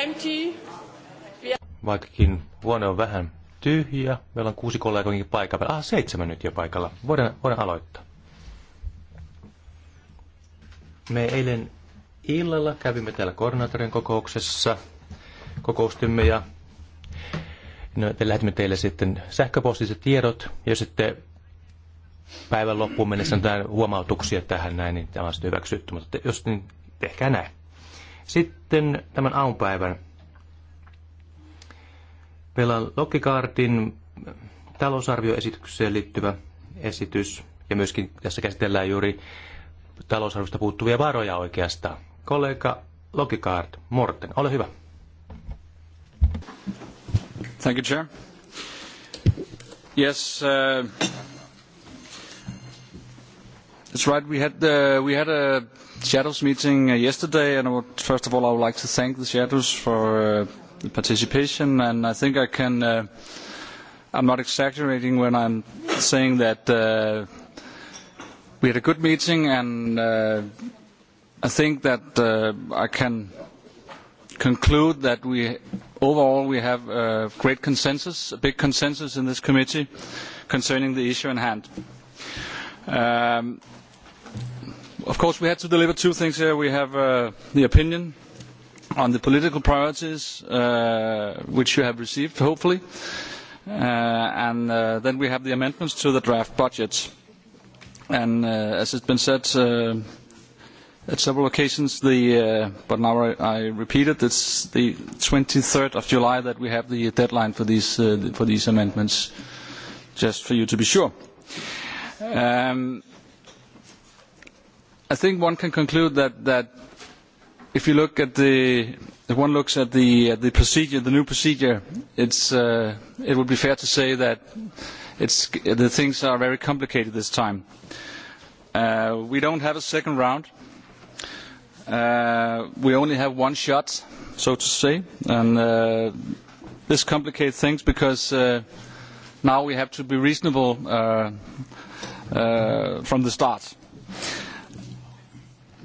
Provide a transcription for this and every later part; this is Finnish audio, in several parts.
empty. Vaikkakin huone on vähän tyhjä, meillä on kuusi kollegoinkin paikalla. Ah, seitsemän nyt jo paikalla. Voidaan, voidaan aloittaa. Me eilen illalla kävimme täällä koordinaatorin kokouksessa. Kokoustimme ja no, te lähetimme teille sitten sähköpostiset tiedot. Jos sitten päivän loppuun mennessä on huomautuksia tähän näin, niin tämä on sitten hyväksytty. Mutta jos niin tehkää näin. Sitten tämän aamupäivän Meillä on Lokkikaartin talousarvioesitykseen liittyvä esitys, ja myöskin tässä käsitellään juuri talousarvosta puuttuvia varoja oikeastaan. Kollega Lokikaart, Morten, ole hyvä. Thank you, Chair. Yes, uh, That's right. Uh, we had a shadows meeting uh, yesterday, and first of all, I would like to thank the shadows for uh, the participation. And I think I can. Uh, I'm not exaggerating when I'm saying that uh, we had a good meeting, and I think that I can conclude that we overall we have a great consensus, a big consensus in this committee concerning the issue in hand. Um, Of course, we had to deliver two things here. We have uh, the opinion on the political priorities, uh, which you have received, hopefully. Uh, and uh, then we have the amendments to the draft budget. And uh, as has been said uh, at several occasions, the, but now I, repeat it, it's the 23rd of July that we have the deadline for these, for these amendments, just for you to be sure. Um, I think one can conclude that, if you look at the if one looks at the procedure, the new procedure, it's uh, it would be fair to say that it's the things are very complicated this time. Uh, we don't have a second round. Uh, we only have one shot, so to say, and this complicates things because now we have to be reasonable from the start.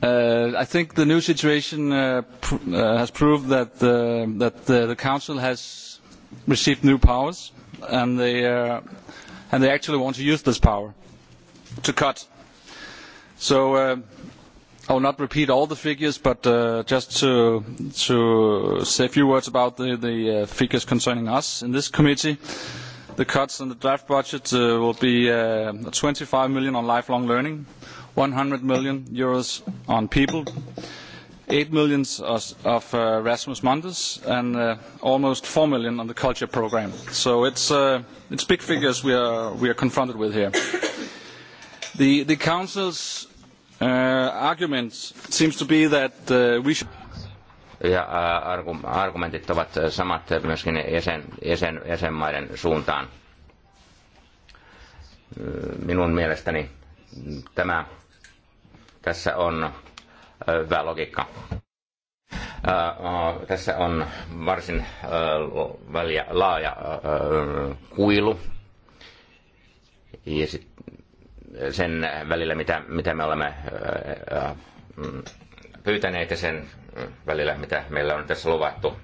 Uh, I think the new situation uh, pr uh, has proved that, uh, that uh, the Council has received new powers, and they, uh, and they actually want to use this power to cut. So uh, I will not repeat all the figures, but uh, just to, to say a few words about the, the uh, figures concerning us in this committee. The cuts in the draft budget uh, will be uh, 25 million on lifelong learning, 100 million euros on people, 8 million of Erasmus uh, Mundus, and uh, almost 4 million on the culture program. So it's, uh, it's big figures we are, confronted with here. The, council's argument seems to be that we should ja argumentit ovat samat myöskin jäsen, jäsenmaiden suuntaan. Minun mielestäni tämä tässä on hyvä logiikka. Tässä on varsin laaja kuilu ja sit sen välillä, mitä, mitä me olemme mm, pyytäneet ja sen välillä, mitä meillä on tässä luvattu.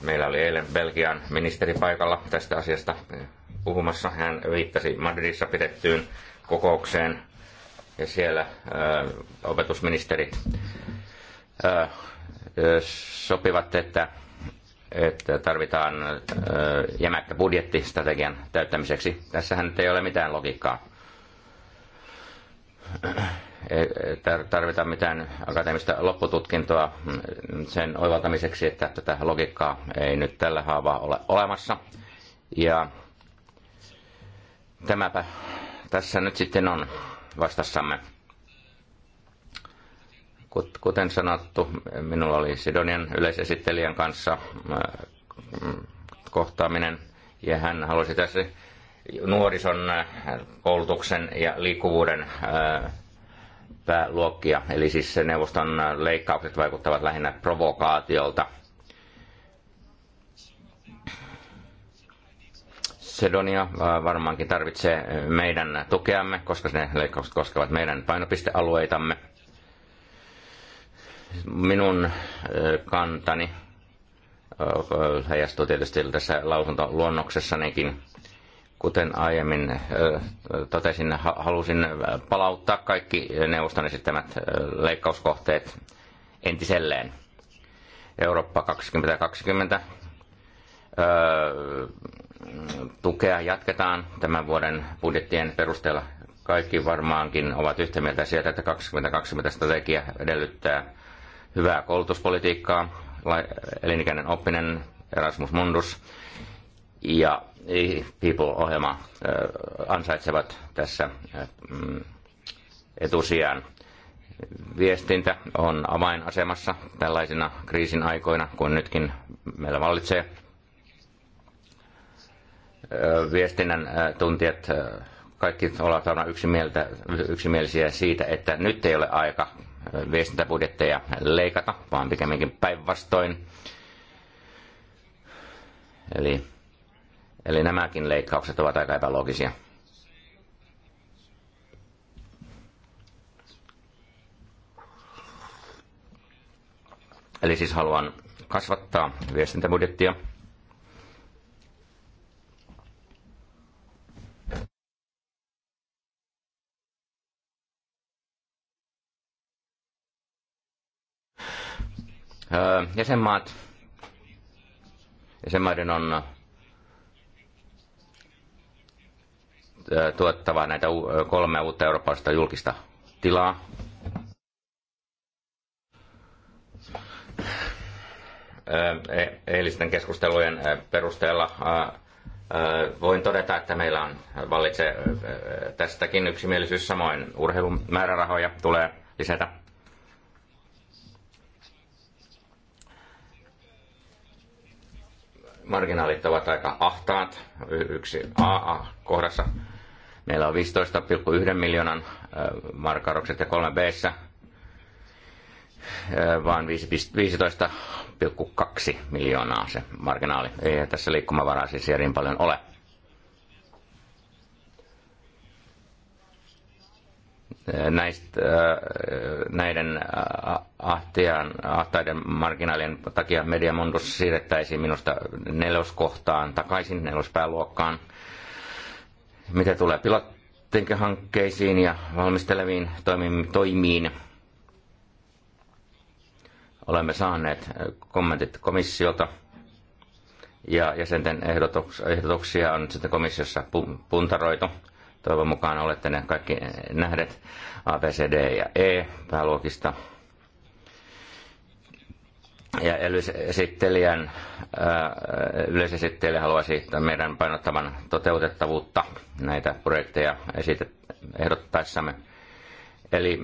Meillä oli eilen Belgian ministeri paikalla tästä asiasta puhumassa. Hän viittasi Madridissa pidettyyn kokoukseen ja siellä äh, opetusministerit äh, äh, sopivat, että, että tarvitaan jämäkkä budjetti strategian täyttämiseksi. Tässähän nyt ei ole mitään logiikkaa. Ei tarvita mitään akateemista loppututkintoa sen oivaltamiseksi, että tätä logiikkaa ei nyt tällä haavaa ole olemassa. Ja tämäpä tässä nyt sitten on vastassamme. Kuten sanottu, minulla oli Sidonian yleisesittelijän kanssa äh, kohtaaminen ja hän halusi tässä nuorison äh, koulutuksen ja liikkuvuuden äh, pääluokkia. Eli siis neuvoston leikkaukset vaikuttavat lähinnä provokaatiolta – Macedonia äh, varmaankin tarvitsee äh, meidän tukeamme, koska ne leikkaukset koskevat meidän painopistealueitamme. Minun äh, kantani heijastuu tietysti tässä lausuntoluonnoksessanikin. Kuten aiemmin totesin, halusin palauttaa kaikki neuvoston esittämät leikkauskohteet entiselleen. Eurooppa 2020 tukea jatketaan tämän vuoden budjettien perusteella. Kaikki varmaankin ovat yhtä mieltä sieltä, että 2020 strategia edellyttää hyvää koulutuspolitiikkaa, elinikäinen oppinen, Erasmus Mundus ja People-ohjelma ansaitsevat tässä mm, etusijan. Viestintä on avainasemassa tällaisina kriisin aikoina, kuin nytkin meillä vallitsee viestinnän tuntijat kaikki ollaan varmaan yksimielisiä siitä, että nyt ei ole aika viestintäbudjetteja leikata, vaan pikemminkin päinvastoin. Eli, eli nämäkin leikkaukset ovat aika epälogisia. Eli siis haluan kasvattaa viestintäbudjettia jäsenmaat, jäsenmaiden on tuottava näitä kolmea uutta eurooppalaista julkista tilaa. E-, eilisten keskustelujen perusteella voin todeta, että meillä on vallitse tästäkin yksimielisyys, samoin urheilumäärärahoja tulee lisätä marginaalit ovat aika ahtaat. Yksi AA-kohdassa meillä on 15,1 miljoonan markarokset ja 3 b vaan 15,2 miljoonaa se marginaali. Ei tässä liikkumavaraa siis niin paljon ole. näistä, äh, näiden äh, ahtien, ahtaiden marginaalien takia mediamundus siirrettäisiin minusta neloskohtaan takaisin nelospääluokkaan. Mitä tulee pilottihankkeisiin ja valmisteleviin toimiin, olemme saaneet kommentit komissiolta ja jäsenten ehdotuksia on sitten komissiossa puntaroitu Toivon mukaan olette ne kaikki nähdet A, B, C, D ja E pääluokista. Ja yleisesittelijän, yleisesittelijä haluaisi meidän painottavan toteutettavuutta näitä projekteja esitet, ehdottaessamme. Eli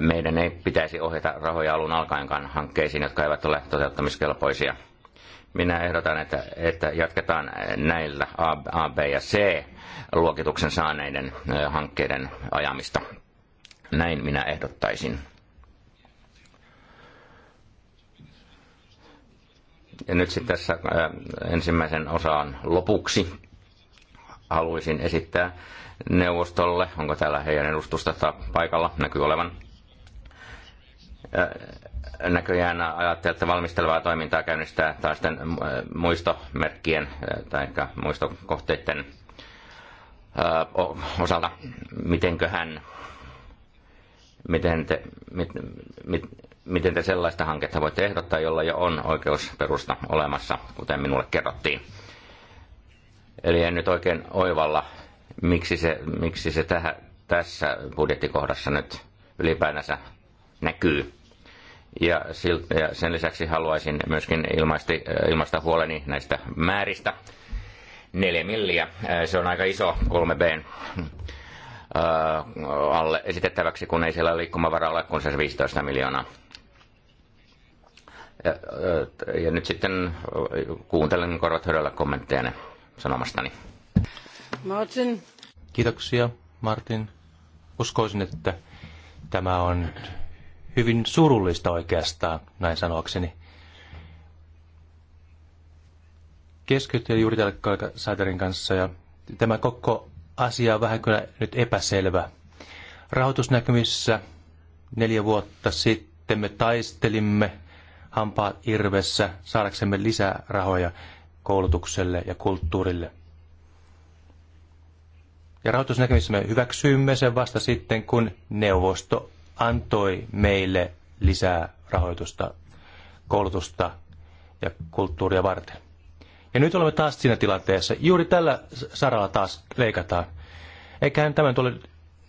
meidän ei pitäisi ohjata rahoja alun alkaenkaan hankkeisiin, jotka eivät ole toteuttamiskelpoisia. Minä ehdotan, että, että jatketaan näillä A, A, B ja C luokituksen saaneiden hankkeiden ajamista. Näin minä ehdottaisin. Ja nyt sitten tässä ensimmäisen osaan lopuksi haluaisin esittää neuvostolle, onko täällä heidän edustusta paikalla, näkyy olevan. Näköjään ajattelee, että valmistelevaa toimintaa käynnistää taas muistomerkkien tai muistokohteiden osalta, mitenköhän, miten te, mit, mit, miten te sellaista hanketta voitte ehdottaa, jolla jo on oikeusperusta olemassa, kuten minulle kerrottiin. Eli en nyt oikein oivalla, miksi se, miksi se tähä, tässä budjettikohdassa nyt ylipäänsä näkyy. Ja, sen lisäksi haluaisin myöskin ilmaista huoleni näistä määristä 4 milliä. Se on aika iso 3 b hm, alle esitettäväksi, kun ei siellä liikkumavaraa ole kuin se 15 miljoonaa. Ja, ja nyt sitten kuuntelen korvat hyödyllä kommentteja sanomastani. Martin. Kiitoksia, Martin. Uskoisin, että tämä on hyvin surullista oikeastaan, näin sanoakseni. keskeyttelin juuri täällä Saiterin kanssa ja tämä koko asia on vähän kyllä nyt epäselvä. Rahoitusnäkymissä neljä vuotta sitten me taistelimme hampaat irvessä saadaksemme lisää rahoja koulutukselle ja kulttuurille. Ja rahoitusnäkymissä me hyväksyimme sen vasta sitten, kun neuvosto antoi meille lisää rahoitusta koulutusta ja kulttuuria varten. Ja nyt olemme taas siinä tilanteessa. Juuri tällä saralla taas leikataan. Eiköhän tämä tule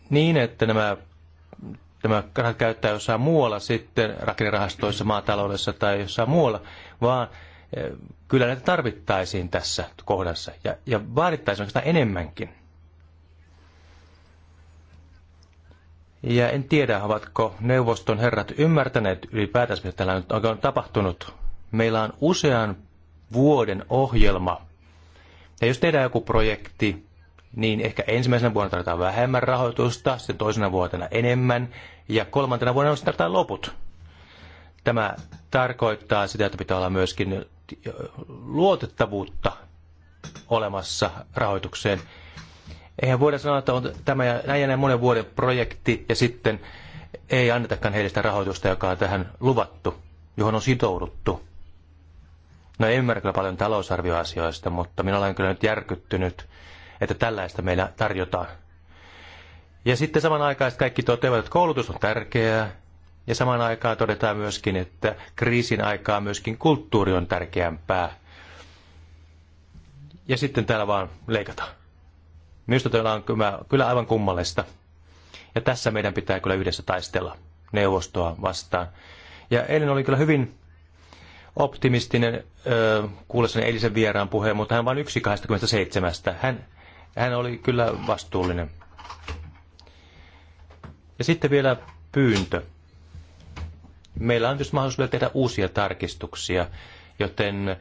niin, että nämä, nämä rahat käyttää jossain muualla sitten rakennerahastoissa, maataloudessa tai jossain muualla, vaan eh, kyllä näitä tarvittaisiin tässä kohdassa ja, ja vaadittaisiin oikeastaan enemmänkin. Ja en tiedä, ovatko neuvoston herrat ymmärtäneet ylipäätänsä, mitä täällä nyt on tapahtunut. Meillä on usean vuoden ohjelma. Ja jos tehdään joku projekti, niin ehkä ensimmäisenä vuonna tarvitaan vähemmän rahoitusta, sitten toisena vuotena enemmän ja kolmantena vuonna tarvitaan loput. Tämä tarkoittaa sitä, että pitää olla myöskin luotettavuutta olemassa rahoitukseen. Eihän voida sanoa, että on tämä ja näin ja näin monen vuoden projekti ja sitten ei annetakaan heille sitä rahoitusta, joka on tähän luvattu, johon on sitouduttu. No ei ymmärrä kyllä paljon talousarvioasioista, mutta minä olen kyllä nyt järkyttynyt, että tällaista meillä tarjotaan. Ja sitten samanaikaisesti kaikki toteavat, että koulutus on tärkeää, ja samaan aikaan todetaan myöskin, että kriisin aikaa myöskin kulttuuri on tärkeämpää. Ja sitten täällä vaan leikataan. Minusta tämä on kyllä aivan kummallista. Ja tässä meidän pitää kyllä yhdessä taistella neuvostoa vastaan. Ja eilen oli kyllä hyvin optimistinen kuullessani eilisen vieraan puheen, mutta hän vain yksi 27. Hän, hän oli kyllä vastuullinen. Ja sitten vielä pyyntö. Meillä on tietysti mahdollisuus tehdä uusia tarkistuksia, joten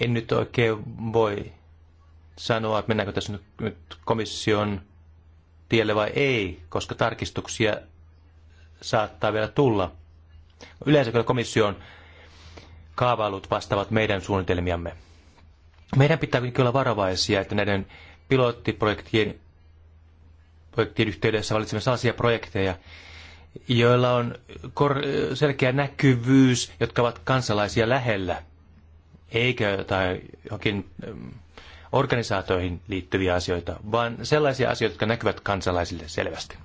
en nyt oikein voi sanoa, että mennäänkö tässä nyt, komission tielle vai ei, koska tarkistuksia saattaa vielä tulla. Yleensä kyllä komissio on kaavailut vastaavat meidän suunnitelmiamme. Meidän pitää kuitenkin olla varovaisia, että näiden pilottiprojektien projektien yhteydessä valitsemme sellaisia projekteja, joilla on selkeä näkyvyys, jotka ovat kansalaisia lähellä, eikä jotain johonkin mm, organisaatioihin liittyviä asioita, vaan sellaisia asioita, jotka näkyvät kansalaisille selvästi.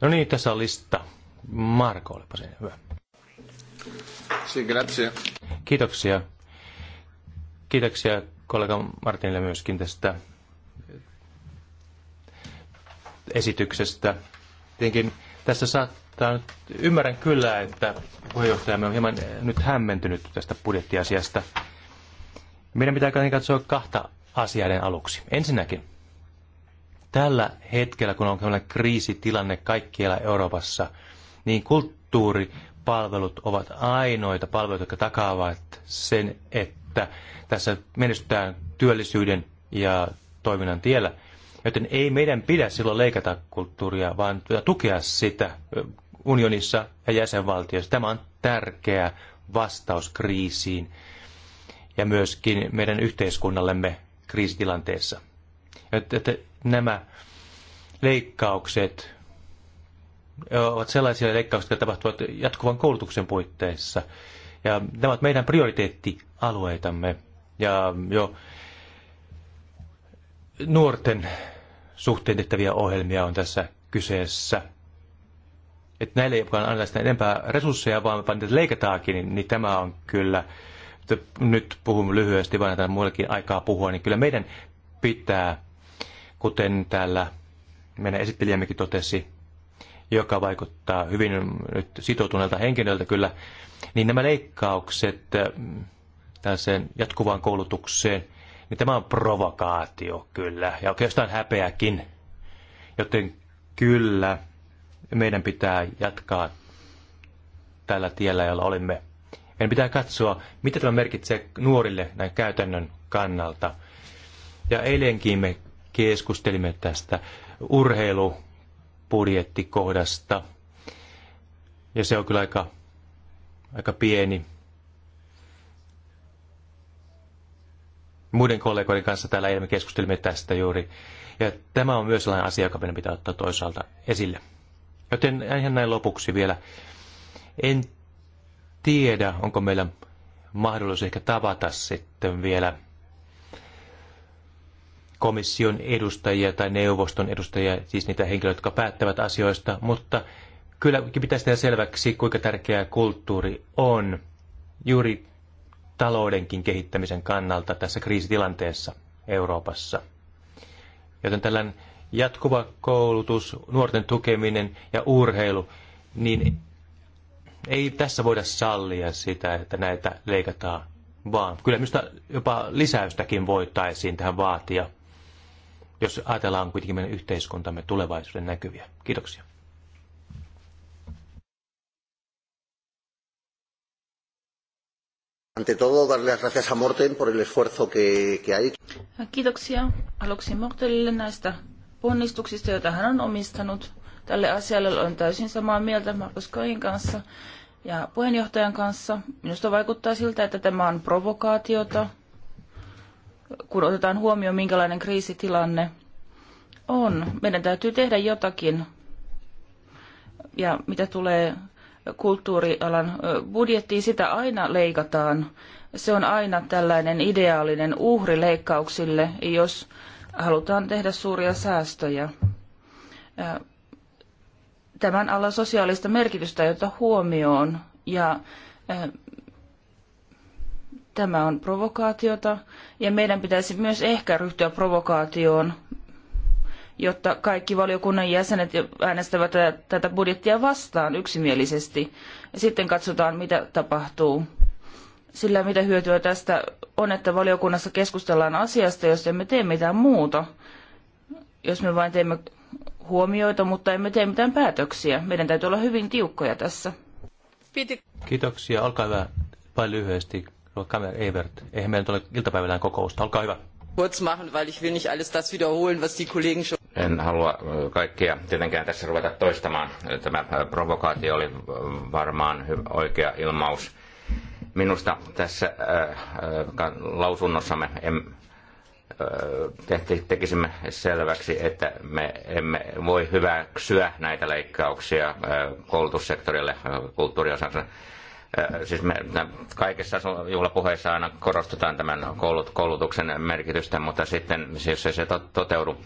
No niin, tässä on lista. Marko, olipa se hyvä. Kiitoksia. Kiitoksia kollega Martinille myöskin tästä esityksestä. Tietenkin tässä saattaa nyt, ymmärrän kyllä, että puheenjohtajamme on hieman nyt hämmentynyt tästä budjettiasiasta. Meidän pitää katsoa kahta asiaiden aluksi. Ensinnäkin, tällä hetkellä, kun on tämmöinen kriisitilanne kaikkialla Euroopassa, niin kulttuuri palvelut ovat ainoita palveluita, jotka takaavat sen, että tässä menestytään työllisyyden ja toiminnan tiellä. Joten ei meidän pidä silloin leikata kulttuuria, vaan tukea sitä unionissa ja jäsenvaltioissa. Tämä on tärkeä vastaus kriisiin ja myöskin meidän yhteiskunnallemme kriisitilanteessa. Että nämä leikkaukset ovat sellaisia leikkauksia, jotka tapahtuvat jatkuvan koulutuksen puitteissa. Ja nämä ovat meidän prioriteettialueitamme. Ja jo nuorten suhteen tehtäviä ohjelmia on tässä kyseessä. Että näille, ei ole anneta enempää resursseja, vaan niitä leikataakin, niin, niin tämä on kyllä, nyt puhun lyhyesti, vaan annetaan muillekin aikaa puhua, niin kyllä meidän pitää, kuten täällä meidän esittelijämmekin totesi, joka vaikuttaa hyvin nyt sitoutuneelta henkilöltä kyllä, niin nämä leikkaukset tällaiseen jatkuvaan koulutukseen, niin tämä on provokaatio kyllä, ja oikeastaan häpeäkin. Joten kyllä, meidän pitää jatkaa tällä tiellä, jolla olimme. Meidän pitää katsoa, mitä tämä merkitsee nuorille näin käytännön kannalta. Ja eilenkin me keskustelimme tästä urheilu budjettikohdasta. Ja se on kyllä aika, aika pieni. Muiden kollegoiden kanssa täällä eilen keskustelimme tästä juuri. Ja tämä on myös sellainen asia, joka meidän pitää ottaa toisaalta esille. Joten ihan näin lopuksi vielä. En tiedä, onko meillä mahdollisuus ehkä tavata sitten vielä komission edustajia tai neuvoston edustajia, siis niitä henkilöitä, jotka päättävät asioista, mutta kyllä pitäisi tehdä selväksi, kuinka tärkeää kulttuuri on juuri taloudenkin kehittämisen kannalta tässä kriisitilanteessa Euroopassa. Joten tällainen jatkuva koulutus, nuorten tukeminen ja urheilu, niin ei tässä voida sallia sitä, että näitä leikataan, vaan kyllä minusta jopa lisäystäkin voitaisiin tähän vaatia jos ajatellaan kuitenkin meidän yhteiskuntamme tulevaisuuden näkyviä. Kiitoksia. Ante todo, darle las gracias a Morten por el esfuerzo que, que ha hecho. Kiitoksia aluksi Mortelille näistä ponnistuksista, joita hän on omistanut. Tälle asialle olen täysin samaa mieltä Markus Kain kanssa ja puheenjohtajan kanssa. Minusta vaikuttaa siltä, että tämä on provokaatiota, kun otetaan huomioon, minkälainen kriisitilanne on. Meidän täytyy tehdä jotakin. Ja mitä tulee kulttuurialan budjettiin, sitä aina leikataan. Se on aina tällainen ideaalinen uhri leikkauksille, jos halutaan tehdä suuria säästöjä. Tämän alan sosiaalista merkitystä jota huomioon ja Tämä on provokaatiota ja meidän pitäisi myös ehkä ryhtyä provokaatioon, jotta kaikki valiokunnan jäsenet äänestävät tätä budjettia vastaan yksimielisesti. Ja sitten katsotaan, mitä tapahtuu. Sillä mitä hyötyä tästä on, että valiokunnassa keskustellaan asiasta, jos emme tee mitään muuta. Jos me vain teemme huomioita, mutta emme tee mitään päätöksiä. Meidän täytyy olla hyvin tiukkoja tässä. Kiitoksia. Olkaa hyvä. Vain lyhyesti. Kamer Evert, eihän meillä nyt ole iltapäivällään kokousta. Olkaa hyvä. Kurz machen, weil ich will nicht alles das wiederholen, was die Kollegen schon... En halua äh, kaikkia tietenkään tässä ruveta toistamaan. Äh, tämä äh, provokaatio oli varmaan oikea ilmaus. Minusta tässä äh, lausunnossamme em, tehti, tekisimme selväksi, että me emme voi hyväksyä näitä leikkauksia koulutussektorille kulttuuriosassa Äh, siis me kaikessa juhlapuheessa aina korostetaan tämän koulutuksen merkitystä, mutta sitten jos siis ei se toteudu äh,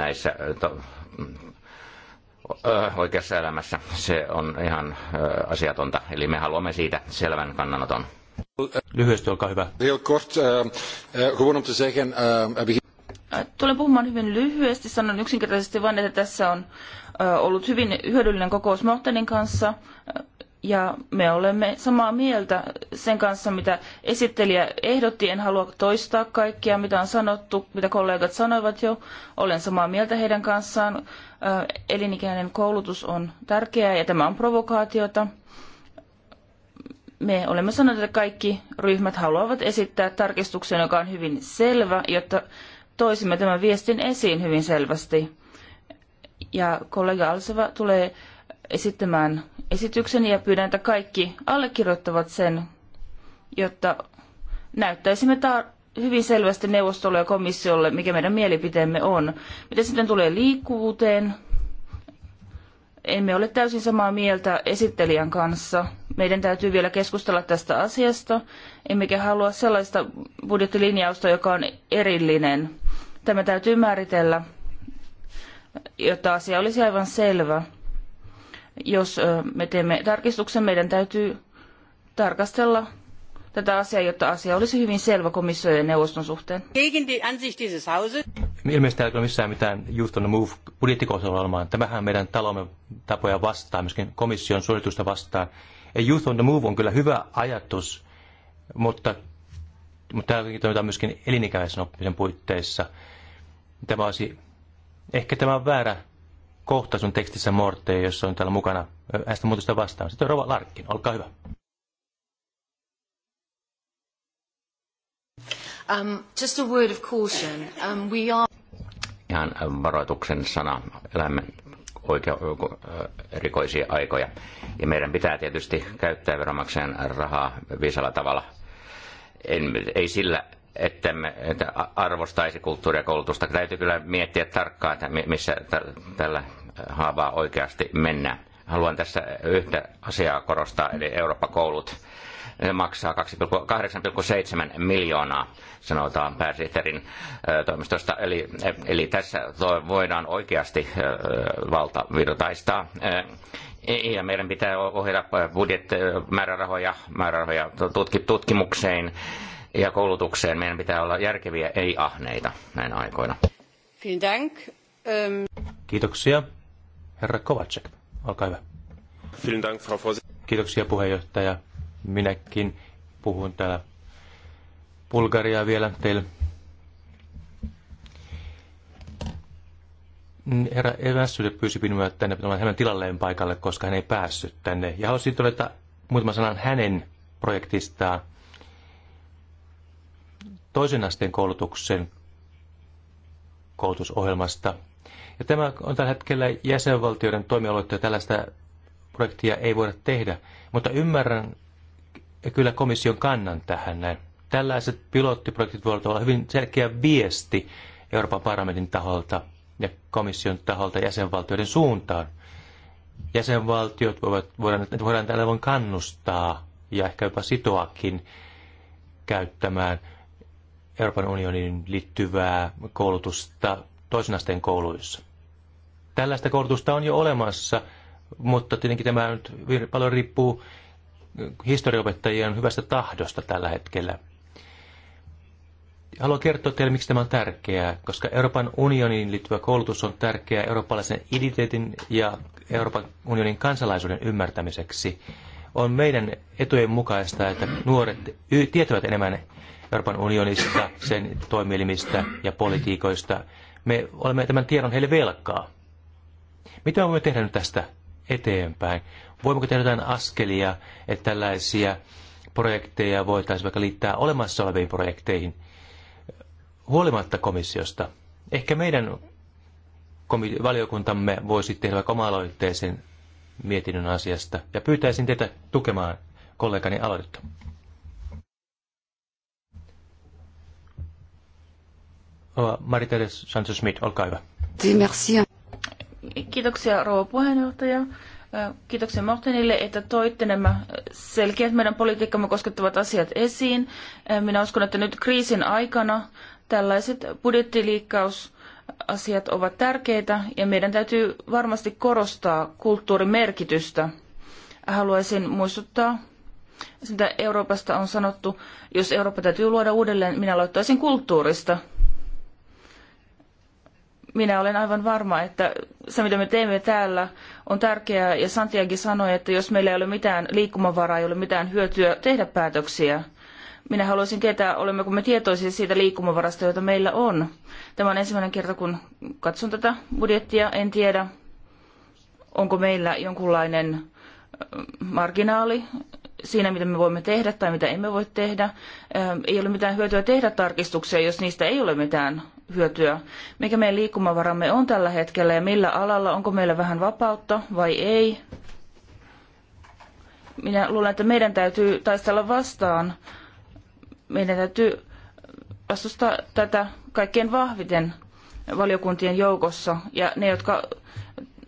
näissä äh, to, oikeassa elämässä, se on ihan asiatonta. Eli me haluamme siitä selvän kannanoton. Lyhyesti, olkaa hyvä. Tulen puhumaan hyvin lyhyesti. Sanon yksinkertaisesti vain, että tässä on ollut hyvin hyödyllinen kokous Mortenin kanssa ja me olemme samaa mieltä sen kanssa, mitä esittelijä ehdotti. En halua toistaa kaikkia, mitä on sanottu, mitä kollegat sanoivat jo. Olen samaa mieltä heidän kanssaan. Elinikäinen koulutus on tärkeää ja tämä on provokaatiota. Me olemme sanoneet, että kaikki ryhmät haluavat esittää tarkistuksen, joka on hyvin selvä, jotta toisimme tämän viestin esiin hyvin selvästi. Ja kollega Alseva tulee esittämään esityksen ja pyydän, että kaikki allekirjoittavat sen, jotta näyttäisimme tar- hyvin selvästi neuvostolle ja komissiolle, mikä meidän mielipiteemme on. Mitä sitten tulee liikkuvuuteen, emme ole täysin samaa mieltä esittelijän kanssa. Meidän täytyy vielä keskustella tästä asiasta, emmekä halua sellaista budjettilinjausta, joka on erillinen. Tämä täytyy määritellä, jotta asia olisi aivan selvä. Jos me teemme tarkistuksen, meidän täytyy tarkastella tätä asiaa, jotta asia olisi hyvin selvä komission ja neuvoston suhteen. Ilmeisesti ei ole missään mitään just on the Move budjettikohtailuohjelmaan. Tämähän on meidän talomme tapoja vastaa, myöskin komission suositusta vastaan. Ja Youth on the Move on kyllä hyvä ajatus, mutta, mutta täällä toimitaan myöskin elinikäisen oppimisen puitteissa. Tämä olisi, ehkä tämä on väärä kohta sun tekstissä Morte, jossa on täällä mukana äästä muutosta vastaan. Sitten Rova Larkkin, olkaa hyvä. Um, just a word of caution. Um, we are... Ihan varoituksen sana. Elämme oikea, erikoisia aikoja. Ja meidän pitää tietysti käyttää veronmaksajan rahaa viisalla tavalla. En, ei sillä ettemme että arvostaisi kulttuuria ja koulutusta. Täytyy kyllä miettiä tarkkaan, että missä tällä haavaa oikeasti mennään. Haluan tässä yhtä asiaa korostaa, eli Eurooppa-koulut maksaa 8,7 miljoonaa, sanotaan pääsihteerin toimistosta. Eli, e, eli tässä voidaan oikeasti valtavirtaistaa. E, ja meidän pitää ohjata budjettimäärärahoja määrärahoja tutkimukseen ja koulutukseen. Meidän pitää olla järkeviä, ei ahneita näin aikoina. Ähm, Kiitoksia. Herra Kovacek, olkaa hyvä. Kiitoksia puheenjohtaja. Minäkin puhun täällä Bulgariaa vielä teille. Herra Evässyde pyysi minua tänne tulemaan hänen tilalleen paikalle, koska hän ei päässyt tänne. Ja haluaisin todeta muutaman sanan hänen projektistaan – toisen asteen koulutuksen koulutusohjelmasta. Ja tämä on tällä hetkellä jäsenvaltioiden toimialoitteja, tällaista projektia ei voida tehdä, mutta ymmärrän kyllä komission kannan tähän näin. Tällaiset pilottiprojektit voivat olla hyvin selkeä viesti Euroopan parlamentin taholta ja komission taholta jäsenvaltioiden suuntaan. Jäsenvaltiot voivat, voidaan, voidaan tällä voin kannustaa ja ehkä jopa sitoakin käyttämään – Euroopan unionin liittyvää koulutusta toisen asteen kouluissa. Tällaista koulutusta on jo olemassa, mutta tietenkin tämä nyt paljon riippuu historiopettajien hyvästä tahdosta tällä hetkellä. Haluan kertoa teille, miksi tämä on tärkeää, koska Euroopan unionin liittyvä koulutus on tärkeää eurooppalaisen identiteetin ja Euroopan unionin kansalaisuuden ymmärtämiseksi. On meidän etujen mukaista, että nuoret tietävät enemmän Euroopan unionista, sen toimielimistä ja politiikoista. Me olemme tämän tiedon heille velkaa. Mitä me voimme tehdä nyt tästä eteenpäin? Voimmeko tehdä jotain askelia, että tällaisia projekteja voitaisiin vaikka liittää olemassa oleviin projekteihin, huolimatta komissiosta? Ehkä meidän valiokuntamme voisi tehdä vaikka oma-aloitteisen mietinnön asiasta, ja pyytäisin teitä tukemaan kollegani aloitetta. Marie-Therese Sanchez-Schmidt, olkaa hyvä. Kiitoksia rouva puheenjohtaja. Kiitoksia Martinille, että toitte nämä selkeät meidän politiikkamme koskettavat asiat esiin. Minä uskon, että nyt kriisin aikana tällaiset budjettiliikkausasiat ovat tärkeitä ja meidän täytyy varmasti korostaa kulttuurin merkitystä. Haluaisin muistuttaa, mitä Euroopasta on sanottu, jos Eurooppa täytyy luoda uudelleen, minä aloittaisin kulttuurista – minä olen aivan varma, että se mitä me teemme täällä on tärkeää ja Santiago sanoi, että jos meillä ei ole mitään liikkumavaraa, ei ole mitään hyötyä tehdä päätöksiä. Minä haluaisin tietää, olemmeko me tietoisia siitä liikkumavarasta, jota meillä on. Tämä on ensimmäinen kerta, kun katson tätä budjettia. En tiedä, onko meillä jonkunlainen marginaali siinä, mitä me voimme tehdä tai mitä emme voi tehdä. Ei ole mitään hyötyä tehdä tarkistuksia, jos niistä ei ole mitään hyötyä. Mikä meidän liikkumavaramme on tällä hetkellä ja millä alalla, onko meillä vähän vapautta vai ei. Minä luulen, että meidän täytyy taistella vastaan. Meidän täytyy vastustaa tätä kaikkein vahviten valiokuntien joukossa. Ja ne, jotka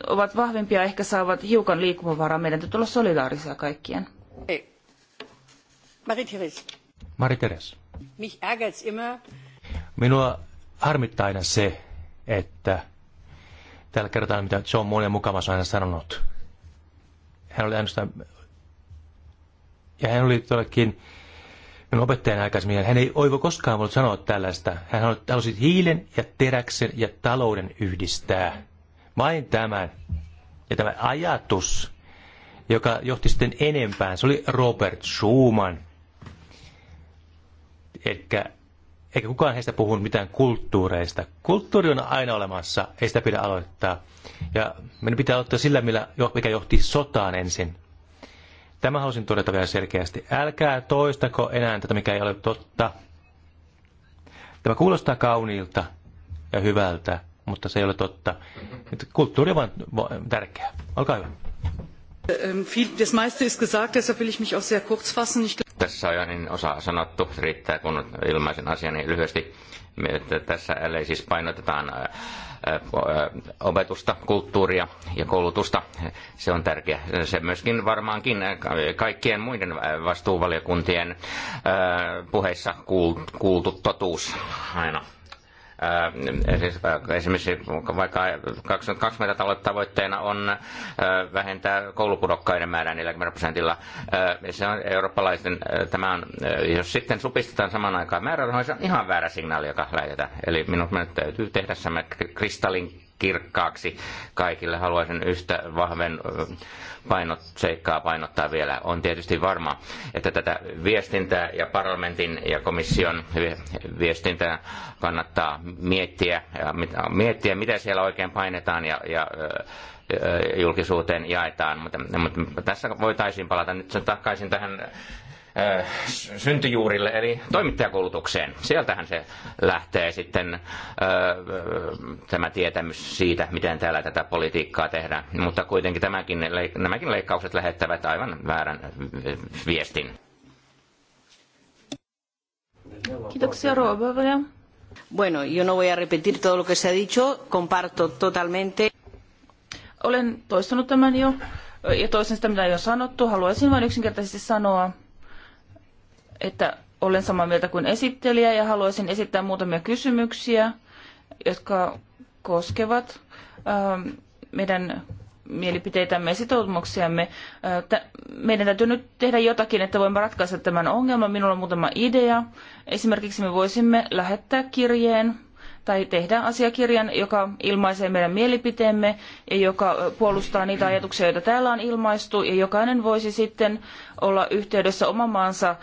ovat vahvimpia, ehkä saavat hiukan liikkumavaraa. Meidän täytyy olla solidaarisia kaikkien marie marie Minua harmittaa aina se, että tällä kertaa mitä John Monen mukavassa aina sanonut. Hän oli ainoastaan... Ja hän oli todellakin minun opettajani aikaisemmin, hän ei oivo koskaan voinut sanoa tällaista. Hän halusi hiilen ja teräksen ja talouden yhdistää. Vain tämän. Ja tämä ajatus joka johti sitten enempään. Se oli Robert Schumann. Eikä, eikä kukaan heistä puhu mitään kulttuureista. Kulttuuri on aina olemassa, ei sitä pidä aloittaa. Ja meidän pitää aloittaa sillä, millä, mikä johti sotaan ensin. Tämä halusin todeta vielä selkeästi. Älkää toistako enää tätä, mikä ei ole totta. Tämä kuulostaa kauniilta ja hyvältä, mutta se ei ole totta. Kulttuuri on vain tärkeää. Olkaa hyvä. Ähm, das meiste ist gesagt, deshalb will ich mich auch sehr kurz fassen. Ich tässä on niin osa sanottu, riittää kun ilmaisen asiani niin lyhyesti. Tässä eli siis painotetaan äh, äh, opetusta, kulttuuria ja koulutusta. Se on tärkeä. Se myöskin varmaankin äh, kaikkien muiden vastuuvaliokuntien puheissa kuultu totuus aina. Siis esimerkiksi vaikka 2020 tavoitteena on vähentää koulupudokkaiden määrää 40 prosentilla. Se on eurooppalaisten, tämä on, jos sitten supistetaan saman aikaan määrärahoja, se on ihan väärä signaali, joka lähetetään. Eli minun täytyy tehdä tämä kristallin kirkkaaksi kaikille. Haluaisin yhtä vahven painot, seikkaa painottaa vielä. On tietysti varma, että tätä viestintää ja parlamentin ja komission viestintää kannattaa miettiä, ja miettiä mitä siellä oikein painetaan ja, ja julkisuuteen jaetaan. Mutta, mutta tässä voitaisiin palata nyt takaisin tähän Äh, syntyjuurille eli toimittajakoulutukseen. Sieltähän se lähtee sitten äh, äh, tämä tietämys siitä, miten täällä tätä politiikkaa tehdään. Mutta kuitenkin tämäkin, nämäkin leikkaukset lähettävät aivan väärän viestin. Kiitoksia Robert. Bueno, yo no voy a repetir todo lo que se ha dicho, comparto totalmente. Olen toistanut tämän jo ja toisen sitä, mitä jo sanottu. Haluaisin vain yksinkertaisesti sanoa, että olen samaa mieltä kuin esittelijä ja haluaisin esittää muutamia kysymyksiä, jotka koskevat ähm, meidän mielipiteitämme ja sitoumuksiamme. Äh, meidän täytyy nyt tehdä jotakin, että voimme ratkaista tämän ongelman. Minulla on muutama idea. Esimerkiksi me voisimme lähettää kirjeen tai tehdä asiakirjan, joka ilmaisee meidän mielipiteemme ja joka puolustaa niitä ajatuksia, joita täällä on ilmaistu. Ja jokainen voisi sitten olla yhteydessä oman maansa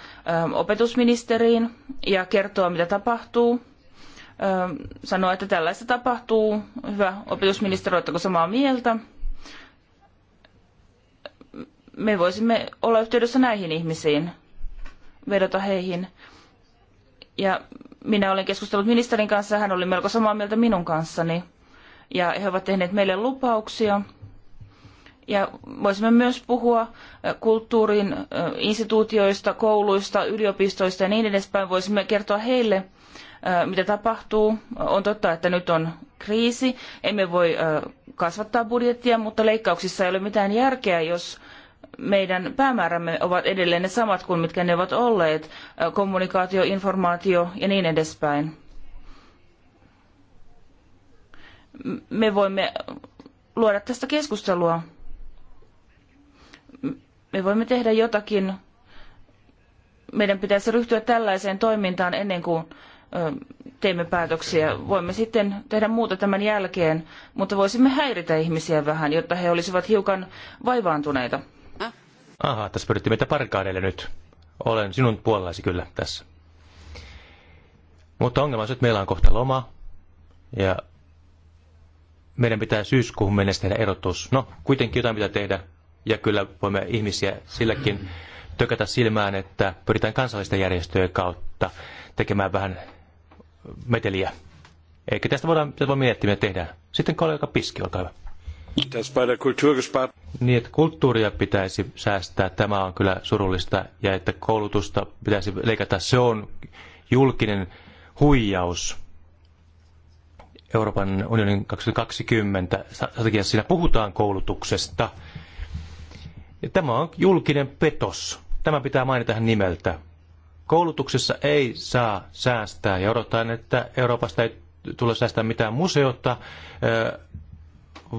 opetusministeriin ja kertoa, mitä tapahtuu. Sanoa, että tällaista tapahtuu. Hyvä opetusministeri, oletteko samaa mieltä? Me voisimme olla yhteydessä näihin ihmisiin, vedota heihin. Ja minä olen keskustellut ministerin kanssa, hän oli melko samaa mieltä minun kanssani. Ja he ovat tehneet meille lupauksia. Ja voisimme myös puhua kulttuurin instituutioista, kouluista, yliopistoista ja niin edespäin. Voisimme kertoa heille, mitä tapahtuu. On totta, että nyt on kriisi. Emme voi kasvattaa budjettia, mutta leikkauksissa ei ole mitään järkeä, jos meidän päämäärämme ovat edelleen ne samat kuin mitkä ne ovat olleet, kommunikaatio, informaatio ja niin edespäin. Me voimme luoda tästä keskustelua. Me voimme tehdä jotakin. Meidän pitäisi ryhtyä tällaiseen toimintaan ennen kuin teemme päätöksiä. Voimme sitten tehdä muuta tämän jälkeen, mutta voisimme häiritä ihmisiä vähän, jotta he olisivat hiukan vaivaantuneita. Ahaa, tässä pyritti meitä parkaadeille nyt. Olen sinun puolellasi kyllä tässä. Mutta ongelma on että meillä on kohta loma ja meidän pitää syyskuuhun mennessä tehdä erotus. No, kuitenkin jotain pitää tehdä ja kyllä voimme ihmisiä silläkin tökätä silmään, että pyritään kansallisten järjestöjen kautta tekemään vähän meteliä. Eikä tästä voidaan, tästä voi miettiä, mitä tehdään. Sitten kollega Piski, olkaa hyvä. Niin, että kulttuuria pitäisi säästää, tämä on kyllä surullista, ja että koulutusta pitäisi leikata, se on julkinen huijaus. Euroopan unionin 2020 strategiassa siinä puhutaan koulutuksesta. Ja tämä on julkinen petos. Tämä pitää mainita tähän nimeltä. Koulutuksessa ei saa säästää ja odotan, että Euroopasta ei tule säästää mitään museota,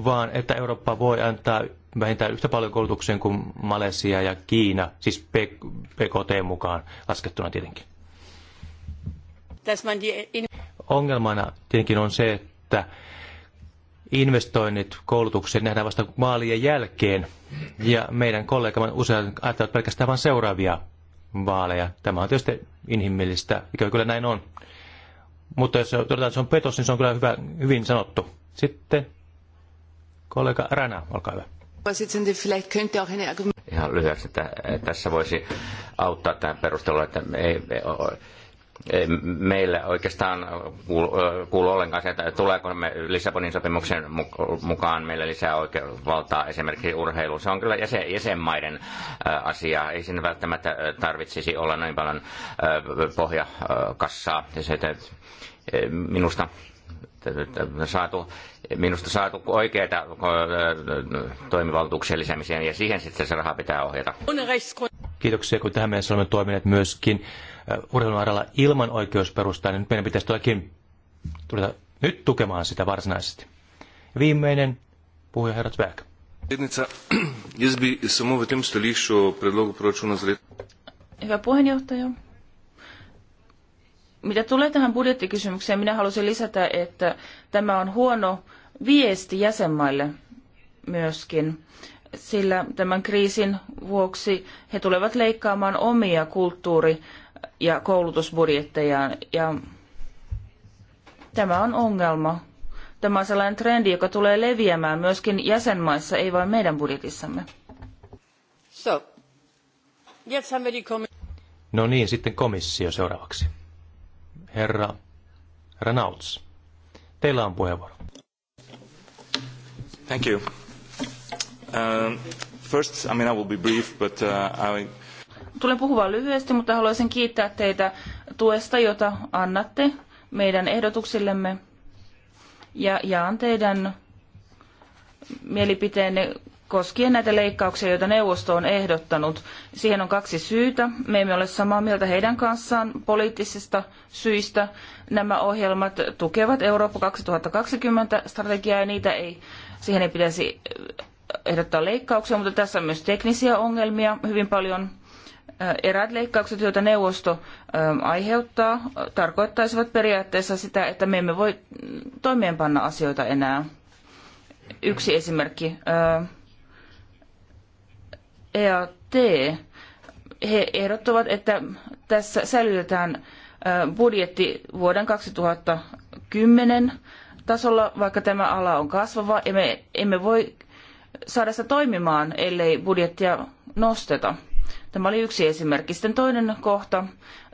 vaan että Eurooppa voi antaa vähintään yhtä paljon koulutukseen kuin Malesia ja Kiina, siis PKT mukaan laskettuna tietenkin. Ongelmana tietenkin on se, että investoinnit koulutukseen nähdään vasta vaalien jälkeen, ja meidän kollegamme usein ajattelevat pelkästään vain seuraavia vaaleja. Tämä on tietysti inhimillistä, mikä kyllä näin on. Mutta jos todetaan, että se on petos, niin se on kyllä hyvä, hyvin sanottu. Sitten Kollega Rana, olkaa hyvä. Ihan lyhyesti, että eh, tässä voisi auttaa tähän perusteluun, että ei, ei meille oikeastaan kuulu, kuulu ollenkaan se, että tuleeko me Lissabonin sopimuksen mukaan meille lisää oikeusvaltaa esimerkiksi urheiluun. Se on kyllä jäsen, jäsenmaiden asia. Ei siinä välttämättä tarvitsisi olla noin paljon pohjakassaa. Ja se, että minusta saatu, minusta saatu oikeita äh, toimivaltuuksien lisäämiseen ja siihen sitten se raha pitää ohjata. Kiitoksia, kun tähän mennessä olemme toimineet myöskin äh, urheilun aralla ilman oikeusperustaa, niin nyt meidän pitäisi todellakin tulla nyt tukemaan sitä varsinaisesti. Ja viimeinen puhuja herra Zwerg. Hyvä puheenjohtaja. Mitä tulee tähän budjettikysymykseen, minä halusin lisätä, että tämä on huono viesti jäsenmaille myöskin, sillä tämän kriisin vuoksi he tulevat leikkaamaan omia kulttuuri- ja koulutusbudjettejaan, ja tämä on ongelma. Tämä on sellainen trendi, joka tulee leviämään myöskin jäsenmaissa, ei vain meidän budjetissamme. So. No niin, sitten komissio seuraavaksi herra Ranauts. Teillä on puheenvuoro. Thank you. Uh, first, I mean, I will be brief, but uh, I... Tulen puhumaan lyhyesti, mutta haluaisin kiittää teitä tuesta, jota annatte meidän ehdotuksillemme ja jaan teidän mielipiteenne koskien näitä leikkauksia, joita neuvosto on ehdottanut. Siihen on kaksi syytä. Me emme ole samaa mieltä heidän kanssaan poliittisista syistä. Nämä ohjelmat tukevat Eurooppa 2020 strategiaa ja niitä ei, siihen ei pitäisi eh, ehdottaa leikkauksia, mutta tässä on myös teknisiä ongelmia hyvin paljon. Eh, eräät leikkaukset, joita neuvosto eh, aiheuttaa, tarkoittaisivat periaatteessa sitä, että me emme voi toimeenpanna asioita enää. Yksi esimerkki. EAT, he ehdottavat, että tässä säilytetään budjetti vuoden 2010 tasolla, vaikka tämä ala on kasvava, ja me emme voi saada sitä toimimaan, ellei budjettia nosteta. Tämä oli yksi esimerkki. Sitten toinen kohta,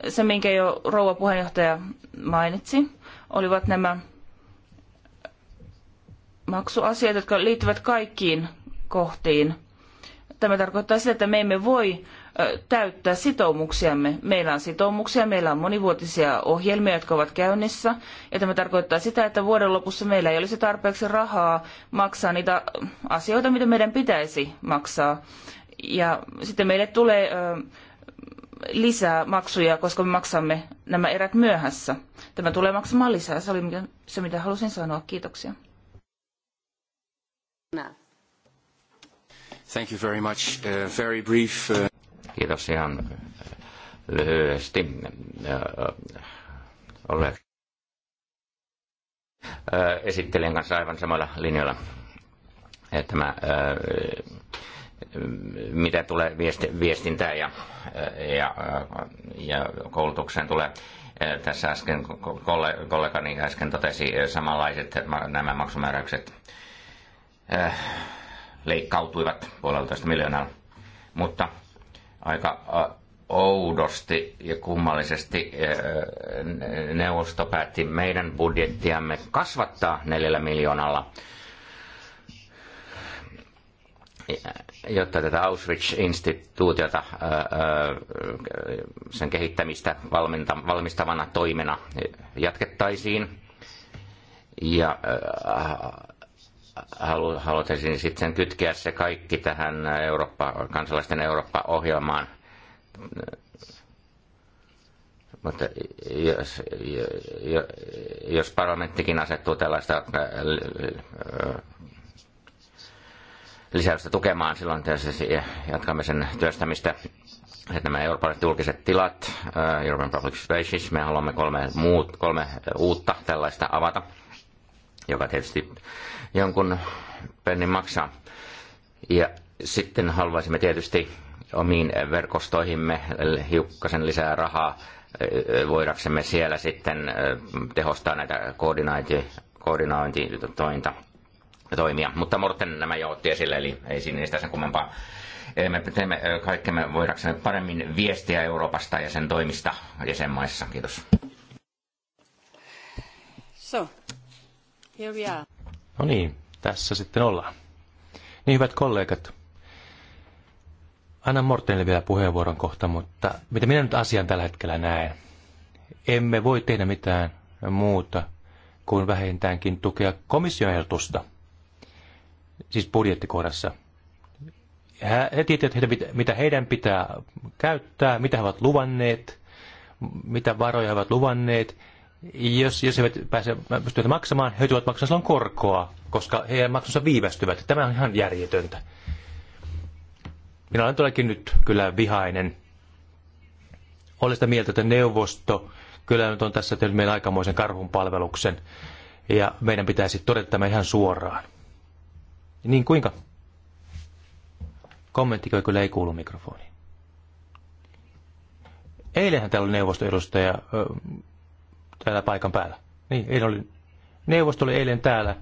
se minkä jo rouva puheenjohtaja mainitsi, olivat nämä maksuasiat, jotka liittyvät kaikkiin kohtiin – Tämä tarkoittaa sitä, että me emme voi täyttää sitoumuksiamme. Meillä on sitoumuksia, meillä on monivuotisia ohjelmia, jotka ovat käynnissä, ja tämä tarkoittaa sitä, että vuoden lopussa meillä ei olisi tarpeeksi rahaa maksaa niitä asioita, mitä meidän pitäisi maksaa. Ja sitten meille tulee lisää maksuja, koska me maksamme nämä erät myöhässä. Tämä tulee maksamaan lisää. Se oli se, mitä halusin sanoa. Kiitoksia. Thank you very much. Uh, very brief. Uh, Kiitos ihan lyhyesti. esittelijän kanssa aivan samalla linjalla. Tämä, mitä tulee viestintään ja, ja, ja koulutukseen tulee, tässä äsken kollegani äsken totesi samanlaiset nämä maksumääräykset leikkautuivat puolelta miljoonalla. Mutta aika oudosti ja kummallisesti neuvosto päätti meidän budjettiamme kasvattaa neljällä miljoonalla, jotta tätä Auschwitz-instituutiota, sen kehittämistä valmistavana toimena jatkettaisiin. Ja haluaisin sitten kytkeä se kaikki tähän Eurooppa, kansalaisten Eurooppa-ohjelmaan. Mutta jos, jos parlamenttikin asettuu tällaista äh, äh, lisäystä tukemaan, silloin tietysti jatkamme sen työstämistä. Että nämä eurooppalaiset julkiset tilat, äh, European Public Spaces, me haluamme kolme, muut, kolme uutta tällaista avata, joka tietysti jonkun pennin maksaa. Ja sitten haluaisimme tietysti omiin verkostoihimme hiukkasen lisää rahaa, voidaksemme siellä sitten tehostaa näitä koordinointitointa toimia. Mutta Morten nämä jo otti esille, eli ei siinä niistä sen kummempaa. Me teemme kaikkemme voidaksemme paremmin viestiä Euroopasta ja sen toimista jäsenmaissa. Kiitos. So, here we are. No niin, tässä sitten ollaan. Niin hyvät kollegat, annan Mortenille vielä puheenvuoron kohta, mutta mitä minä nyt asian tällä hetkellä näen? Emme voi tehdä mitään muuta kuin vähintäänkin tukea komission ehdotusta, siis budjettikohdassa. He tietävät, mitä heidän pitää käyttää, mitä he ovat luvanneet, mitä varoja he ovat luvanneet, jos, jos he pääse, pystyvät maksamaan, he joutuvat maksamaan silloin korkoa, koska heidän maksunsa viivästyvät. Tämä on ihan järjetöntä. Minä olen todellakin nyt kyllä vihainen. Olen sitä mieltä, että neuvosto kyllä nyt on tässä tehnyt meidän aikamoisen karhun palveluksen. Ja meidän pitäisi todeta tämä ihan suoraan. Niin kuinka? Kommenttikö kyllä ei kuulu mikrofoniin. Eilenhän täällä oli neuvostoedustaja täällä paikan päällä. Niin, eilen oli, neuvosto oli eilen täällä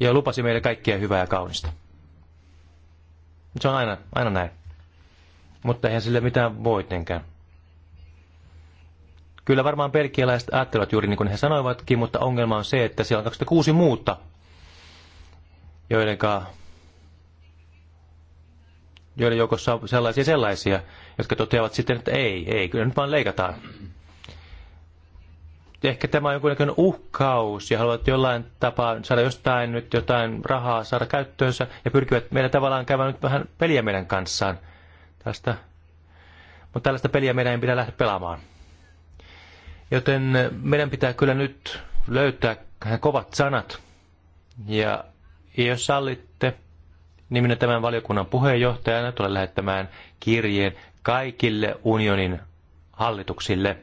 ja lupasi meille kaikkia hyvää ja kaunista. Se on aina, aina näin. Mutta eihän sille mitään voi tietenkään. Kyllä varmaan pelkialaiset ajattelevat juuri niin kuin he sanoivatkin, mutta ongelma on se, että siellä on 26 muuta, joidenkaan joiden joukossa on sellaisia sellaisia, jotka toteavat sitten, että ei, ei, kyllä nyt vaan leikataan ehkä tämä on jonkunnäköinen uhkaus ja haluavat jollain tapaa saada jostain nyt jotain rahaa saada käyttöönsä ja pyrkivät meillä tavallaan käymään nyt vähän peliä meidän kanssaan. Tästä. Mutta tällaista peliä meidän ei pidä lähteä pelaamaan. Joten meidän pitää kyllä nyt löytää kovat sanat. Ja, ja jos sallitte, niin minä tämän valiokunnan puheenjohtajana tulen lähettämään kirjeen kaikille unionin hallituksille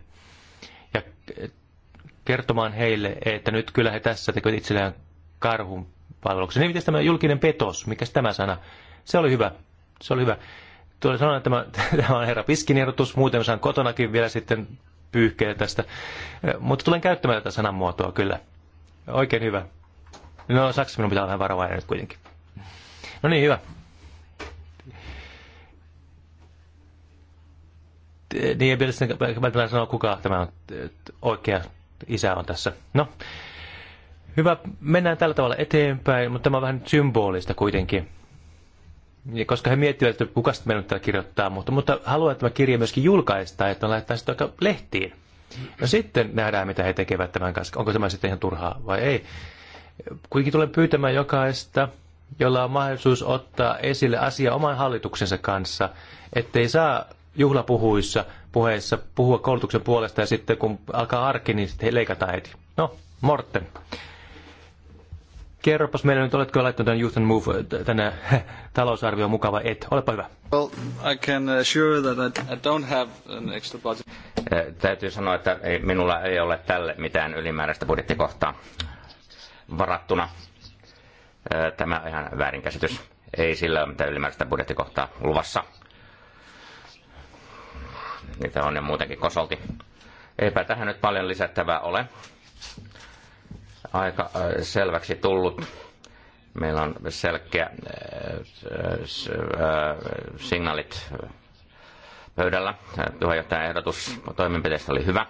ja kertomaan heille, että nyt kyllä he tässä tekevät itselleen karhun palveluksen. Niin, mitäs tämä julkinen petos, mikä tämä sana? Se oli hyvä. Se oli hyvä. Tuolla sanoa, että tämä, on herra Piskin ehdotus, muuten saan kotonakin vielä sitten pyyhkeä tästä. Mutta tulen käyttämään tätä sananmuotoa kyllä. Oikein hyvä. No saksa minun pitää olla vähän varovainen nyt kuitenkin. No niin, hyvä. Niin ei vielä sitten sanoa, kuka tämä on oikea isä on tässä. No, hyvä, mennään tällä tavalla eteenpäin, mutta tämä on vähän symbolista kuitenkin. Ja koska he miettivät, että kuka sitä täällä kirjoittaa, mutta, mutta haluan, että tämä kirja myöskin julkaistaan, että laittaa sitä aika lehtiin. No sitten nähdään, mitä he tekevät tämän kanssa. Onko tämä sitten ihan turhaa vai ei. Kuitenkin tulen pyytämään jokaista, jolla on mahdollisuus ottaa esille asia oman hallituksensa kanssa, ettei saa juhlapuhuissa, puheessa, puhua koulutuksen puolesta ja sitten kun alkaa arki, niin sitten leikataan heti. No, Morten. Kerropas meille nyt, oletko laittanut tämän Youth and Move tänne talousarvioon mukava et. Olepa hyvä. Well, I can assure that I don't have an extra budget. Täytyy sanoa, että ei, minulla ei ole tälle mitään ylimääräistä budjettikohtaa varattuna. Tämä on ihan väärinkäsitys. Ei sillä ole mitään ylimääräistä budjettikohtaa luvassa niitä on ne muutenkin kosolti. Eipä tähän nyt paljon lisättävää ole. Aika äh, selväksi tullut. Meillä on selkeä äh, äh, signaalit pöydällä. Puheenjohtajan ehdotus toimenpiteestä oli hyvä.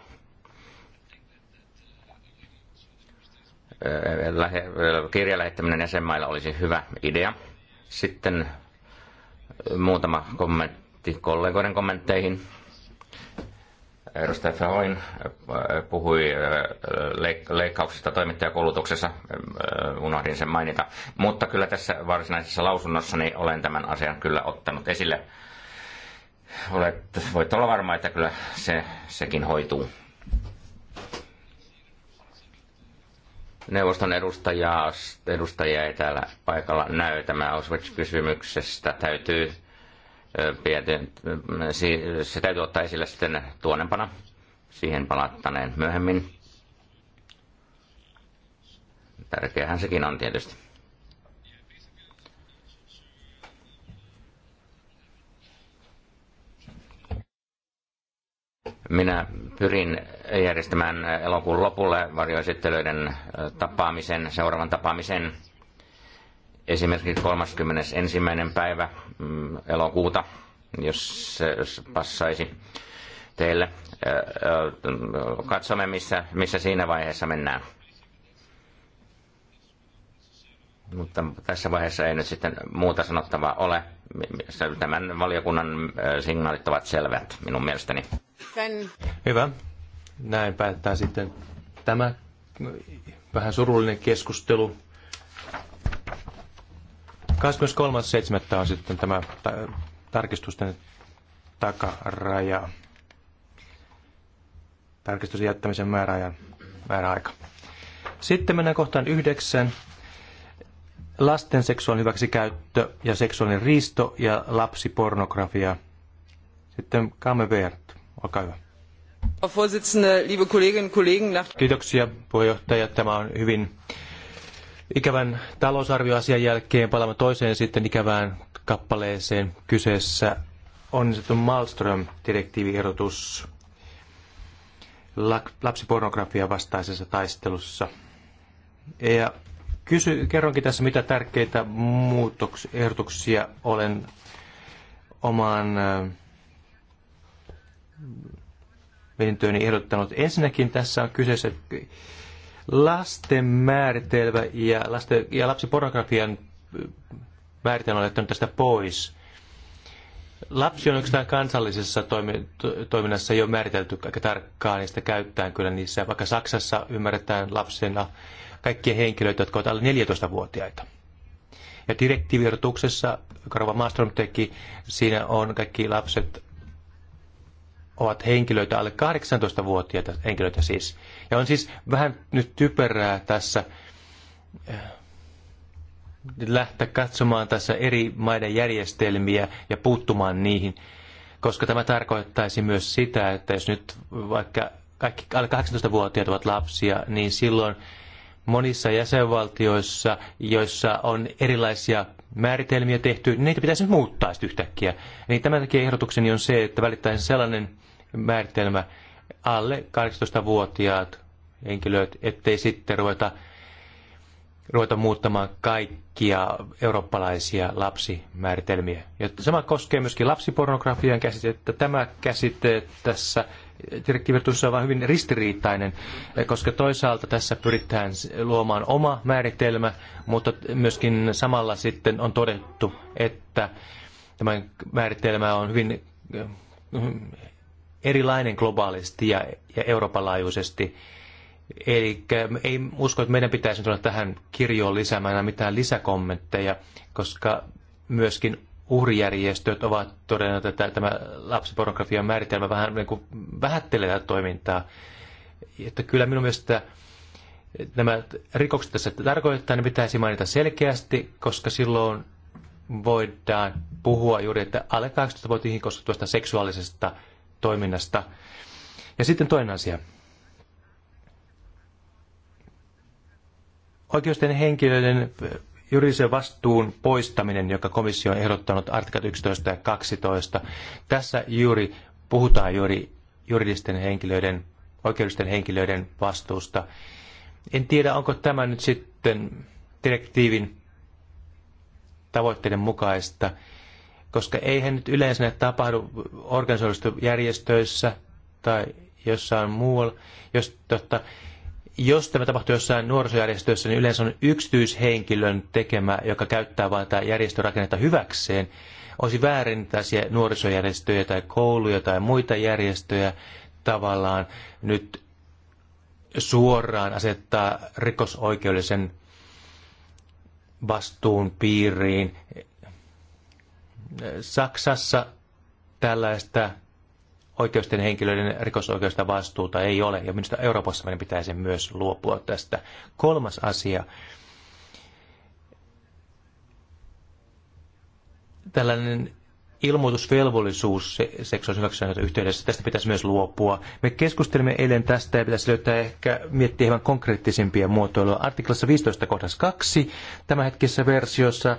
Kirjan lähettäminen jäsenmailla olisi hyvä idea. Sitten muutama kommentti kollegoiden kommentteihin. Edustaja Fahoin äh, puhui äh, leikkauksista toimittajakoulutuksessa. Äh, unohdin sen mainita, mutta kyllä tässä varsinaisessa lausunnossani olen tämän asian kyllä ottanut esille. Olet, voit olla varma, että kyllä se, sekin hoituu. Neuvoston edustajia, edustajia ei täällä paikalla näy. Tämä Auschwitz-kysymyksestä täytyy se täytyy ottaa esille sitten tuonempana. Siihen palattaneen myöhemmin. Tärkeähän sekin on tietysti. Minä pyrin järjestämään elokuun lopulle varjoesittelyiden tapaamisen, seuraavan tapaamisen. Esimerkiksi 31. päivä Mm, elokuuta, jos se passaisi teille. Katsomme, missä, missä siinä vaiheessa mennään. Mutta tässä vaiheessa ei nyt sitten muuta sanottavaa ole. Tämän valiokunnan signaalit ovat selvät minun mielestäni. Sen. Hyvä. Näin päättää sitten tämä vähän surullinen keskustelu. 23.7. on sitten tämä tarkistusten takaraja. Tarkistusten jättämisen määräajan, määräaika. Sitten mennään kohtaan yhdeksän. Lasten seksuaalinen hyväksikäyttö ja seksuaalinen riisto ja lapsipornografia. Sitten Kame Wert, olkaa hyvä. Kiitoksia puheenjohtaja. Tämä on hyvin äh, Ikävän talousarvioasian jälkeen palaamme toiseen sitten ikävään kappaleeseen. Kyseessä on sitten Malmström-direktiiviehdotus lapsipornografia vastaisessa taistelussa. Ja kysy, kerronkin tässä, mitä tärkeitä muutoksia olen oman mietintööni ehdottanut. Ensinnäkin tässä on kyseessä lasten määritelmä ja, lasten, ja lapsipornografian määritelmä on jättänyt tästä pois. Lapsi on yksi kansallisessa toimi, to, toiminnassa jo määritelty aika tarkkaan, niistä käyttää kyllä niissä. Vaikka Saksassa ymmärretään lapsena kaikkia henkilöitä, jotka ovat alle 14-vuotiaita. Ja direktiivirjoituksessa, joka Rova Maastrom teki, siinä on kaikki lapset ovat henkilöitä, alle 18-vuotiaita henkilöitä siis. Ja on siis vähän nyt typerää tässä äh, lähteä katsomaan tässä eri maiden järjestelmiä ja puuttumaan niihin, koska tämä tarkoittaisi myös sitä, että jos nyt vaikka kaikki alle 18-vuotiaat ovat lapsia, niin silloin monissa jäsenvaltioissa, joissa on erilaisia määritelmiä tehty, niitä pitäisi muuttaa sitten yhtäkkiä. Niin tämän takia ehdotukseni on se, että välittäisiin sellainen määritelmä alle 18-vuotiaat henkilöt, ettei sitten ruveta, ruveta muuttamaan kaikkia eurooppalaisia lapsimääritelmiä. Ja sama koskee myöskin lapsipornografian käsitettä. Tämä käsite tässä direktiivirtuissa on vain hyvin ristiriitainen, koska toisaalta tässä pyritään luomaan oma määritelmä, mutta myöskin samalla sitten on todettu, että tämä määritelmä on hyvin erilainen globaalisti ja, ja Euroopan laajuisesti. Eli ei usko, että meidän pitäisi tulla tähän kirjoon lisäämään mitään lisäkommentteja, koska myöskin uhrijärjestöt ovat todenneet, että tämä lapsipornografian määritelmä vähän niin kuin vähättelee tätä toimintaa. Että kyllä minun mielestä nämä rikokset tässä tarkoittaa, ne pitäisi mainita selkeästi, koska silloin voidaan puhua juuri, että alle 18-vuotiaihin kosketuvasta seksuaalisesta toiminnasta. Ja sitten toinen asia. Oikeusten henkilöiden eh, juridisen vastuun poistaminen, joka komissio on ehdottanut artikat 11 ja 12. Tässä juuri puhutaan juuri juridisten henkilöiden, oikeudellisten henkilöiden vastuusta. En tiedä, onko tämä nyt sitten direktiivin tavoitteiden mukaista koska eihän nyt yleensä tapahdu organisoidusta järjestöissä tai jossain muualla. Jos, totta, jos tämä tapahtuu jossain nuorisojärjestössä, niin yleensä on yksityishenkilön tekemä, joka käyttää vain tämä järjestörakennetta hyväkseen. Olisi väärin tällaisia nuorisojärjestöjä tai kouluja tai muita järjestöjä tavallaan nyt suoraan asettaa rikosoikeudellisen vastuun piiriin Saksassa tällaista oikeusten henkilöiden rikosoikeusta vastuuta ei ole, ja minusta Euroopassa meidän pitäisi myös luopua tästä. Kolmas asia. Tällainen ilmoitusvelvollisuus seksuaalisen yhteydessä, tästä pitäisi myös luopua. Me keskustelimme eilen tästä ja pitäisi löytää ehkä miettiä hieman konkreettisimpia muotoiluja. Artiklassa 15.2 tämänhetkisessä versiossa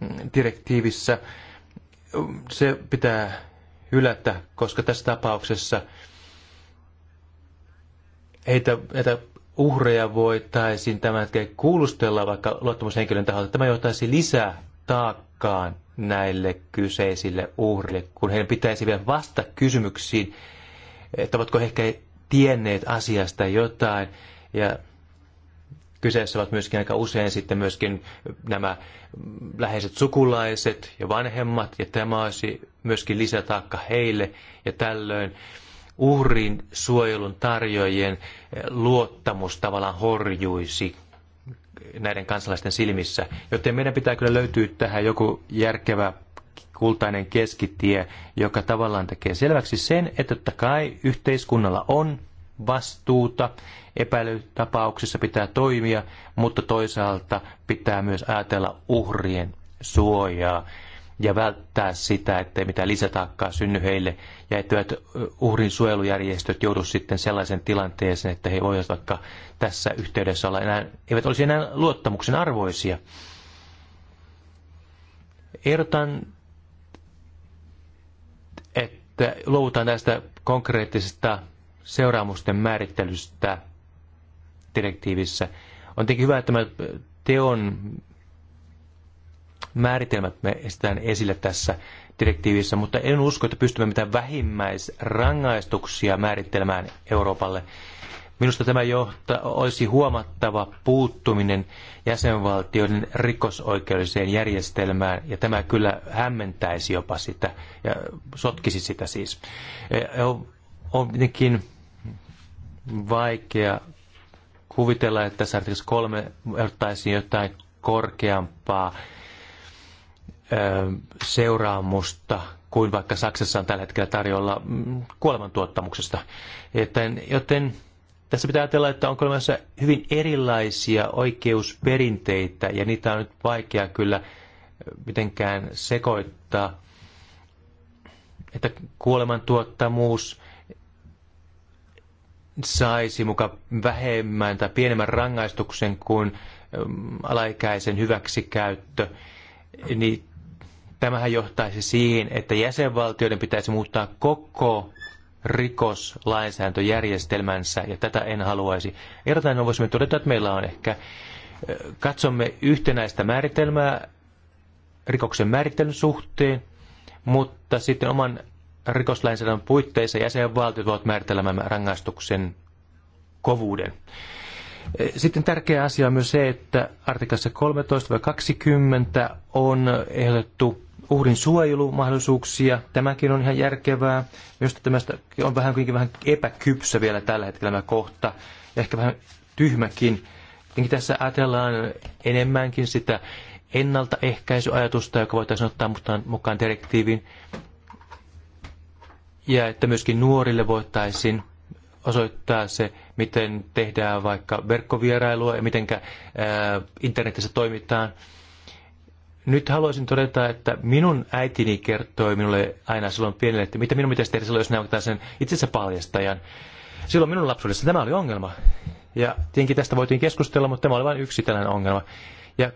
mm, direktiivissä se pitää hylätä, koska tässä tapauksessa heitä, heitä uhreja voitaisiin tämän hetken kuulustella vaikka luottamushenkilön taholta. Tämä johtaisi lisää taakkaan näille kyseisille uhrille, kun heidän pitäisi vielä vasta kysymyksiin, että ovatko he ehkä tienneet asiasta jotain. Ja Kyseessä ovat myöskin aika usein sitten myöskin nämä läheiset sukulaiset ja vanhemmat, ja tämä olisi myöskin lisätaakka heille, ja tällöin uhrin suojelun tarjoajien eh, luottamus tavallaan horjuisi näiden kansalaisten silmissä. Joten meidän pitää kyllä löytyä tähän joku järkevä kultainen keskitie, joka tavallaan tekee selväksi sen, että totta kai yhteiskunnalla on vastuuta epäilytapauksissa pitää toimia, mutta toisaalta pitää myös ajatella uhrien suojaa ja välttää sitä, ettei mitään lisätaakkaa synny heille ja etteivät uhrin suojelujärjestöt joudu sitten sellaisen tilanteeseen, että he voivat vaikka tässä yhteydessä olla enää, eivät olisi enää luottamuksen arvoisia. Ehdotan, että luovutaan tästä konkreettisesta seuraamusten määrittelystä direktiivissä. On tietenkin hyvä, että tämä teon määritelmät me estetään esille tässä direktiivissä, mutta en usko, että pystymme mitään vähimmäisrangaistuksia määrittelemään Euroopalle. Minusta tämä johta, olisi huomattava puuttuminen jäsenvaltioiden rikosoikeudelliseen järjestelmään, ja tämä kyllä hämmentäisi jopa sitä, ja sotkisi sitä siis. E, on, on jotenkin vaikea kuvitella, että tässä 3 ottaisi jotain korkeampaa seuraamusta kuin vaikka Saksassa on tällä hetkellä tarjolla mm, kuolemantuottamuksesta. Joten, joten tässä pitää ajatella, että on olemassa hyvin erilaisia oikeusperinteitä ja niitä on nyt vaikea kyllä mitenkään sekoittaa. Että kuolemantuottamuus saisi muka vähemmän tai pienemmän rangaistuksen kuin ähm, alaikäisen hyväksikäyttö, niin tämähän johtaisi siihen, että jäsenvaltioiden pitäisi muuttaa koko rikoslainsääntöjärjestelmänsä, ja tätä en haluaisi. Ehdotan, voisimme todeta, että meillä on ehkä, äh, katsomme yhtenäistä määritelmää rikoksen määrittelyn suhteen, mutta sitten oman rikoslainsäädännön puitteissa jäsenvaltiot voivat määritellä rangaistuksen kovuuden. Sitten tärkeä asia on myös se, että artiklassa 13-20 on ehdotettu uhrin suojelumahdollisuuksia. Tämäkin on ihan järkevää. Myös tämästä on vähän, vähän epäkypsä vielä tällä hetkellä tämä kohta ja ehkä vähän tyhmäkin. Tietenkin tässä ajatellaan enemmänkin sitä ennaltaehkäisyajatusta, joka voitaisiin ottaa mukaan direktiivin ja että myöskin nuorille voitaisiin osoittaa se, miten tehdään vaikka verkkovierailua ja miten internetissä toimitaan. Nyt haluaisin todeta, että minun äitini kertoi minulle aina silloin pienelle, että mitä minun pitäisi tehdä silloin, jos näyttää sen itsensä paljastajan. Silloin minun lapsuudessa tämä oli ongelma. Ja tietenkin tästä voitiin keskustella, mutta tämä oli vain yksi tällainen ongelma. Ja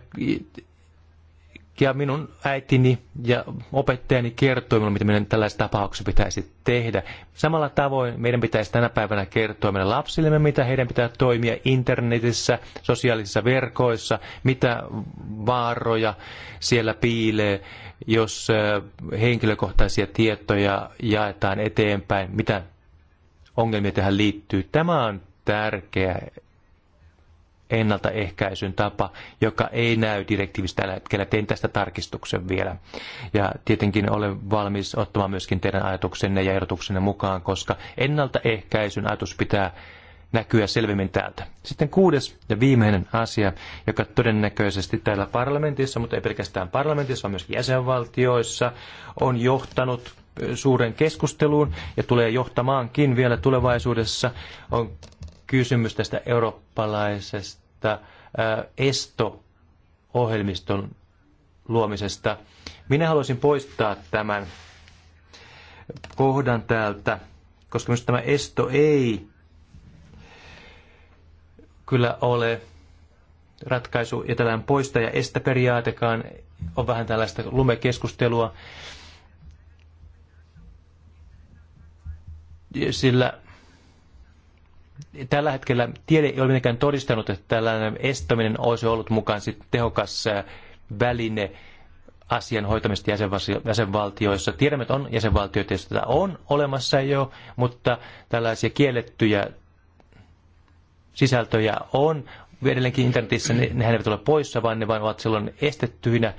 ja minun äitini ja opettajani kertoi minulle, mitä meidän tällaisessa tapauksessa pitäisi tehdä. Samalla tavoin meidän pitäisi tänä päivänä kertoa meidän lapsillemme, mitä heidän pitää toimia internetissä, sosiaalisissa verkoissa, mitä vaaroja siellä piilee, jos henkilökohtaisia tietoja jaetaan eteenpäin, mitä ongelmia tähän liittyy. Tämä on tärkeä ennaltaehkäisyn tapa, joka ei näy direktiivistä, tällä hetkellä. Tein tästä tarkistuksen vielä. Ja tietenkin olen valmis ottamaan myöskin teidän ajatuksenne ja ehdotuksenne mukaan, koska ennaltaehkäisyn ajatus pitää näkyä selvemmin täältä. Sitten kuudes ja viimeinen asia, joka todennäköisesti täällä parlamentissa, mutta ei pelkästään parlamentissa, vaan myös jäsenvaltioissa, on johtanut suuren keskusteluun ja tulee johtamaankin vielä tulevaisuudessa, on kysymys tästä eurooppalaisesta tästä esto-ohjelmiston luomisesta. Minä haluaisin poistaa tämän kohdan täältä, koska minusta tämä esto ei kyllä ole ratkaisu ja tällainen poista ja estä periaatekaan on vähän tällaista lumekeskustelua. Sillä tällä hetkellä tiede ei ole mitenkään todistanut, että tällainen estäminen olisi ollut mukaan sit tehokas äh, väline asian hoitamista jäsenvaltioissa. Tiedämme, että on jäsenvaltioita, joissa tätä on olemassa jo, mutta tällaisia kiellettyjä sisältöjä on edelleenkin internetissä, ne, nehän eivät ole poissa, vaan ne vain ovat silloin estettyinä.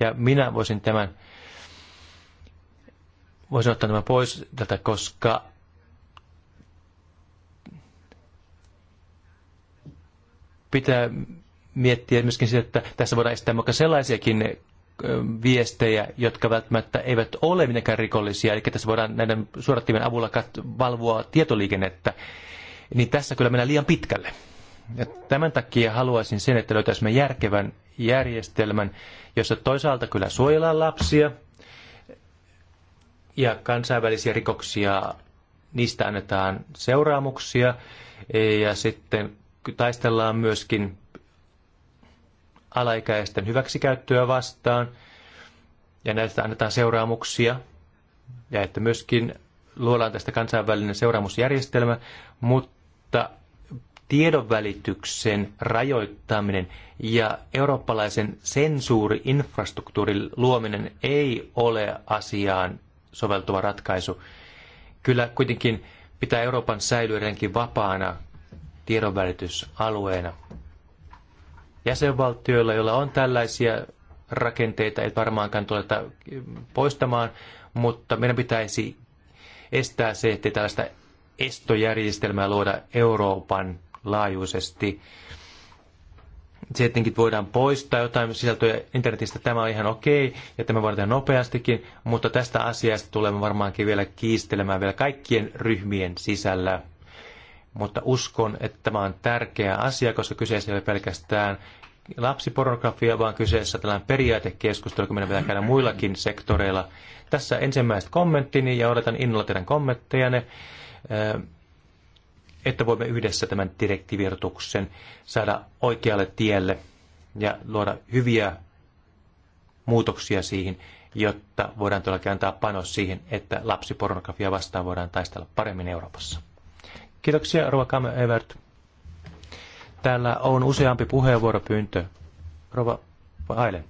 Ja minä voisin tämän, voisin ottaa tämän pois tätä, koska pitää miettiä myöskin sitä, että tässä voidaan estää vaikka sellaisiakin viestejä, jotka välttämättä eivät ole mitenkään rikollisia, eli tässä voidaan näiden suorattimen avulla valvoa tietoliikennettä, niin tässä kyllä mennään liian pitkälle. Ja tämän takia haluaisin sen, että löytäisimme järkevän järjestelmän, jossa toisaalta kyllä suojellaan lapsia ja kansainvälisiä rikoksia, niistä annetaan seuraamuksia ja sitten taistellaan myöskin alaikäisten hyväksikäyttöä vastaan ja näistä annetaan seuraamuksia ja että myöskin luodaan tästä kansainvälinen seuraamusjärjestelmä, mutta tiedonvälityksen rajoittaminen ja eurooppalaisen sensuuriinfrastruktuurin luominen ei ole asiaan soveltuva ratkaisu. Kyllä kuitenkin pitää Euroopan säilyä vapaana tiedonvälitysalueena. Jäsenvaltioilla, joilla on tällaisia rakenteita, ei varmaankaan tule poistamaan, mutta meidän pitäisi estää se, ettei tällaista estojärjestelmää luoda Euroopan laajuisesti. Tietenkin voidaan poistaa jotain sisältöjä internetistä, tämä on ihan okei, ja tämä voidaan tehdä nopeastikin, mutta tästä asiasta tulemme varmaankin vielä kiistelemään vielä kaikkien ryhmien sisällä mutta uskon, että tämä on tärkeä asia, koska kyseessä ei ole pelkästään lapsipornografia, vaan kyseessä tällainen periaatekeskustelu, kun meidän pitää käydä muillakin sektoreilla. Tässä ensimmäiset kommenttini ja odotan innolla teidän kommenttejanne, eh, että voimme yhdessä tämän direktiivierotuksen saada oikealle tielle ja luoda hyviä muutoksia siihen, jotta voidaan todellakin antaa panos siihen, että lapsipornografia vastaan voidaan taistella paremmin Euroopassa. Kiitoksia, Rova Kame Evert. Täällä on useampi puheenvuoropyyntö. Rova Aile.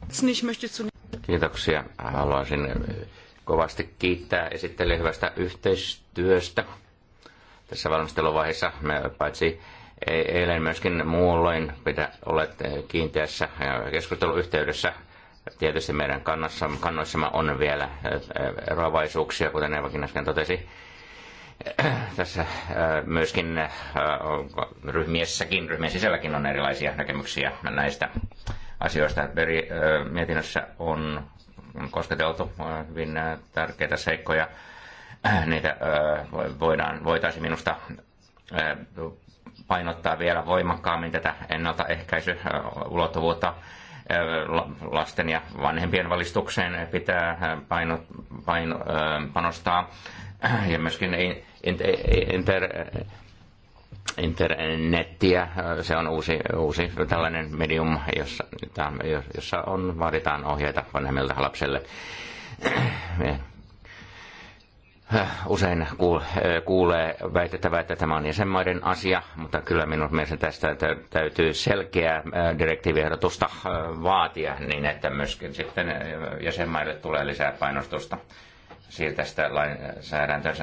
Kiitoksia. Haluaisin eh, kovasti kiittää esittelijä hyvästä yhteistyöstä tässä valmisteluvaiheessa. Me paitsi e-, eilen myöskin muulloin pitä, olet eh, kiinteässä eh, keskusteluyhteydessä. Tietysti meidän kannassa, kannoissamme on vielä eroavaisuuksia, kuten Eva äsken totesi tässä äh, myöskin äh, äh, ryhmiessäkin, ryhmien sisälläkin on erilaisia näkemyksiä näistä asioista. Eri mietinnössä on kosketeltu hyvin tärkeitä seikkoja. Niitä voidaan, voitaisiin minusta painottaa vielä voimakkaammin tätä ennaltaehkäisyulottuvuutta lasten ja vanhempien valistukseen pitää paino, paino, panostaa ja myöskin inter, internettiä. Se on uusi, uusi tällainen medium, jossa, jossa on, vaaditaan ohjeita vanhemmilta lapselle. Usein kuulee väitettävää, että tämä on jäsenmaiden asia, mutta kyllä minun mielestä tästä täytyy selkeää direktiiviehdotusta vaatia niin, että myöskin sitten jäsenmaille tulee lisää painostusta siirtää sitä lainsäädäntöön,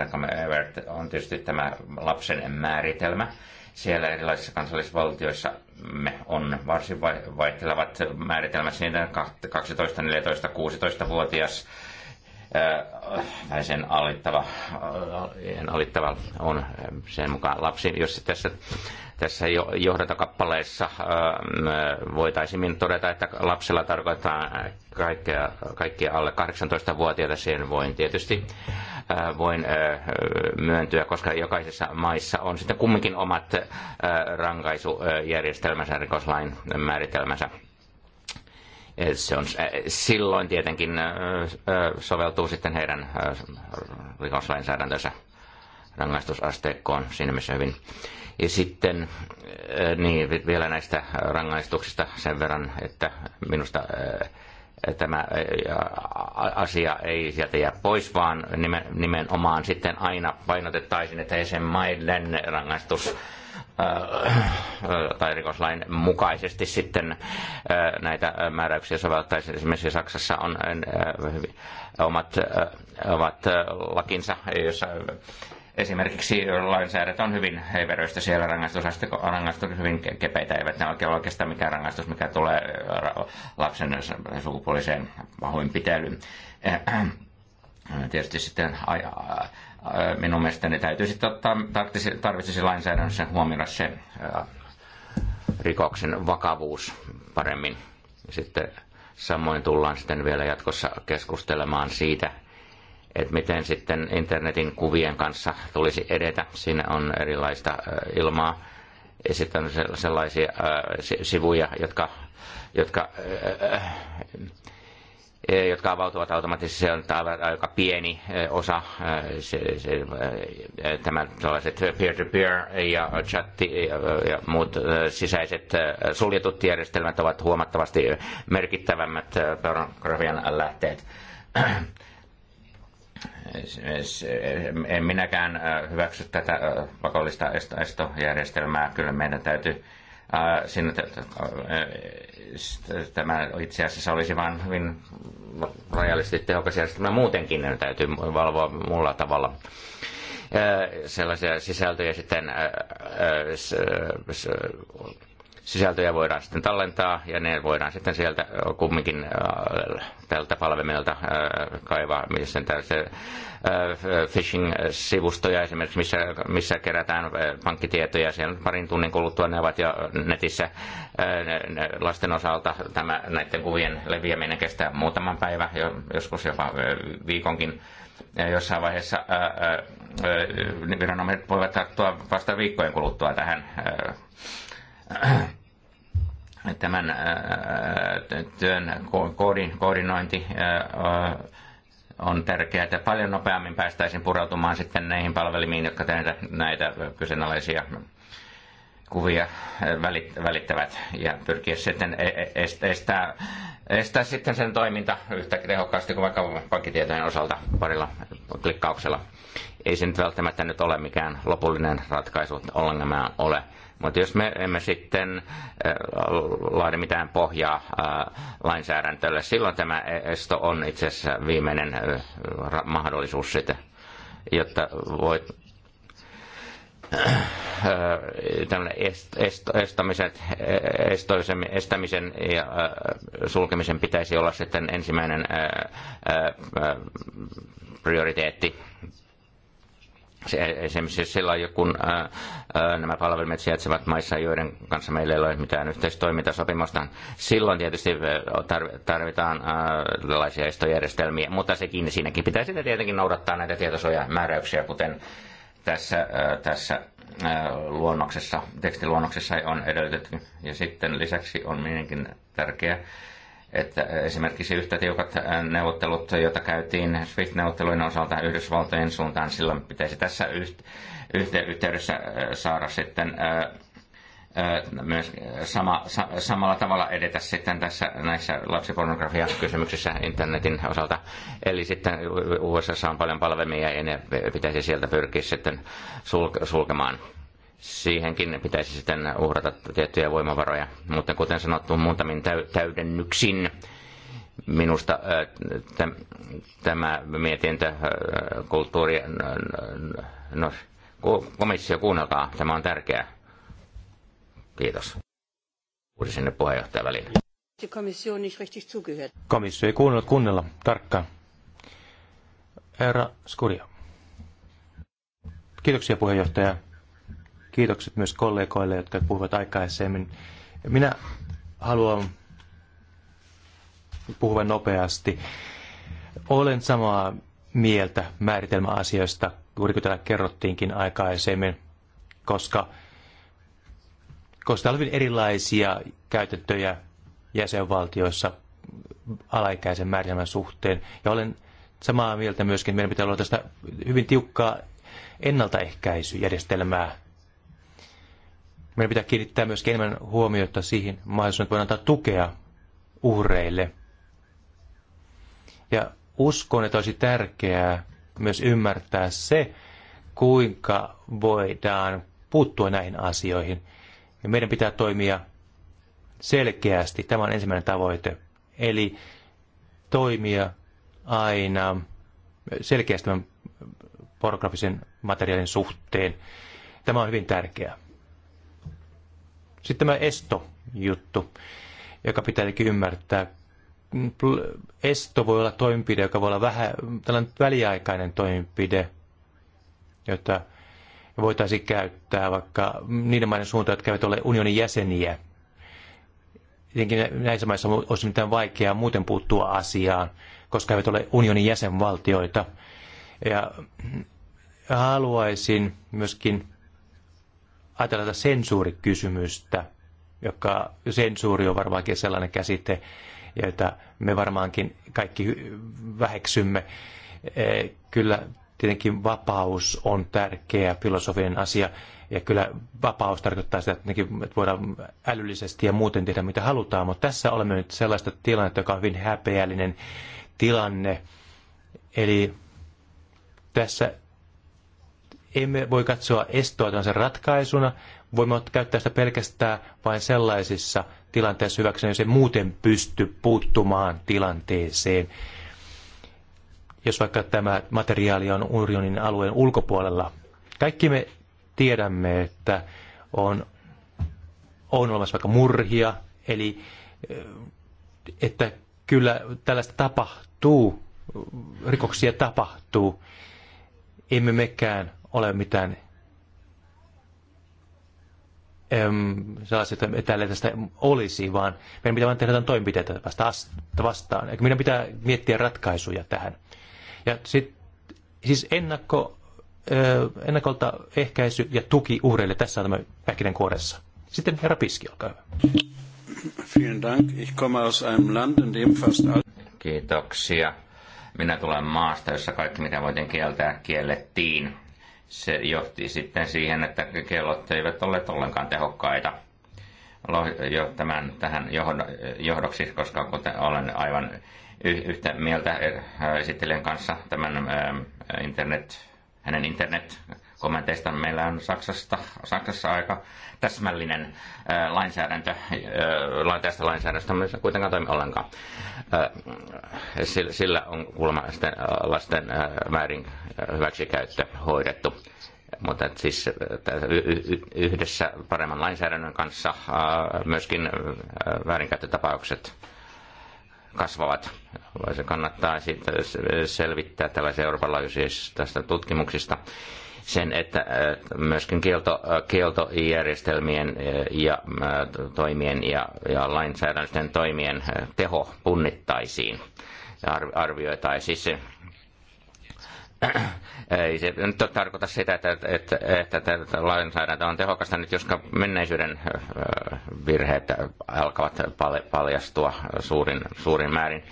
on tietysti tämä lapsen määritelmä. Siellä erilaisissa kansallisvaltioissa me on varsin vaihtelevat määritelmät siinä 12, 14, 16-vuotias tai sen alittava, äh, alittava on sen mukaan lapsi. Jos tässä tässä johdantokappaleessa voitaisiin todeta, että lapsella tarkoittaa kaikkea, kaikkia alle 18-vuotiaita. sen voin tietysti voin myöntyä, koska jokaisessa maissa on sitten kumminkin omat rankaisujärjestelmänsä, rikoslain määritelmänsä se on, silloin tietenkin soveltuu sitten heidän rikoslainsäädäntönsä rangaistusasteikkoon siinä missä hyvin ja sitten äh, niin, vielä näistä rangaistuksista sen verran, että minusta äh, tämä äh, asia ei sieltä jää pois, vaan nimenomaan sitten aina painotettaisiin, että maiden rangaistus tai rikoslain mukaisesti sitten näitä määräyksiä sovellettaisiin. Esimerkiksi Saksassa on omat ovat lakinsa, jossa Esimerkiksi lainsäädäntö on hyvin heiveröistä siellä, rangaistusasteikko on hyvin kepeitä, eivät ne oikein oikeastaan mikään rangaistus, mikä tulee lapsen sukupuoliseen pahoinpitelyyn. Äh, äh, tietysti sitten minun mielestäni täytyy sitten ottaa, tarvitsisi, tarvitsisi lainsäädännössä huomioida se äh, rikoksen vakavuus paremmin. Sitten samoin tullaan sitten vielä jatkossa keskustelemaan siitä, että miten sitten internetin kuvien kanssa tulisi edetä. Siinä on erilaista ilmaa. Ja sitten on sellaisia sivuja, jotka, jotka, jotka avautuvat automaattisesti. Se on aika pieni osa. Se, se, tämä tällaiset peer-to-peer -peer ja chatti ja muut sisäiset suljetut järjestelmät ovat huomattavasti merkittävämmät pornografian lähteet en minäkään äh, hyväksy tätä äh, pakollista estojärjestelmää. Kyllä meidän täytyy äh, sinne, tämä itse asiassa olisi vain hyvin rajallisesti tehokas järjestelmä muutenkin, ne täytyy valvoa muulla tavalla sellaisia sisältöjä sitten sisältöjä voidaan sitten tallentaa ja ne voidaan sitten sieltä kumminkin tältä palvelimelta kaivaa, missä tällaisia phishing-sivustoja esimerkiksi, missä, missä kerätään pankkitietoja. Siellä parin tunnin kuluttua ne ovat jo netissä lasten osalta. Tämä, näiden kuvien leviäminen kestää muutaman päivän, joskus jopa viikonkin jossain vaiheessa viranomaiset voivat tarttua vasta viikkojen kuluttua tähän tämän äh, työn koordinointi äh, äh, on tärkeää, että paljon nopeammin päästäisiin pureutumaan sitten näihin palvelimiin, jotka tehdä näitä kyseenalaisia kuvia välittävät ja pyrkiä sitten e-, e-, estää, estää sitten sen toiminta yhtä tehokkaasti kuin vaikka pankkitietojen osalta parilla klikkauksella. Ei se nyt välttämättä nyt ole mikään lopullinen ratkaisu ongelmaa ole mutta jos me emme sitten äh, laadi mitään pohjaa äh, lainsäädäntölle, silloin tämä esto on itse asiassa viimeinen äh, mahdollisuus sitä, jotta voit est, est, estoisen, estämisen ja sulkemisen pitäisi olla sitten ensimmäinen prioriteetti Esimerkiksi silloin, kun äh, äh, nämä palvelimet sijaitsevat maissa, joiden kanssa meillä ei ole mitään yhteistoimintasopimusta, silloin tietysti äh, tarvitaan tällaisia estojärjestelmiä, mutta sekin siinäkin pitäisi tietenkin noudattaa näitä tietosuojamääräyksiä, kuten tässä, tässä luonnoksessa, tekstiluonnoksessa on edellytetty. Ja sitten lisäksi on minäkin tärkeää, että esimerkiksi yhtä tiukat neuvottelut, joita käytiin SWIFT-neuvottelujen osalta Yhdysvaltojen suuntaan, silloin pitäisi tässä yhteydessä saada sitten myös sama, samalla tavalla edetä sitten tässä näissä lapsipornografiakysymyksissä internetin osalta. Eli sitten USA on paljon palvelmia ja ne pitäisi sieltä pyrkiä sitten sulkemaan. Siihenkin pitäisi sitten uhrata tiettyjä voimavaroja, mutta kuten sanottu, muutamin täydennyksin minusta tämä mietintö kulttuuri, no, komissio kuunnelkaa, tämä on tärkeää. Kiitos. Uusi sinne puheenjohtajan väliin. Komissio ei kuunnellut kuunnella tarkkaan. Herra Skuria. Kiitoksia puheenjohtaja kiitokset myös kollegoille, jotka puhuvat aikaisemmin. Minä haluan puhua nopeasti. Olen samaa mieltä määritelmäasioista, juuri kuten täällä kerrottiinkin aikaisemmin, koska, koska täällä on hyvin erilaisia käytäntöjä jäsenvaltioissa alaikäisen määritelmän suhteen. Ja olen samaa mieltä myöskin, että meidän pitää olla tästä hyvin tiukkaa ennaltaehkäisyjärjestelmää meidän pitää kiinnittää myös enemmän huomiota siihen mahdollisuuteen, että voidaan antaa tukea uhreille. Ja uskon, että olisi tärkeää myös ymmärtää se, kuinka voidaan puuttua näihin asioihin. Ja meidän pitää toimia selkeästi. Tämä on ensimmäinen tavoite. Eli toimia aina selkeästi tämän pornografisen materiaalin suhteen. Tämä on hyvin tärkeää. Sitten tämä estojuttu, joka pitääkin ymmärtää. Esto voi olla toimenpide, joka voi olla vähän, tällainen väliaikainen toimenpide, jota voitaisiin käyttää vaikka niiden maiden suuntaan, jotka eivät ole unionin jäseniä. Tietenkin näissä maissa olisi mitään vaikeaa muuten puuttua asiaan, koska eivät ole unionin jäsenvaltioita. Ja haluaisin myöskin ajatellaan tätä sensuurikysymystä, joka sensuuri on varmaankin sellainen käsite, jota me varmaankin kaikki väheksymme. E, kyllä tietenkin vapaus on tärkeä filosofinen asia, ja kyllä vapaus tarkoittaa sitä, että voidaan älyllisesti ja muuten tehdä mitä halutaan, mutta tässä olemme nyt sellaista tilannetta, joka on hyvin häpeällinen tilanne. Eli tässä emme voi katsoa estoa sen ratkaisuna. Voimme käyttää sitä pelkästään vain sellaisissa tilanteissa hyväksi, jos ei muuten pysty puuttumaan tilanteeseen. Jos vaikka tämä materiaali on unionin alueen ulkopuolella. Kaikki me tiedämme, että on, on olemassa vaikka murhia, eli että kyllä tällaista tapahtuu, rikoksia tapahtuu. Emme mekään ole mitään sellaisia, että tälle tästä olisi, vaan meidän pitää vain tehdä jotain toimenpiteitä vastaan. Eli meidän pitää miettiä ratkaisuja tähän. Ja sit, siis ennakko, ennakolta ehkäisy ja tuki uhreille, tässä on tämä kuoressa. Sitten herra Piski, olkaa hyvä. Vielen Dank. Ich komme aus einem Land, in dem fast all... Kiitoksia. Minä tulen maasta, jossa kaikki mitä voitin kieltää kiellettiin se johti sitten siihen, että kellot eivät olleet ollenkaan tehokkaita jo tämän, tähän johdoksi, koska kuten olen aivan yhtä mieltä eh, esittelijän kanssa tämän eh, internet, hänen internet kommenteista. Meillä on Saksasta, Saksassa aika täsmällinen ää, lainsäädäntö, ää, tästä lainsäädännöstä ei kuitenkaan toimi ollenkaan. Ää, sillä, on kuulemma sitten lasten ää, väärin hyväksikäyttö hoidettu. Mutta siis yhdessä paremman lainsäädännön kanssa myöskin väärinkäyttötapaukset kasvavat. Se kannattaa sitten selvittää tällaisia Euroopan laajuisista tutkimuksista sen, että myöskin kielto, kieltojärjestelmien e, ja toimien ja, ja lainsäädännöllisten toimien e, teho punnittaisiin ja arvioitaisiin ei se nyt tarkoita sitä, että, että, että, että lainsäädäntö on tehokasta nyt, joska menneisyyden virheet alkavat paljastua suurin, suurin määrin.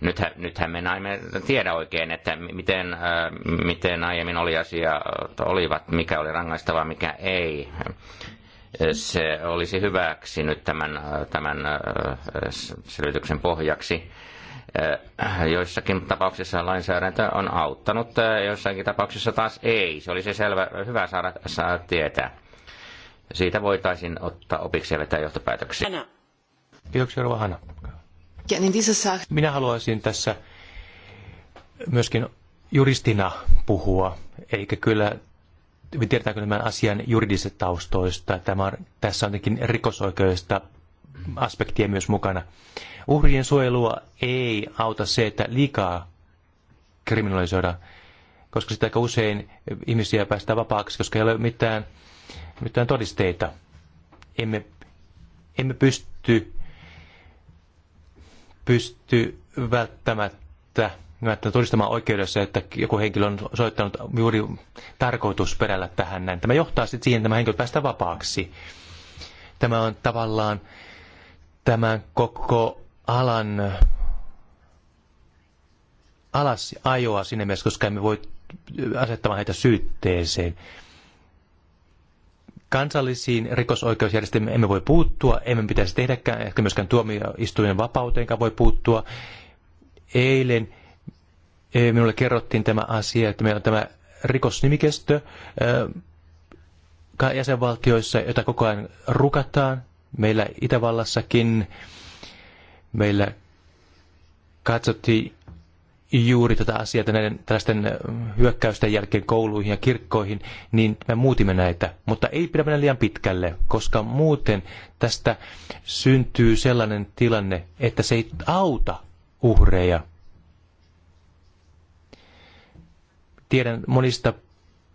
Nythän, nythän me näemme tiedä oikein, että miten, miten aiemmin oli asia, olivat, mikä oli rangaistavaa, mikä ei se olisi hyväksi nyt tämän, tämän selvityksen pohjaksi. Äh, joissakin tapauksissa lainsäädäntö on auttanut, äh, joissakin tapauksissa taas ei. Se olisi selvä, hyvä saada, saada tietää. Siitä voitaisiin ottaa opiksi ja vetää johtopäätöksiä. Anna. Kiitoksia, Rova Hanna. Niin Minä haluaisin tässä myöskin juristina puhua, eikä kyllä tiedetäänkö tämän asian juridisesta taustoista. Tämä on, tässä on jotenkin rikosoikeudesta aspektia myös mukana. Uhrien suojelua ei auta se, että liikaa kriminalisoida, koska sitä aika usein ihmisiä päästään vapaaksi, koska ei ole mitään, mitään todisteita. Emme, emme pysty, pysty välttämättä välttämättä todistamaan oikeudessa, että joku henkilö on soittanut juuri tarkoitusperällä tähän näin. Tämä johtaa sitten siihen, että tämä henkilö päästään vapaaksi. Tämä on tavallaan tämän koko alan alas ajoa sinne mielessä, koska emme voi asettamaan heitä syytteeseen. Kansallisiin rikosoikeusjärjestelmiin emme voi puuttua, emme pitäisi tehdäkään, ehkä myöskään tuomioistuimen vapauteenkaan voi puuttua. Eilen e, minulle kerrottiin tämä asia, että meillä on tämä rikosnimikestö e, jäsenvaltioissa, jota koko ajan rukataan. Meillä Itävallassakin meillä katsottiin juuri tätä asiaa, näiden tällaisten hyökkäysten jälkeen kouluihin ja kirkkoihin, niin me muutimme näitä. Mutta ei pidä mennä liian pitkälle, koska muuten tästä syntyy sellainen tilanne, että se ei auta uhreja. Tiedän monista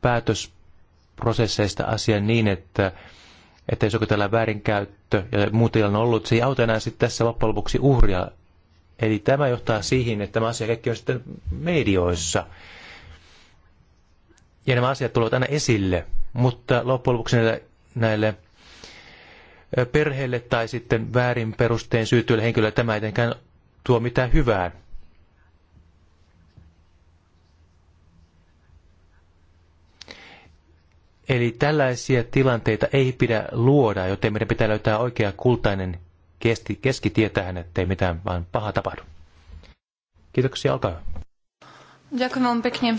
päätösprosesseista asian niin, että että jos joku tällä väärinkäyttö ja muu tilanne on ollut, se ei auta enää sitten tässä loppujen lopuksi uhria. Eli tämä johtaa siihen, että tämä asia kaikki on sitten medioissa. Ja nämä asiat tulevat aina esille, mutta loppujen lopuksi näille, näille perheelle tai sitten väärin perustein syytyille henkilöille tämä ei tuo mitään hyvää. Eli tällaisia tilanteita ei pidä luoda, joten meidän pitää löytää oikea kultainen kesti, keskitie tähän, ettei mitään vaan paha tapahdu. Kiitoksia, olkaa hyvä. Ďakujem pekne.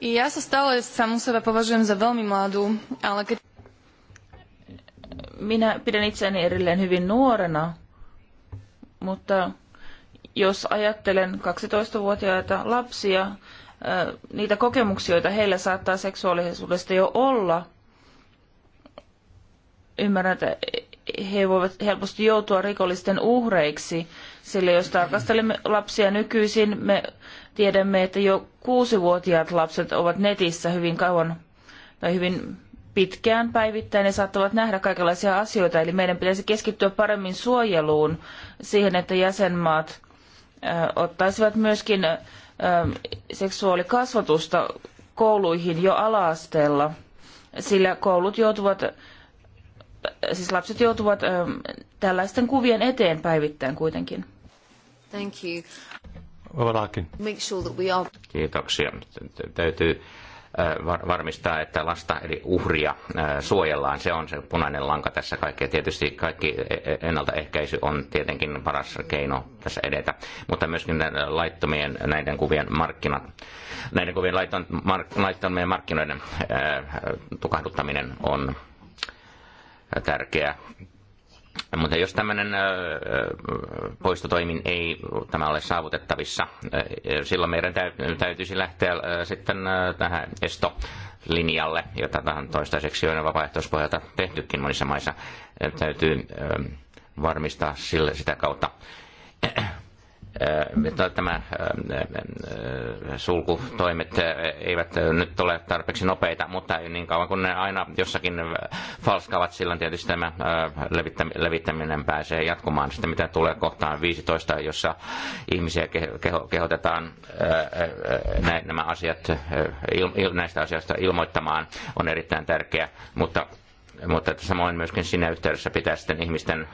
Ja sa stále samu seba považujem za veľmi mladú, ale keď... Minä pidän itseäni erilleen hyvin nuorena, mutta jos ajattelen 12-vuotiaita lapsia, niitä kokemuksia, joita heillä saattaa seksuaalisuudesta jo olla. Ymmärrän, että he voivat helposti joutua rikollisten uhreiksi, sillä jos tarkastelemme lapsia nykyisin, me tiedämme, että jo kuusivuotiaat lapset ovat netissä hyvin kauan tai hyvin pitkään päivittäin ja saattavat nähdä kaikenlaisia asioita. Eli meidän pitäisi keskittyä paremmin suojeluun siihen, että jäsenmaat ottaisivat myöskin Ähm, seksuaalikasvatusta kouluihin jo alaasteella, sillä koulut joutuvat, siis lapset joutuvat ähm, tällaisten kuvien eteen päivittäin kuitenkin. Thank you. Make sure that we are... Kiitoksia. Täytyy varmistaa, että lasta eli uhria suojellaan. Se on se punainen lanka tässä kaikkea. Tietysti kaikki e- e- ennaltaehkäisy on tietenkin paras keino tässä edetä, mutta myöskin laittomien näiden kuvien markkinat, näiden kuvien laittomien markkinoiden tukahduttaminen on tärkeää. Mutta jos tämmöinen poistotoimin ei tämä ole saavutettavissa, silloin meidän täytyisi lähteä sitten tähän estolinjalle, jota tähän toistaiseksi on vapaaehtoispohjalta tehtykin monissa maissa. Täytyy varmistaa sille, sitä kautta Äh, tämä äh, äh, sulkutoimet eivät nyt ole tarpeeksi nopeita, mutta niin kauan kun ne aina jossakin falskavat, silloin tietysti tämä levittäminen pääsee jatkumaan. Sitten mitä tulee kohtaan 15, jossa ihmisiä kehotetaan nämä asiat, näistä asioista ilmoittamaan, on erittäin tärkeä, mutta, mutta samoin myöskin siinä yhteydessä pitää sitten ihmisten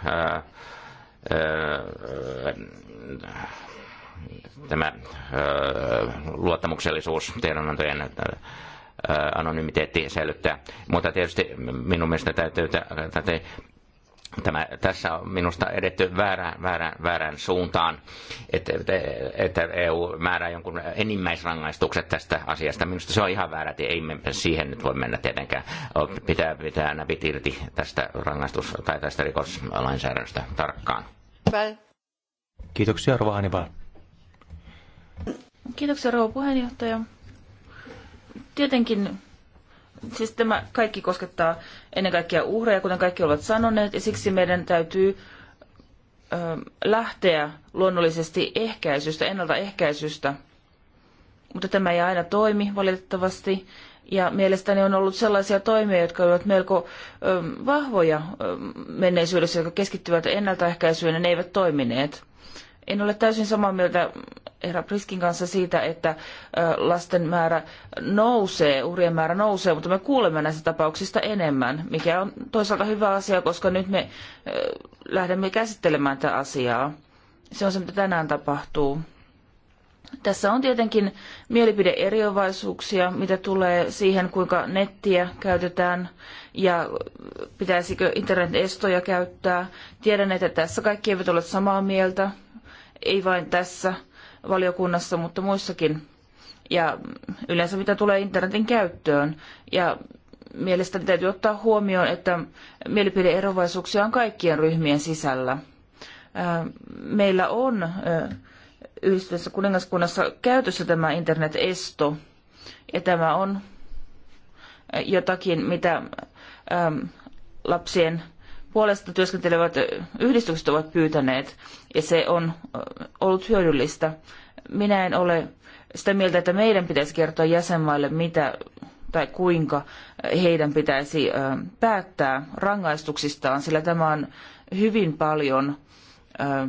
tämä luottamuksellisuus tiedonantojen anonymiteetti säilyttää. Mutta tietysti minun mielestä täytyy, täytyy tämä, tässä on minusta edetty väärään, väärään, väärään suuntaan, että, että EU e määrää jonkun enimmäisrangaistukset tästä asiasta. Minusta se on ihan väärä että ei me siihen nyt voi mennä tietenkään. Pitää pitää näpit irti tästä rangaistus- tai tästä rikoslainsäädännöstä tarkkaan. Kiitoksia, Rova Hannibal. Kiitoksia, Rova puheenjohtaja. Tietenkin siis tämä kaikki koskettaa ennen kaikkea uhreja, kuten kaikki ovat sanoneet, ja siksi meidän täytyy ö, lähteä luonnollisesti ehkäisystä, ennaltaehkäisystä. Mutta tämä ei aina toimi valitettavasti. Ja mielestäni on ollut sellaisia toimia, jotka ovat melko vahvoja menneisyydessä, jotka keskittyvät ennaltaehkäisyyn ja ne eivät toimineet. En ole täysin samaa mieltä herra Priskin kanssa siitä, että lasten määrä nousee, uhrien määrä nousee, mutta me kuulemme näistä tapauksista enemmän, mikä on toisaalta hyvä asia, koska nyt me lähdemme käsittelemään tätä asiaa. Se on se, mitä tänään tapahtuu. Tässä on tietenkin mielipideeriovaisuuksia, mitä tulee siihen, kuinka nettiä käytetään ja pitäisikö internet-estoja käyttää. Tiedän, että tässä kaikki eivät ole samaa mieltä, ei vain tässä valiokunnassa, mutta muissakin. Ja yleensä mitä tulee internetin käyttöön. Ja mielestäni täytyy ottaa huomioon, että mielipideerovaisuuksia on kaikkien ryhmien sisällä. Meillä on yhdistyvässä kuningaskunnassa käytössä tämä internetesto. Ja tämä on eh, jotakin, mitä äm, lapsien puolesta työskentelevät eh, yhdistykset ovat pyytäneet, ja se on eh, ollut hyödyllistä. Minä en ole sitä mieltä, että meidän pitäisi kertoa jäsenmaille, mitä tai kuinka heidän pitäisi ähm, päättää rangaistuksistaan, sillä tämä on hyvin paljon ähm,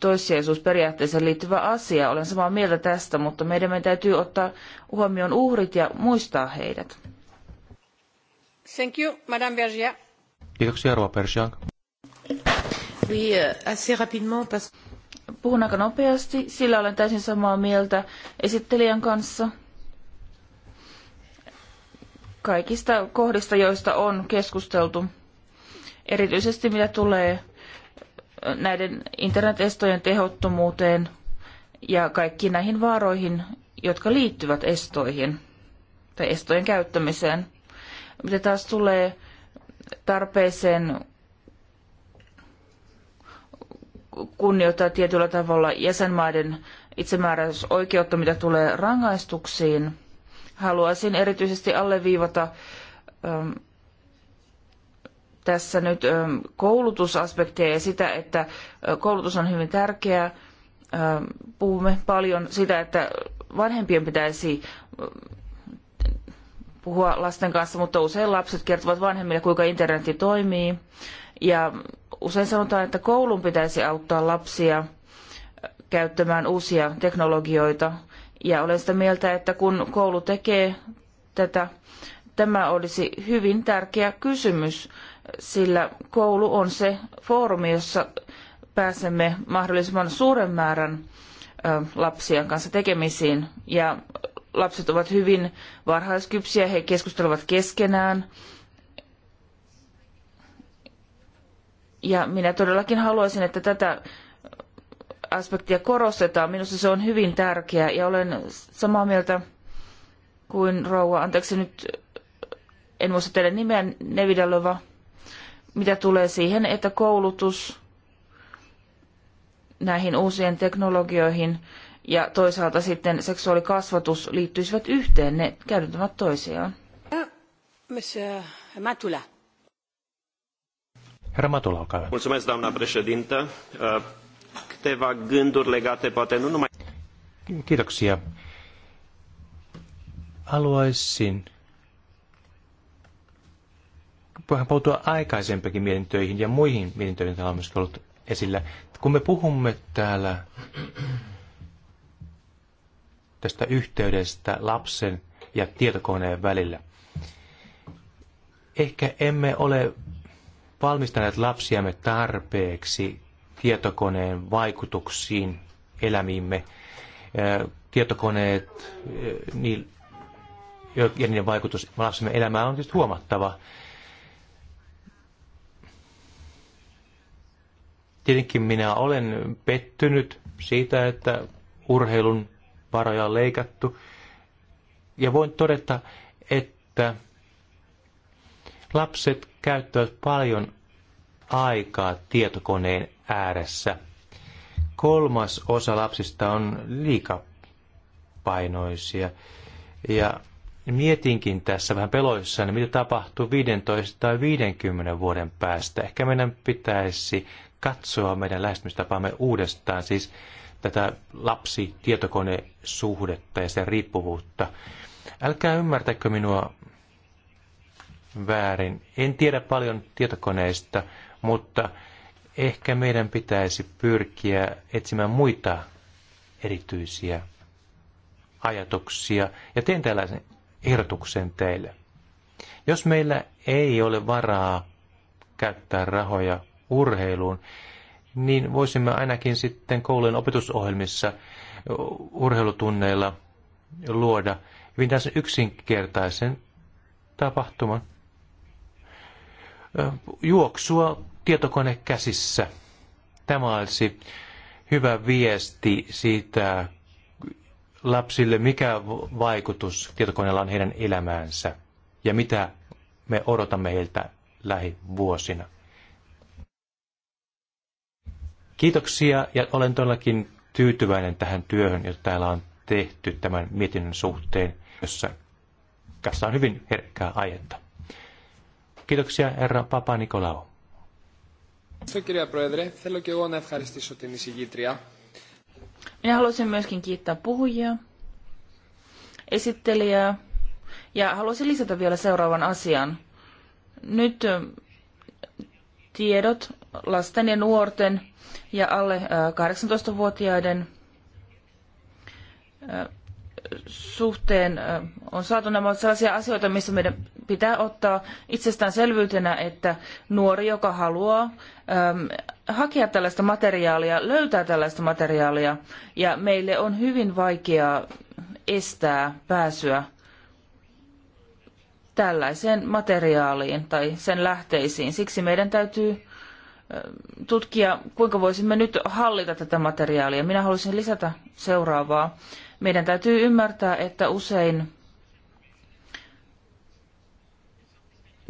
toissijaisuusperiaatteeseen liittyvä asia. Olen samaa mieltä tästä, mutta meidän täytyy ottaa huomioon uhrit ja muistaa heidät. Thank you, Madame Bergia. Kiitoksia, Arva Persiang. Oui, euh, assez rapidement, parce... Puhun aika nopeasti, sillä olen täysin samaa mieltä esittelijän kanssa kaikista kohdista, joista on keskusteltu. Erityisesti mitä tulee näiden internetestojen tehottomuuteen ja kaikkiin näihin vaaroihin, jotka liittyvät estoihin tai estojen käyttämiseen. Mitä taas tulee tarpeeseen kunnioittaa tietyllä tavalla jäsenmaiden itsemääräysoikeutta, mitä tulee rangaistuksiin, haluaisin erityisesti alleviivata ähm, tässä nyt ähm, koulutusaspektia ja sitä, että äh, koulutus on hyvin tärkeää. Ähm, puhumme paljon sitä, että vanhempien pitäisi äh, puhua lasten kanssa, mutta usein lapset kertovat vanhemmille, kuinka internetti toimii. Ja usein sanotaan, että koulun pitäisi auttaa lapsia äh, käyttämään uusia teknologioita. Ja olen sitä mieltä, että kun koulu tekee tätä, tämä olisi hyvin tärkeä kysymys sillä koulu on se foorumi, jossa pääsemme mahdollisimman suuren määrän lapsien kanssa tekemisiin. Ja lapset ovat hyvin varhaiskypsiä, he keskustelevat keskenään. Ja minä todellakin haluaisin, että tätä aspektia korostetaan. Minusta se on hyvin tärkeää ja olen samaa mieltä kuin rouva, anteeksi nyt, en muista teidän nimeä, Nevidalova, mitä tulee siihen, että koulutus näihin uusien teknologioihin ja toisaalta sitten seksuaalikasvatus liittyisivät yhteen, ne käydentävät toisiaan. Monsieur Matula. Herra Matula, olkaa hyvä. Mulțumesc, doamna președintă. Câteva gânduri legate, poate Kiitoksia. Haluaisin voidaan puuttua aikaisempikin mietintöihin ja muihin mietintöihin, joita on myös ollut esillä. Kun me puhumme täällä tästä yhteydestä lapsen ja tietokoneen välillä, ehkä emme ole valmistaneet lapsiamme tarpeeksi tietokoneen vaikutuksiin elämiimme. Tietokoneet niin, ja niiden vaikutus lapsemme elämään on tietysti huomattava. Tietenkin minä olen pettynyt siitä, että urheilun varoja on leikattu. Ja voin todeta, että lapset käyttävät paljon aikaa tietokoneen ääressä. Kolmas osa lapsista on liikapainoisia. Ja mietinkin tässä vähän peloissa, mitä tapahtuu 15 tai 50 vuoden päästä. Ehkä meidän pitäisi katsoa meidän lähestymistapaamme uudestaan, siis tätä lapsi-tietokone-suhdetta ja sen riippuvuutta. Älkää ymmärtäkö minua väärin. En tiedä paljon tietokoneista, mutta ehkä meidän pitäisi pyrkiä etsimään muita erityisiä ajatuksia. Ja teen tällaisen ehdotuksen teille. Jos meillä ei ole varaa käyttää rahoja urheiluun, niin voisimme ainakin sitten koulujen opetusohjelmissa urheilutunneilla luoda hyvin tässä yksinkertaisen tapahtuman. Juoksua tietokone käsissä. Tämä olisi hyvä viesti siitä lapsille, mikä vaikutus tietokoneella on heidän elämäänsä ja mitä me odotamme heiltä lähivuosina. Kiitoksia ja olen todellakin tyytyväinen tähän työhön, jota täällä on tehty tämän mietinnön suhteen, jossa tässä on hyvin herkkää aihetta. Kiitoksia herra Papa Nikolao. Minä haluaisin myöskin kiittää puhujia, esittelijää ja haluaisin lisätä vielä seuraavan asian. Nyt tiedot lasten ja nuorten ja alle 18-vuotiaiden suhteen on saatu nämä sellaisia asioita, missä meidän pitää ottaa itsestäänselvyytenä, että nuori, joka haluaa hakea tällaista materiaalia, löytää tällaista materiaalia, ja meille on hyvin vaikeaa estää pääsyä tällaiseen materiaaliin tai sen lähteisiin. Siksi meidän täytyy tutkia, kuinka voisimme nyt hallita tätä materiaalia. Minä haluaisin lisätä seuraavaa. Meidän täytyy ymmärtää, että usein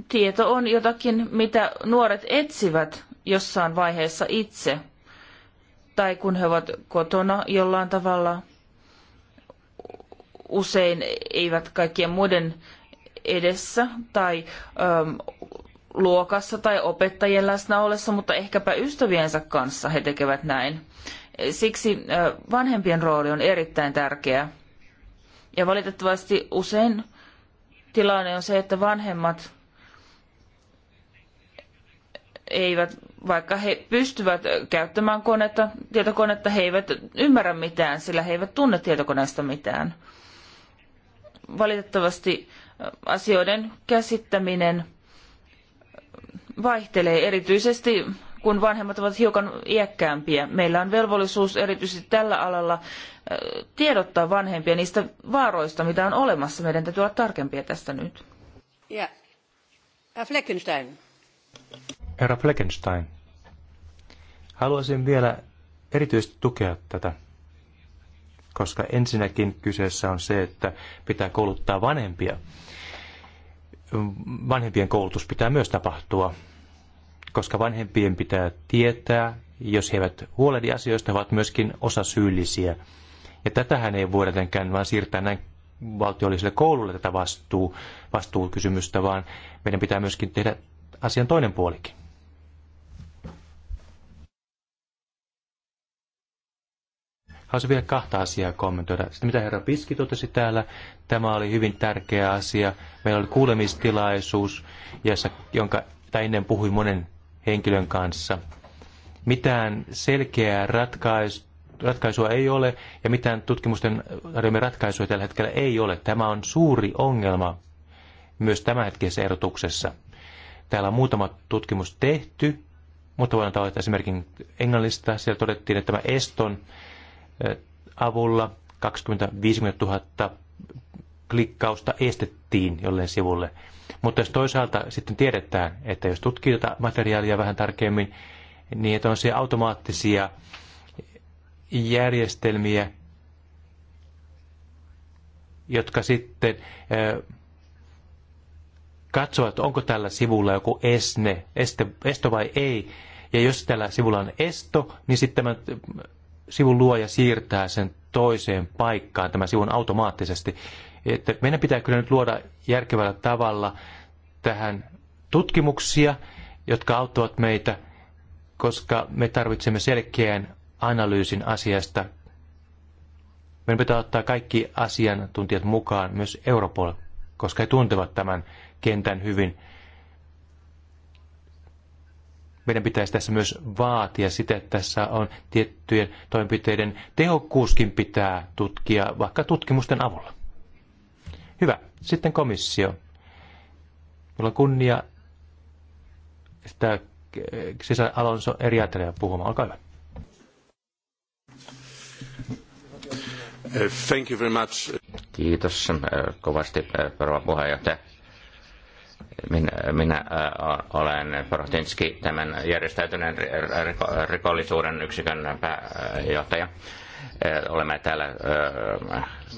tieto on jotakin, mitä nuoret etsivät jossain vaiheessa itse, tai kun he ovat kotona jollain tavalla, usein eivät kaikkien muiden edessä tai äm, luokassa tai opettajien läsnä ollessa, mutta ehkäpä ystäviensä kanssa he tekevät näin. Siksi äh, vanhempien rooli on erittäin tärkeä. Ja valitettavasti usein tilanne on se, että vanhemmat eivät, vaikka he pystyvät käyttämään konetta, tietokonetta, he eivät ymmärrä mitään, sillä he eivät tunne tietokoneesta mitään. Valitettavasti asioiden käsittäminen vaihtelee erityisesti kun vanhemmat ovat hiukan iäkkäämpiä. Meillä on velvollisuus erityisesti tällä alalla äh, tiedottaa vanhempia niistä vaaroista, mitä on olemassa. Meidän täytyy olla tarkempia tästä nyt. Ja. Herr Fleckenstein. Herra Fleckenstein, haluaisin vielä erityisesti tukea tätä koska ensinnäkin kyseessä on se, että pitää kouluttaa vanhempia. Vanhempien koulutus pitää myös tapahtua, koska vanhempien pitää tietää, jos he eivät huolehdi asioista, he ovat myöskin osa syyllisiä. Ja tätähän ei voida tietenkään vaan siirtää näin valtiolliselle koululle tätä vastuu, vastuukysymystä, vaan meidän pitää myöskin tehdä asian toinen puolikin. Haluaisin vielä kahta asiaa kommentoida. Sitten mitä herra Piski totesi täällä, tämä oli hyvin tärkeä asia. Meillä oli kuulemistilaisuus, jossa, jonka tai ennen puhui monen henkilön kanssa. Mitään selkeää ratkaisua ratkaisua ei ole ja mitään tutkimusten ratkaisuja tällä hetkellä ei ole. Tämä on suuri ongelma myös tämänhetkisessä erotuksessa. Täällä on muutama tutkimus tehty, mutta voin antaa esimerkin Englannista. Siellä todettiin, että tämä Eston avulla 25 000 klikkausta estettiin jolleen sivulle. Mutta jos toisaalta sitten tiedetään, että jos tutkii tätä materiaalia vähän tarkemmin, niin että on se automaattisia järjestelmiä, jotka sitten katsovat, onko tällä sivulla joku esne, este, esto vai ei. Ja jos tällä sivulla on esto, niin sitten tämä sivun luoja siirtää sen toiseen paikkaan tämän sivun automaattisesti. Että meidän pitää kyllä nyt luoda järkevällä tavalla tähän tutkimuksia, jotka auttavat meitä, koska me tarvitsemme selkeän analyysin asiasta. Meidän pitää ottaa kaikki asiantuntijat mukaan, myös Europol, koska he tuntevat tämän kentän hyvin – meidän pitäisi tässä myös vaatia sitä, että tässä on tiettyjen toimenpiteiden tehokkuuskin pitää tutkia, vaikka tutkimusten avulla. Hyvä. Sitten komissio. Mulla on kunnia sitä eh, sisä Alonso Eriatelia puhumaan. Olkaa hyvä. Thank you very much. Kiitos eh, kovasti, eh, rouva puheenjohtaja. Minä, minä olen Protinski, tämän järjestäytyneen rikollisuuden yksikön pääjohtaja. Äh, olemme täällä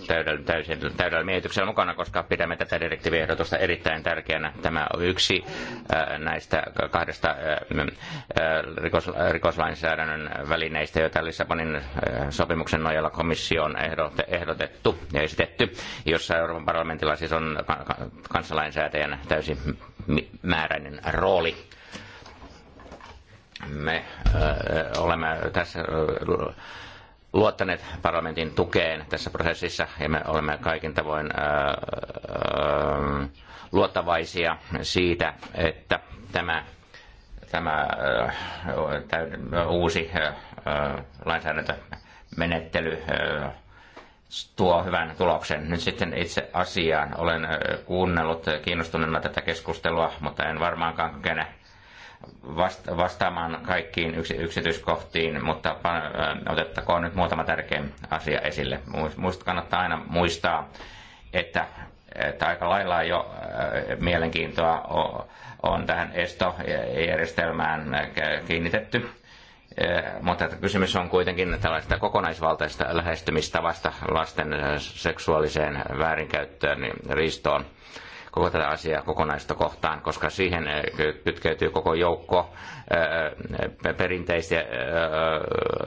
täydellä, täysin, täydellä miehityksellä mukana, koska pidämme tätä direktiiviehdotusta erittäin tärkeänä. Tämä on yksi näistä kahdesta mm, rikoslainsäädännön välineistä, joita Lissabonin sopimuksen nojalla komissio on ehdotettu ja esitetty, jossa Euroopan parlamentilla siis on kansalainsäätäjän täysin määräinen rooli me äh, olemme tässä äh, luottaneet parlamentin tukeen tässä prosessissa ja me olemme kaikin tavoin ää, ää, luottavaisia siitä, että tämä, tämä ää, uusi ää, lainsäädäntömenettely ää, tuo hyvän tuloksen. Nyt sitten itse asiaan. Olen kuunnellut kiinnostuneena tätä keskustelua, mutta en varmaankaan kykene vastaamaan kaikkiin yksityiskohtiin, mutta otettakoon nyt muutama tärkeä asia esille. Muista kannattaa aina muistaa, että, että aika lailla jo mielenkiintoa on tähän estojärjestelmään kiinnitetty. Mutta kysymys on kuitenkin tällaista kokonaisvaltaista lähestymistavasta lasten seksuaaliseen väärinkäyttöön, niin riistoon – koko tätä asiaa kokonaista kohtaan, koska siihen äh, kytkeytyy koko joukko äh, äh, perinteistä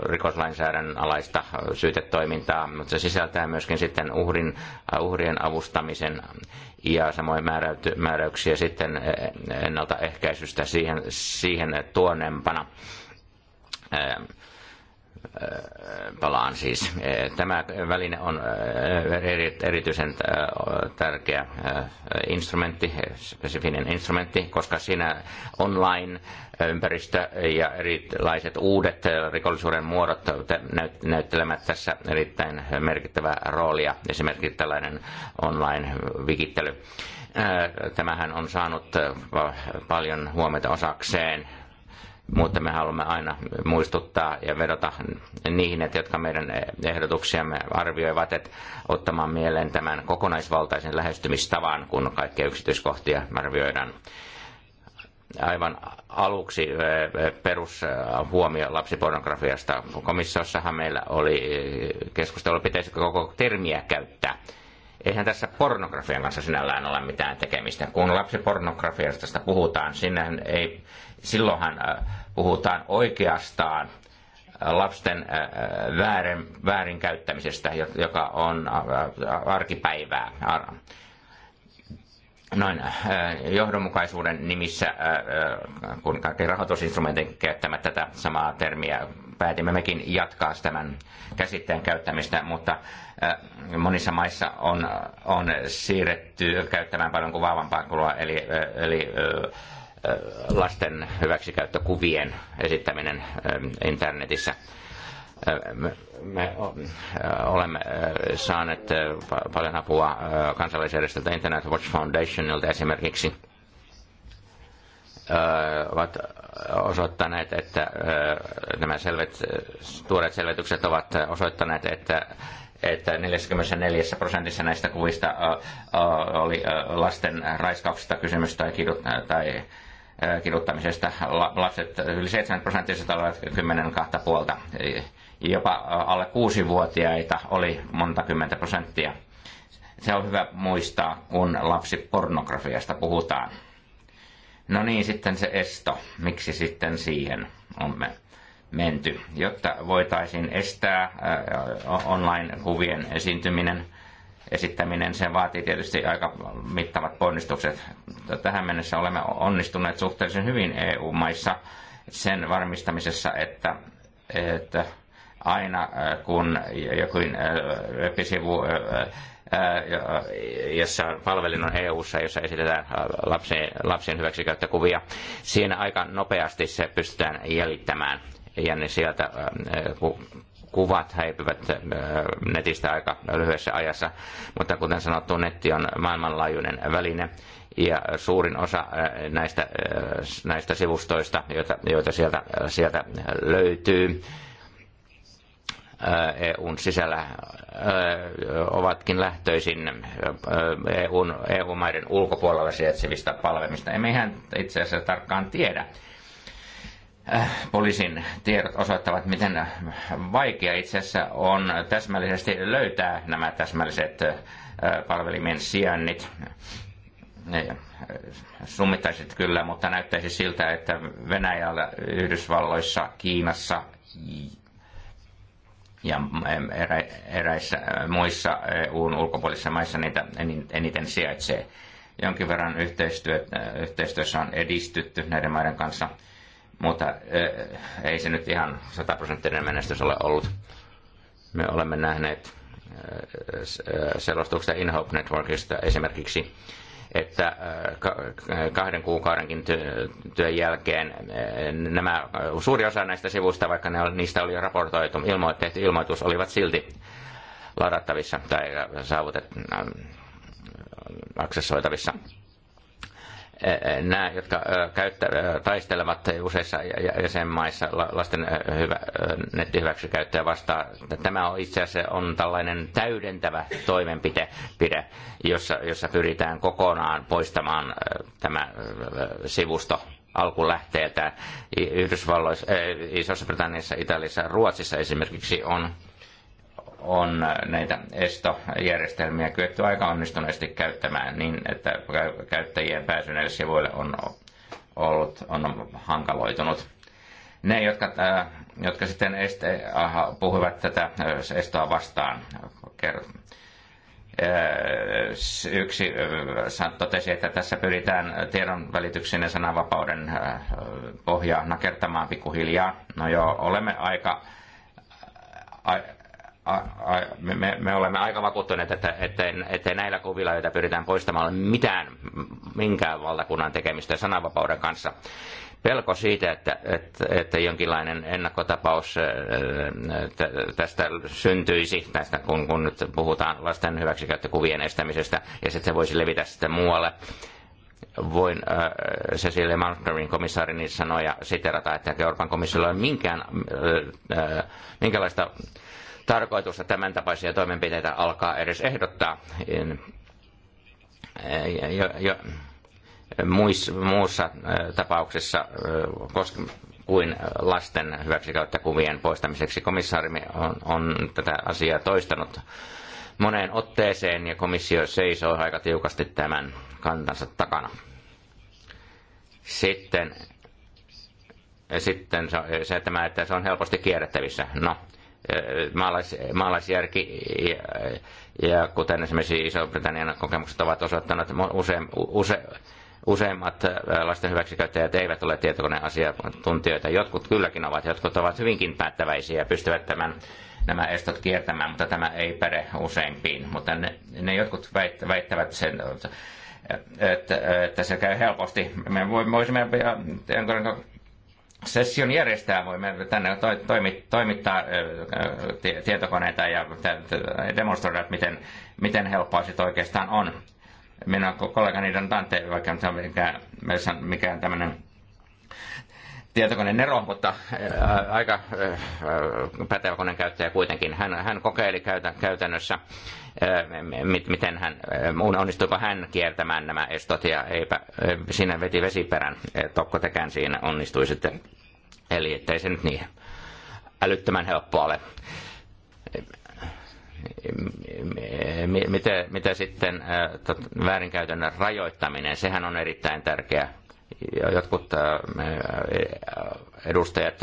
rikoslainsäädännön alaista syytetoimintaa, mutta se sisältää myöskin sitten uhrin, uhrien avustamisen ja samoin määräyty, määräyksiä sitten ennaltaehkäisystä siihen, siihen tuonempana palaan siis. Tämä väline on eh, erityisen eh, tärkeä eh, instrumentti, spesifinen instrumentti, koska siinä online ympäristö ja erilaiset uudet rikollisuuden muodot näyttelemät tässä erittäin merkittävää roolia, esimerkiksi tällainen online-vikittely. Tämähän on saanut paljon huomiota osakseen mutta me haluamme aina muistuttaa ja vedota niihin, että jotka meidän ehdotuksiamme arvioivat, että ottamaan mieleen tämän kokonaisvaltaisen lähestymistavan, kun kaikkia yksityiskohtia arvioidaan. Aivan aluksi eh, eh, perushuomio lapsipornografiasta. Komissiossahan meillä oli eh, keskustelu, pitäisikö koko termiä käyttää – eihän tässä pornografian kanssa sinällään ole mitään tekemistä. Kun lapsipornografiasta puhutaan, sinnehän ei, silloinhan äh, puhutaan oikeastaan äh, lapsen äh, väärin, väärinkäyttämisestä, joka on arkipäivää. Noin johdonmukaisuuden nimissä, kun kaikki rahoitusinstrumentin käyttämät tätä samaa termiä päätimme mekin jatkaa tämän käsitteen käyttämistä, mutta äh, monissa maissa on, on siirretty käyttämään paljon kuvaavampaa kulua, eli, äh, eli äh, lasten hyväksikäyttökuvien esittäminen internetissä me olemme saaneet paljon apua kansallisjärjestöltä Internet Watch Foundationilta esimerkiksi ovat osoittaneet, että nämä selvet, tuoreet selvitykset ovat osoittaneet, että että 44 prosentissa näistä kuvista oli lasten raiskauksista kysymys tai, kidut, tai kiduttamisesta. Lapset yli 7 prosenttisesti olivat 10 kahta puolta. Jopa alle 6-vuotiaita oli monta kymmentä prosenttia. Se on hyvä muistaa, kun lapsi pornografiasta puhutaan. No niin, sitten se esto. Miksi sitten siihen on me menty? Jotta voitaisiin estää äh, online-kuvien esiintyminen, esittäminen, se vaatii tietysti aika mittavat ponnistukset. Tähän mennessä olemme onnistuneet suhteellisen hyvin EU-maissa sen varmistamisessa, että, että aina äh, kun jokin äh, web jossa palvelin on EU-ssa, jossa esitetään lapsien, lapsien hyväksikäyttökuvia. Siinä aika nopeasti se pystytään jäljittämään ja ne sieltä kuvat häipyvät netistä aika lyhyessä ajassa, mutta kuten sanottu, netti on maailmanlaajuinen väline ja suurin osa näistä, näistä sivustoista, joita, joita sieltä, sieltä löytyy, EUn sisällä ovatkin lähtöisin EUn, EU-maiden ulkopuolella sijaitsevista palveluista. Emme ihan itse asiassa tarkkaan tiedä. Poliisin tiedot osoittavat, miten vaikea itse asiassa on täsmällisesti löytää nämä täsmälliset palvelimien sijainnit summittaisit kyllä, mutta näyttäisi siltä, että Venäjällä, Yhdysvalloissa, Kiinassa, ja eräissä muissa EUn ulkopuolisissa maissa niitä eniten sijaitsee. Jonkin verran yhteistyössä on edistytty näiden maiden kanssa, mutta ei se nyt ihan sataprosenttinen menestys ole ollut. Me olemme nähneet selostuksesta InHope Networkista esimerkiksi että äh, kahden kuukaudenkin työn jälkeen äh, nämä, äh, suuri osa näistä sivuista, vaikka ne, niistä oli jo raportoitu, ilmo, tehty ilmoitus, olivat silti ladattavissa tai saavutet, aksessoitavissa nämä, jotka käyttä, taistelevat useissa jäsenmaissa lasten hyvä, nettihyväksikäyttöä vastaan. Tämä on itse asiassa on tällainen täydentävä toimenpide, pide, jossa, jossa pyritään kokonaan poistamaan tämä sivusto alkulähteeltä. Yhdysvalloissa, Isossa-Britanniassa, Italiassa ja Ruotsissa esimerkiksi on on näitä estojärjestelmiä kyetty aika onnistuneesti käyttämään niin, että käyttäjien pääsy näille sivuille on ollut on hankaloitunut. Ne, jotka, äh, jotka sitten este, puhuvat tätä äh, estoa vastaan, kertoo äh, yksi totesi, että tässä pyritään välityksen ja sananvapauden pohjaa nakertamaan pikkuhiljaa. No joo, olemme aika me, me olemme aika vakuuttuneet, että ettei, ettei näillä kuvilla, joita pyritään poistamaan, ole mitään minkään valtakunnan tekemistä sananvapauden kanssa. Pelko siitä, että, että, että jonkinlainen ennakkotapaus tästä syntyisi, tästä kun, kun nyt puhutaan lasten hyväksikäyttökuvien estämisestä, ja sitten se voisi levitä sitten muualle, voin äh, Cecilia Malmströmin komissaarin niin sanoa ja siterata, että Euroopan komissiolla ei ole minkään, äh, minkälaista äh, tarkoitusta tämän tapaisia toimenpiteitä alkaa edes ehdottaa. Jo, jo, muissa, muussa äh, tapauksessa äh, koska, kuin lasten hyväksikäyttäkuvien poistamiseksi. Komissaarimme on, on tätä asiaa toistanut moneen otteeseen ja komissio seisoo aika tiukasti tämän kantansa takana. Sitten, sitten se, se, tämä, että se on helposti kierrettävissä. No, Äh, maalais, maalaisjärki, ja, ja kuten esimerkiksi Iso-Britannian kokemukset ovat osoittaneet, use, use, useimmat äh, lasten hyväksikäyttäjät eivät ole tietokoneasiantuntijoita. Jotkut kylläkin ovat, jotkut ovat hyvinkin päättäväisiä ja pystyvät tämän, nämä estot kiertämään, mutta tämä ei päde useimpiin. Mutta ne, ne jotkut väittävät sen, että, että se käy helposti. Me voisimme jonkinlainen session järjestää, voimme tänne toimittaa tietokoneita ja demonstroida, että miten, miten helppoa se oikeastaan on. Minä kollegani Dan Dante, vaikka se on mikään, mikään tämmöinen tietokoneen nero, mutta aika pätevä koneen käyttäjä kuitenkin. Hän, hän kokeili käytä, käytännössä miten hän, onnistuiko hän kiertämään nämä estot ja eipä, sinne veti vesiperän. Tokko tekään siinä onnistui sitten. Eli ettei se nyt niin älyttömän helppoa ole. Mitä, mitä sitten väärinkäytön rajoittaminen, sehän on erittäin tärkeä. Jotkut edustajat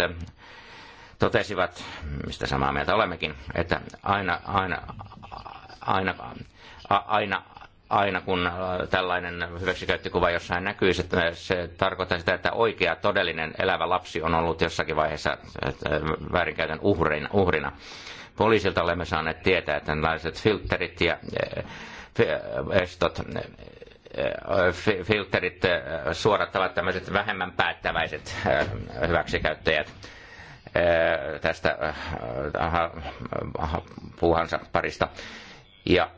totesivat, mistä samaa mieltä olemmekin, että aina, aina, aina, aina, aina kun tällainen hyväksikäyttökuva jossain näkyy, se, se tarkoittaa sitä, että oikea todellinen elävä lapsi on ollut jossakin vaiheessa väärinkäytön uhreina, uhrina. Poliisilta olemme saaneet tietää, että tällaiset filterit ja estot filterit suorattavat tämmöiset vähemmän päättäväiset hyväksikäyttäjät tästä puuhansa parista. Ja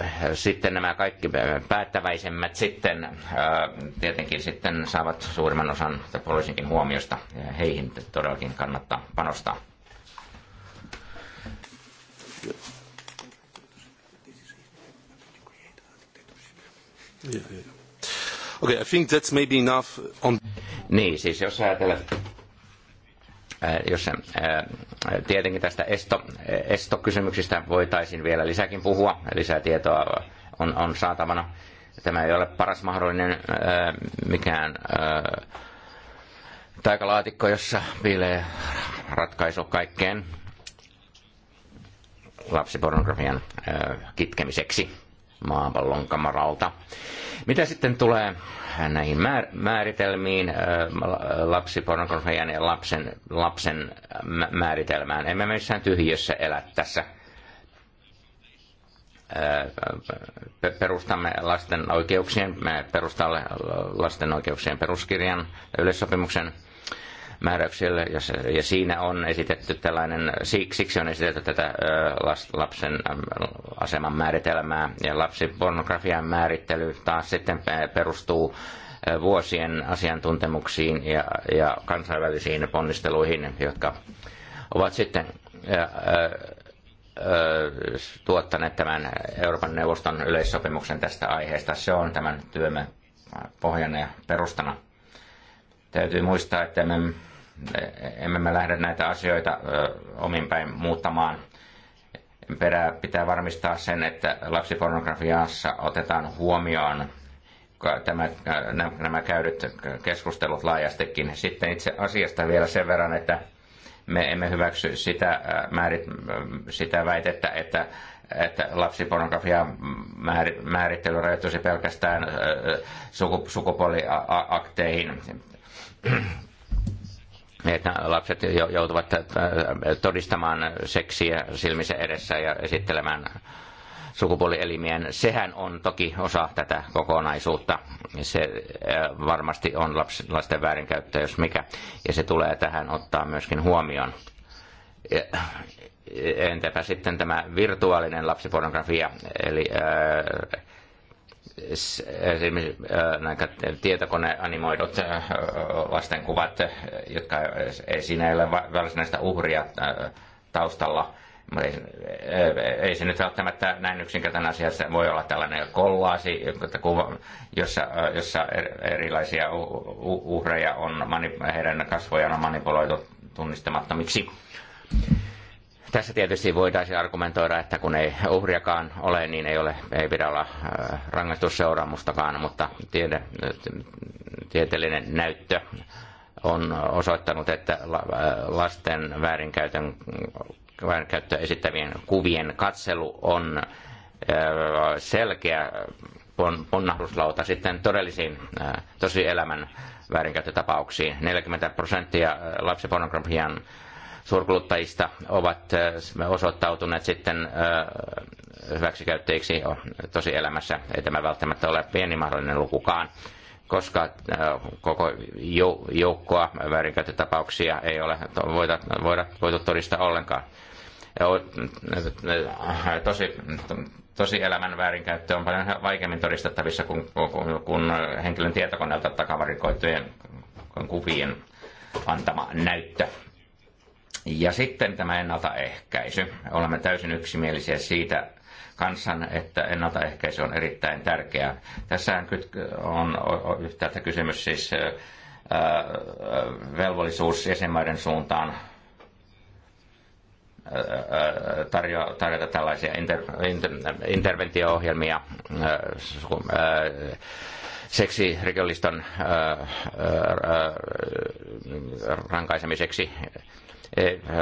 äh, sitten nämä kaikki päättäväisemmät sitten äh, tietenkin sitten saavat suurimman osan poliisinkin huomiosta. Ja heihin todellakin kannattaa panostaa. Yeah, yeah. Okay, I think that's maybe enough on... Niin, siis jos ajatellaan Äh, jos äh, tietenkin tästä esto, äh, estokysymyksistä voitaisiin vielä lisäkin puhua, lisää tietoa on, on saatavana. Tämä ei ole paras mahdollinen mikään taikalaatikko, jossa piilee ratkaisu kaikkeen lapsipornografian kitkemiseksi maapallon kamaralta. Mitä sitten tulee näihin määritelmiin, äh, lapsipornografian ja lapsen, lapsen määritelmään? Emme missään tyhjössä elä tässä äh, perustamme lasten oikeuksien, perustalle lasten oikeuksien peruskirjan yleissopimuksen – määräyksille, ja siinä on esitetty tällainen, siksi on esitetty tätä lapsen aseman määritelmää, ja lapsipornografian määrittely taas sitten perustuu vuosien asiantuntemuksiin ja, ja kansainvälisiin ponnisteluihin, jotka ovat sitten tuottaneet tämän Euroopan neuvoston yleissopimuksen tästä aiheesta. Se on tämän työmme pohjana ja perustana. Täytyy muistaa, että me E-, emme me lähde näitä asioita omin päin muuttamaan. Perää pitää varmistaa sen, että lapsipornografiassa otetaan huomioon tämä, nämä käydyt keskustelut laajastikin. Sitten itse asiasta vielä sen verran, että me emme hyväksy sitä, määrit, sitä väitettä, että, että lapsipornografia määrittely rajoittuisi pelkästään sukupuoliakteihin niin, että lapset joutuvat äh, todistamaan seksiä silmissä edessä ja esittelemään sukupuolielimien. Sehän on toki osa tätä kokonaisuutta. Se äh, varmasti on lasten väärinkäyttö, jos mikä. Ja se tulee tähän ottaa myöskin huomioon. Entäpä sitten tämä virtuaalinen lapsipornografia, eli ää, äh, esimerkiksi näitä äh, tietokoneanimoidut lastenkuvat, äh, äh, jotka ei siinä ei ole varsinaista uhria taustalla. Ei se nyt välttämättä näin yksinkertainen asia, se voi olla tällainen kollaasi, jossa, jossa er-, erilaisia uhreja on, heidän kasvojaan on manipuloitu tunnistamattomiksi tässä tietysti voitaisiin argumentoida, että kun ei uhriakaan ole, niin ei, ole, ei pidä olla rangaistusseuraamustakaan, mutta tiede, tieteellinen näyttö on osoittanut, että lasten väärinkäytön, väärinkäyttöä esittävien kuvien katselu on selkeä ponnahduslauta sitten todellisiin tosielämän väärinkäyttötapauksiin. 40 prosenttia lapsipornografian suurkuluttajista ovat osoittautuneet sitten hyväksikäyttäjiksi tosielämässä. Ei tämä välttämättä ole pieni mahdollinen lukukaan, koska koko joukkoa väärinkäyttötapauksia ei ole voida, voida, voitu todistaa ollenkaan. Tosi, elämän väärinkäyttö on paljon vaikeammin todistettavissa kuin, kuin, kuin henkilön tietokoneelta takavarikoitujen kuvien antama näyttö. Ja sitten tämä ennaltaehkäisy. Olemme täysin yksimielisiä siitä kansan, että ennaltaehkäisy on erittäin tärkeää. Tässähän on yhtäältä kysymys siis velvollisuus jäsenmaiden suuntaan tarjota tällaisia inter, inter, interventio-ohjelmia seksirikolliston rankaisemiseksi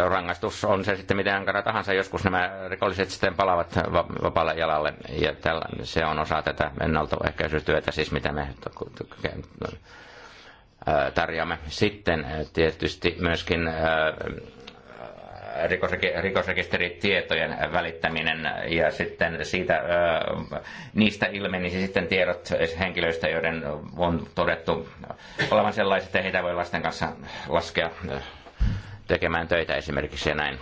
rangaistus on se sitten miten ankara tahansa, joskus nämä rikolliset sitten palaavat vapaalle jalalle. Ja tällä, se on osa tätä ennaltaehkäisytyötä, siis mitä me tarjoamme. Sitten tietysti myöskin rikosrekisteritietojen välittäminen ja sitten siitä, niistä ilmenisi sitten tiedot henkilöistä, joiden on todettu olevan sellaiset, että heitä voi lasten kanssa laskea tekemään töitä esimerkiksi ja näin.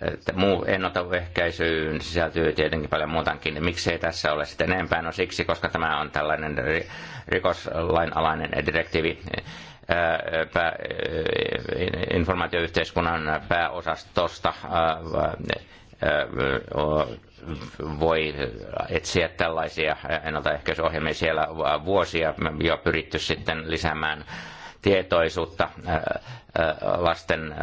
Että muu ennaltaehkäisyyn sisältyy tietenkin paljon muutakin. Miksi ei tässä ole sitten enempää? No siksi, koska tämä on tällainen rikoslain alainen direktiivi pää, informaatioyhteiskunnan pääosastosta voi etsiä tällaisia ennaltaehkäisyohjelmia siellä vuosia jo pyritty sitten lisäämään tietoisuutta äh, äh, lasten äh,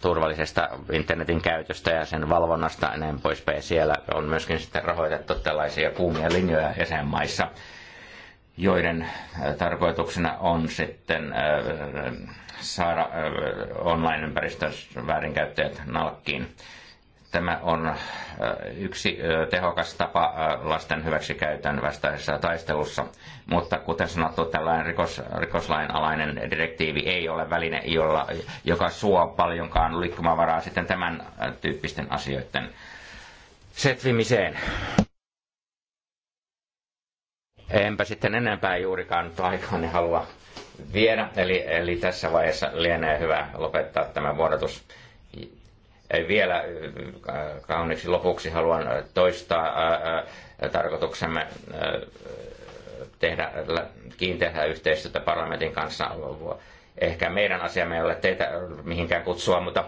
turvallisesta internetin käytöstä ja sen valvonnasta ja näin poispäin. Siellä on myöskin sitten rahoitettu tällaisia kuumia linjoja jäsenmaissa, joiden tarkoituksena on sitten saada online-ympäristön väärinkäyttäjät nalkkiin Tämä on äh, yksi äh, tehokas tapa äh, lasten hyväksikäytön vastaisessa taistelussa, mutta kuten sanottu, tällainen rikos, rikoslain alainen direktiivi ei ole väline, jolla, joka suo paljonkaan liikkumavaraa sitten tämän tyyppisten asioiden setvimiseen. Enpä sitten enempää juurikaan nyt aikaan niin halua viedä, eli, eli tässä vaiheessa lienee hyvä lopettaa tämä vuodatus vielä äh, kauniiksi lopuksi haluan äh, toistaa äh, tarkoituksemme tehdä kiinteää yhteistyötä parlamentin kanssa. Ehkä meidän asiamme ei ole teitä mihinkään kutsua, mutta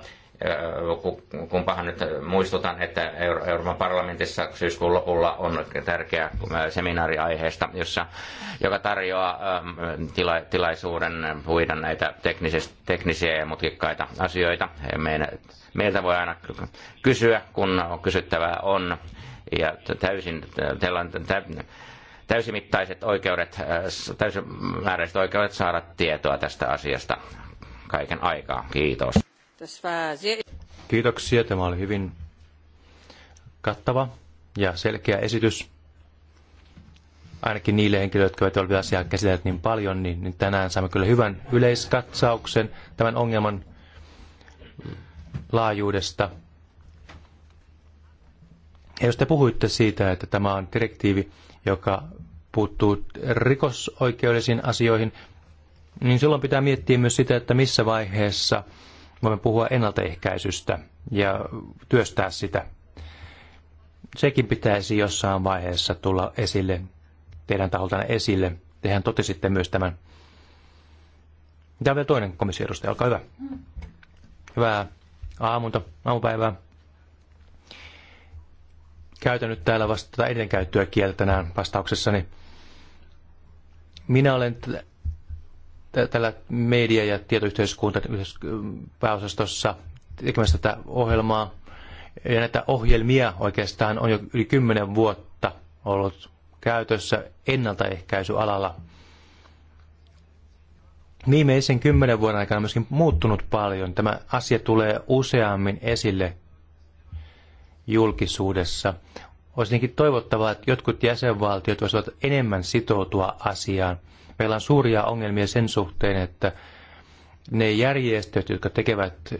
kunpahan nyt muistutan, että Euroopan parlamentissa syyskuun lopulla on tärkeä äh, seminaari aiheesta, jossa, joka tarjoaa ähm, tila, tilaisuuden huida näitä teknisiä ja mutkikkaita asioita. Meidän, meiltä voi aina kysyä, kun kysyttävää on. Ja täysin, teillä on täysimittaiset oikeudet, äh, täysimääräiset oikeudet saada tietoa tästä asiasta kaiken aikaa. Kiitos. Kiitoksia. Tämä oli hyvin kattava ja selkeä esitys. Ainakin niille henkilöille, jotka eivät ole asiaa käsitelleet niin paljon, niin, niin tänään saamme kyllä hyvän yleiskatsauksen tämän ongelman laajuudesta. Ja jos te puhuitte siitä, että tämä on direktiivi, joka puuttuu rikosoikeudellisiin asioihin, niin silloin pitää miettiä myös sitä, että missä vaiheessa voimme puhua ennaltaehkäisystä ja työstää sitä. Sekin pitäisi jossain vaiheessa tulla esille, teidän taholtanne esille. Tehän totesitte myös tämän. on vielä toinen komissioedustaja, olkaa hyvä. Hyvää aamunta, aamupäivää. Käytän nyt täällä vasta tätä edelleen käyttöä kieltä tänään vastauksessani. Minä olen tällä media- ja tietoyhteiskunta pääosastossa tekemässä tätä ohjelmaa. Ja näitä ohjelmia oikeastaan on jo yli kymmenen vuotta ollut käytössä ennaltaehkäisyalalla. Viimeisen kymmenen vuoden aikana on myöskin muuttunut paljon. Tämä asia tulee useammin esille julkisuudessa. Olisi toivottavaa, että jotkut jäsenvaltiot voisivat enemmän sitoutua asiaan – Meillä on suuria ongelmia sen suhteen, että ne järjestöt, jotka tekevät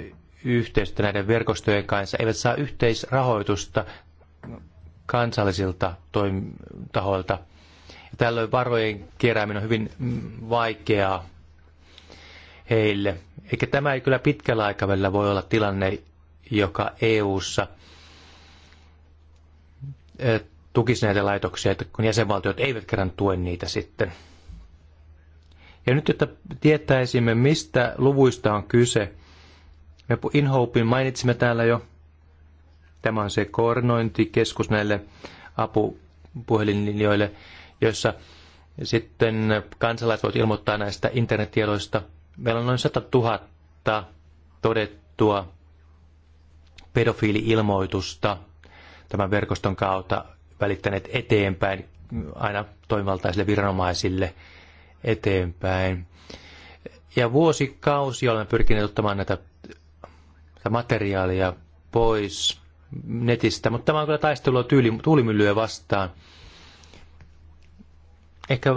yhteistyötä näiden verkostojen kanssa, eivät saa yhteisrahoitusta kansallisilta toim- tahoilta. Tällöin varojen kerääminen on hyvin vaikeaa heille. Eikä tämä ei kyllä pitkällä aikavälillä voi olla tilanne, joka EU-ssa eh, tukisi näitä laitoksia, että kun jäsenvaltiot eivät kerran tue niitä sitten. Ja nyt, että tietäisimme, mistä luvuista on kyse, me InHopein mainitsimme täällä jo, tämä on se koordinointikeskus näille apupuhelinlinjoille, joissa sitten kansalaiset voivat ilmoittaa näistä internettiedoista. Meillä on noin 100 000 todettua pedofiili-ilmoitusta tämän verkoston kautta välittäneet eteenpäin aina toimivaltaisille viranomaisille – eteenpäin. Ja vuosikausi olen pyrkinyt ottamaan näitä, materiaalia pois netistä, mutta tämä on kyllä taistelua tyyli, tuulimyllyä vastaan. Ehkä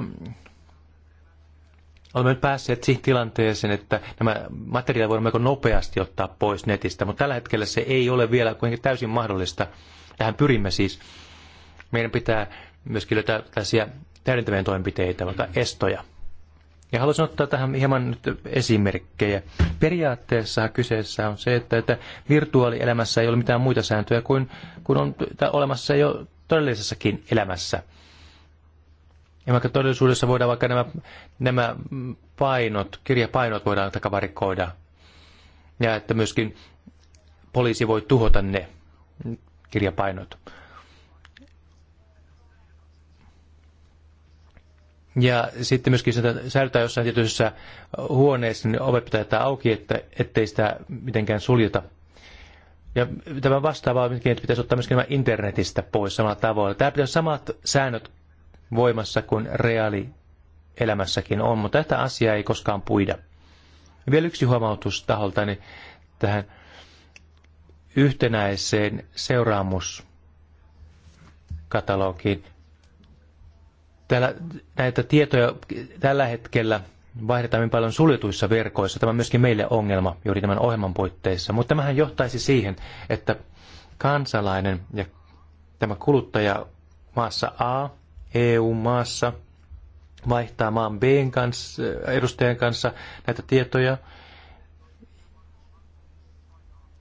olemme nyt päässeet siihen tilanteeseen, että nämä materiaalit voidaan melko nopeasti ottaa pois netistä, mutta tällä hetkellä se ei ole vielä kuitenkin täysin mahdollista. Tähän pyrimme siis. Meidän pitää myöskin löytää tällaisia täydentäviä toimenpiteitä, vaikka estoja. Ja haluaisin ottaa tähän hieman nyt esimerkkejä. Periaatteessa kyseessä on se, että, että virtuaalielämässä ei ole mitään muita sääntöjä kuin, kun on olemassa jo todellisessakin elämässä. Ja vaikka todellisuudessa voidaan vaikka nämä, nämä painot, kirjapainot voidaan takavarikoida. Ja että myöskin poliisi voi tuhota ne kirjapainot. Ja sitten myöskin sitä säilytään jossain tietyissä huoneessa, niin ovet pitää jättää auki, että, ettei sitä mitenkään suljeta. Ja tämä vastaava että pitäisi ottaa myöskin nämä internetistä pois samalla tavalla. Tämä pitäisi samat säännöt voimassa kuin reaalielämässäkin on, mutta tätä asiaa ei koskaan puida. Ja vielä yksi huomautus taholta niin tähän yhtenäiseen seuraamuskatalogiin. Täällä näitä tietoja tällä hetkellä vaihdetaan hyvin paljon suljetuissa verkoissa. Tämä on myöskin meille ongelma juuri tämän ohjelman puitteissa. Mutta tämähän johtaisi siihen, että kansalainen ja tämä kuluttaja maassa A, EU-maassa, vaihtaa maan B kanssa, edustajan kanssa näitä tietoja.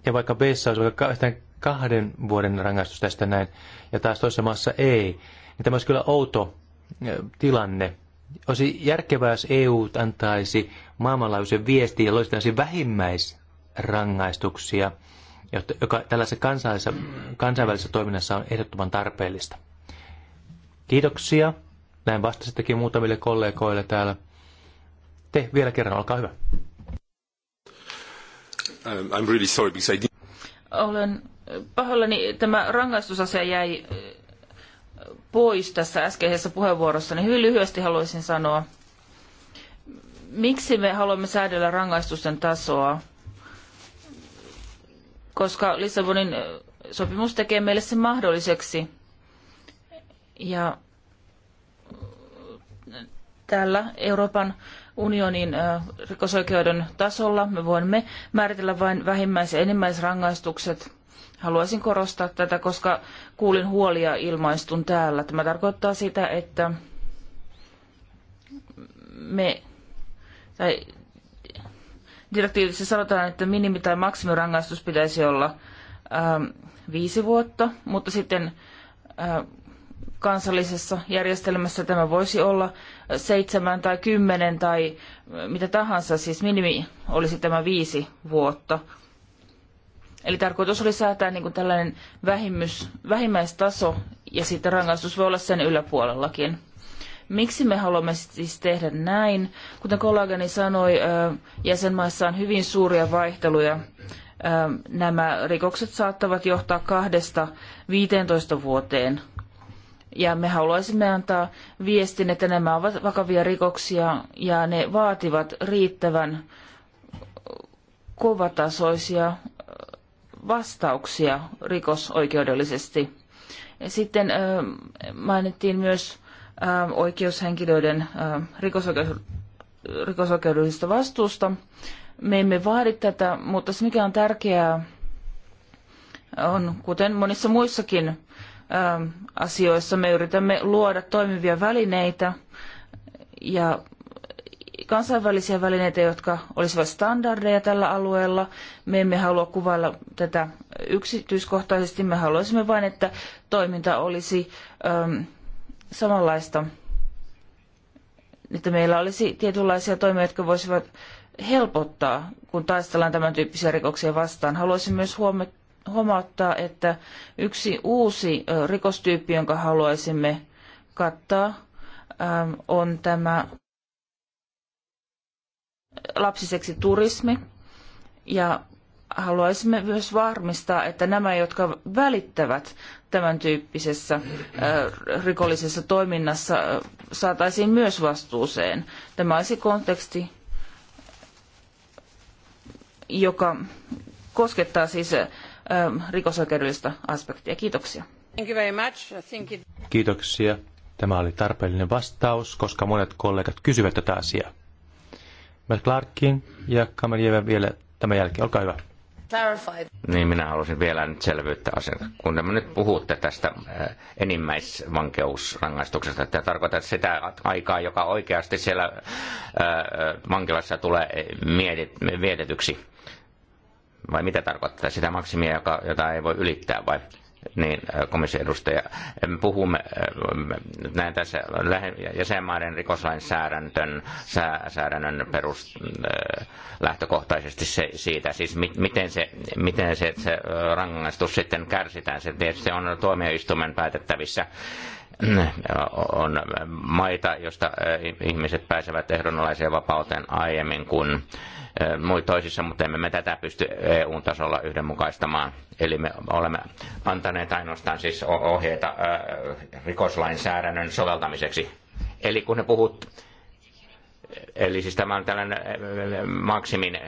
Ja vaikka B olisi vaikka kahden vuoden rangaistus tästä näin, ja taas toisessa maassa ei, niin tämä olisi kyllä outo tilanne. Olisi järkevää, jos EU antaisi maailmanlaajuisen viestin ja loistaisi vähimmäisrangaistuksia, joka tällaisessa kansainvälisessä, kansainvälisessä toiminnassa on ehdottoman tarpeellista. Kiitoksia. Näin vastasittekin muutamille kollegoille täällä. Te vielä kerran, olkaa hyvä. Um, I'm really sorry because I didn't... Olen pahoillani, tämä rangaistusasia jäi pois tässä äskeisessä puheenvuorossa, niin hyvin lyhyesti haluaisin sanoa, miksi me haluamme säädellä rangaistusten tasoa, koska Lissabonin sopimus tekee meille sen mahdolliseksi. Ja täällä Euroopan unionin rikosoikeuden tasolla me voimme määritellä vain vähimmäis- ja enimmäisrangaistukset Haluaisin korostaa tätä, koska kuulin huolia ilmaistun täällä. Tämä tarkoittaa sitä, että me, tai direktiivissä sanotaan, että minimi- tai maksimirangaistus pitäisi olla ää, ähm, viisi vuotta, mutta sitten ää, äh, kansallisessa järjestelmässä tämä voisi olla seitsemän tai kymmenen tai äh, mitä tahansa, siis minimi olisi tämä viisi vuotta. Eli tarkoitus oli säätää niin kuin tällainen vähimmys, vähimmäistaso ja sitten rangaistus voi olla sen yläpuolellakin. Miksi me haluamme siis tehdä näin? Kuten kollegani sanoi, jäsenmaissa on hyvin suuria vaihteluja. Nämä rikokset saattavat johtaa kahdesta 15 vuoteen. Ja me haluaisimme antaa viestin, että nämä ovat vakavia rikoksia ja ne vaativat riittävän kovatasoisia vastauksia rikosoikeudellisesti. Sitten mainittiin myös oikeushenkilöiden rikosoikeudellisesta vastuusta. Me emme vaadi tätä, mutta se mikä on tärkeää on, kuten monissa muissakin asioissa, me yritämme luoda toimivia välineitä ja kansainvälisiä välineitä, jotka olisivat standardeja tällä alueella. Me emme halua kuvailla tätä yksityiskohtaisesti. Me haluaisimme vain, että toiminta olisi ähm, samanlaista, että meillä olisi tietynlaisia toimia, jotka voisivat helpottaa, kun taistellaan tämän tyyppisiä rikoksia vastaan. Haluaisin myös huomauttaa, että yksi uusi äh, rikostyyppi, jonka haluaisimme kattaa, ähm, on tämä lapsiseksi turismi ja haluaisimme myös varmistaa, että nämä, jotka välittävät tämän tyyppisessä rikollisessa toiminnassa, saataisiin myös vastuuseen. Tämä olisi konteksti, joka koskettaa siis rikosoikeudellista aspektia. Kiitoksia. Kiitoksia. Tämä oli tarpeellinen vastaus, koska monet kollegat kysyvät tätä asiaa. McClarkin ja Kamelievä vielä tämän jälkeen. Olkaa hyvä. Clarified. Niin, minä haluaisin vielä nyt selvyyttä asiasta. Kun me nyt puhutte tästä äh, enimmäisvankeusrangaistuksesta, että tarkoitat sitä aikaa, joka oikeasti siellä äh, äh, vankilassa tulee eh, mietit, vietetyksi. Vai mitä tarkoittaa? Sitä maksimia, joka, jota ei voi ylittää vai? niin äh, komission edustaja, puhumme äh, näin tässä jäsenmaiden rikoslainsäädännön säädännön perus äh, lähtökohtaisesti se, siitä, siis mi, miten, se, miten se, se rangaistus sitten kärsitään. Se tietysti on tuomioistuimen päätettävissä on maita, joista ihmiset pääsevät ehdonalaiseen vapauteen aiemmin kuin toisissa, mutta emme me tätä pysty EU-tasolla yhdenmukaistamaan. Eli me olemme antaneet ainoastaan siis ohjeita rikoslainsäädännön soveltamiseksi. Eli kun ne puhut Eli siis tämä on tällainen maksimin,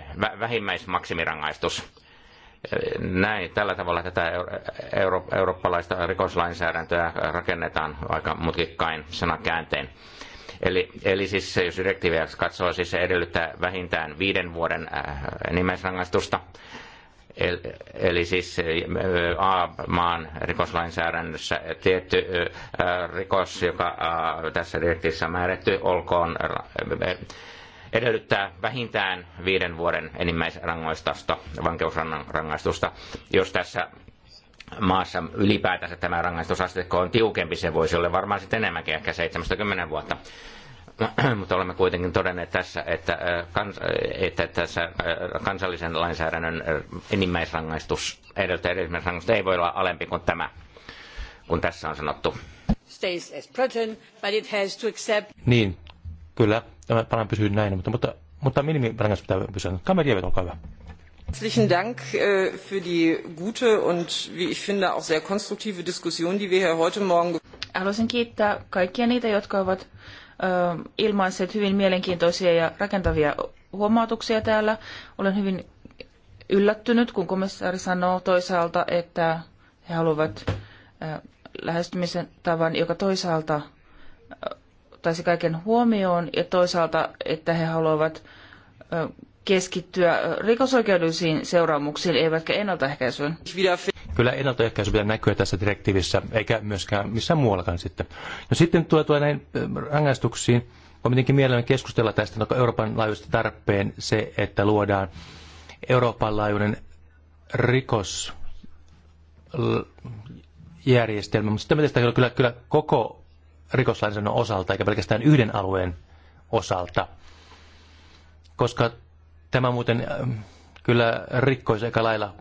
vähimmäismaksimirangaistus näin, tällä tavalla tätä euro, eurooppalaista rikoslainsäädäntöä rakennetaan aika mutkikkain sanakääntein. Eli, eli siis jos direktiiviä katsoo, siis se edellyttää vähintään viiden vuoden äh, nimesrangaistusta. Eli, eli siis äh, A-maan rikoslainsäädännössä tietty äh, rikos, joka tässä direktiivissä on määrätty, olkoon edellyttää vähintään viiden vuoden enimmäisrangaistusta, vankeusrangaistusta. Jos tässä maassa ylipäätänsä tämä rangaistusasteikko on tiukempi, se voisi olla varmaan sitten enemmänkin, ehkä 70 vuotta. Mutta olemme kuitenkin todenneet tässä, että, kans, että tässä kansallisen lainsäädännön enimmäisrangaistus, edeltä enimmäisrangaistus ei voi olla alempi kuin tämä, kun tässä on sanottu. Stays as but it has to accept... Niin, kyllä tämä paran pysyy näin, mutta, mutta, mutta minimirangaistus pitää pysyä. Kamerievit, olkaa hyvä. Herzlichen Dank äh, für die gute und, wie ich finde, auch sehr konstruktive Diskussion, die wir hier heute Morgen. Haluaisin kiittää kaikkia niitä, jotka ovat äh, ilmaisseet hyvin mielenkiintoisia ja rakentavia huomautuksia täällä. Olen hyvin yllättynyt, kun komissaari sanoo toisaalta, että he haluavat äh, lähestymisen tavan, joka toisaalta äh, ottaisi kaiken huomioon ja toisaalta, että he haluavat keskittyä rikosoikeudellisiin seuraamuksiin, eivätkä ennaltaehkäisyyn. Kyllä ennaltaehkäisy pitää näkyä tässä direktiivissä, eikä myöskään missään muuallakaan sitten. No sitten tulee tuo näin rangaistuksiin. mitenkin mielellämme keskustella tästä no, Euroopan laajuisesti tarpeen se, että luodaan Euroopan laajuinen rikosjärjestelmä, mutta sitten pitäisi kyllä, kyllä koko rikoslainsäädännön osalta, eikä pelkästään yhden alueen osalta. Koska tämä muuten ähm, kyllä rikkoisi aika lailla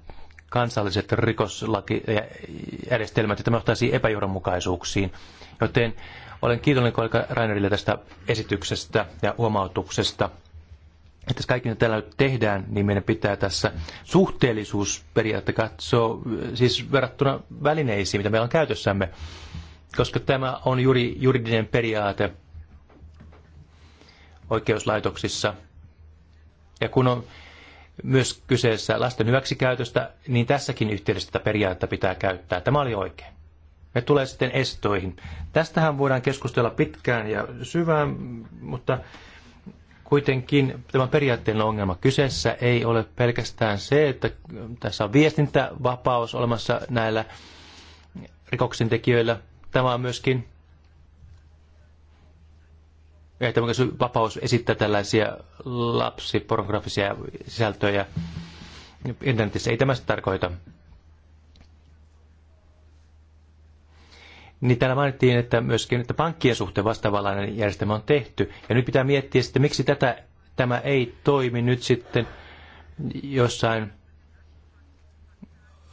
kansalliset rikoslakijärjestelmät, ja tämä johtaisi epäjohdonmukaisuuksiin. Joten olen kiitollinen kollega Rainerille tästä esityksestä ja huomautuksesta. Että tässä kaikki täällä nyt tehdään, niin meidän pitää tässä suhteellisuusperiaatteessa katsoa, siis verrattuna välineisiin, mitä meillä on käytössämme koska tämä on juuri juridinen periaate oikeuslaitoksissa. Ja kun on myös kyseessä lasten hyväksikäytöstä, niin tässäkin yhteydessä tätä periaatetta pitää käyttää. Tämä oli oikein. Me tulee sitten estoihin. Tästähän voidaan keskustella pitkään ja syvään, mutta kuitenkin tämä periaatteellinen ongelma kyseessä ei ole pelkästään se, että tässä on viestintävapaus olemassa näillä rikoksentekijöillä, Tämä on myöskin että vapaus esittää tällaisia lapsipornografisia sisältöjä internetissä. Ei tämä sitä tarkoita. Niin täällä mainittiin, että myöskin että pankkien suhteen vastaavanlainen järjestelmä on tehty. Ja nyt pitää miettiä sitten, miksi tätä, tämä ei toimi nyt sitten jossain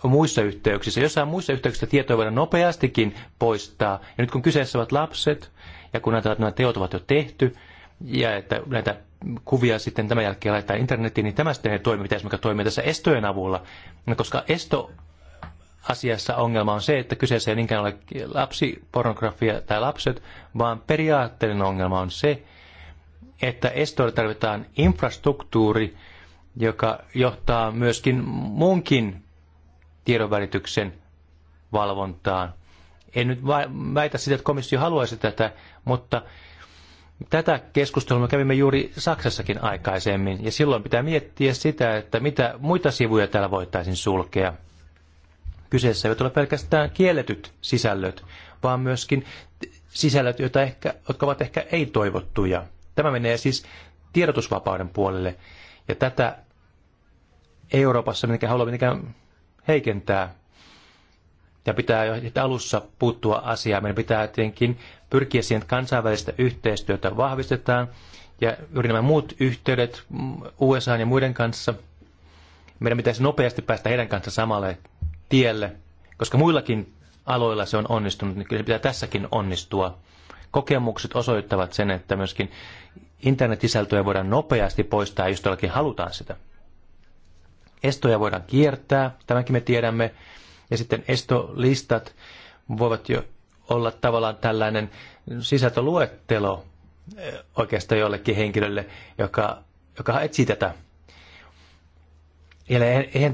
muissa yhteyksissä. Jossain muissa yhteyksissä tietoja voidaan nopeastikin poistaa. Ja nyt kun kyseessä ovat lapset, ja kun ajatellaan, että nämä teot ovat jo tehty, ja että näitä kuvia sitten tämän jälkeen laittaa internetiin, niin tämä sitten ei toimi, mitä esimerkiksi toimii tässä estojen avulla. No, koska esto asiassa ongelma on se, että kyseessä ei niinkään ole lapsipornografia tai lapset, vaan periaatteellinen ongelma on se, että estoille tarvitaan infrastruktuuri, joka johtaa myöskin muunkin tiedonvälityksen valvontaan. En nyt väitä sitä, että komissio haluaisi tätä, mutta tätä keskustelua kävimme juuri Saksassakin aikaisemmin, ja silloin pitää miettiä sitä, että mitä muita sivuja täällä voitaisiin sulkea. Kyseessä eivät ole pelkästään kielletyt sisällöt, vaan myöskin sisällöt, joita ehkä, jotka ovat ehkä ei-toivottuja. Tämä menee siis tiedotusvapauden puolelle, ja tätä Euroopassa mitenkään haluaa mitenkään heikentää. Ja pitää jo heti alussa puuttua asiaan. Meidän pitää tietenkin pyrkiä siihen, että kansainvälistä yhteistyötä vahvistetaan. Ja juuri nämä muut yhteydet USA ja muiden kanssa, meidän pitäisi nopeasti päästä heidän kanssa samalle tielle, koska muillakin aloilla se on onnistunut, niin kyllä pitää tässäkin onnistua. Kokemukset osoittavat sen, että myöskin internetisältöjä voidaan nopeasti poistaa, jos todellakin halutaan sitä. Estoja voidaan kiertää, tämänkin me tiedämme. Ja sitten estolistat voivat jo olla tavallaan tällainen sisältöluettelo eh, oikeastaan jollekin henkilölle, joka, joka etsii tätä. Ja eihän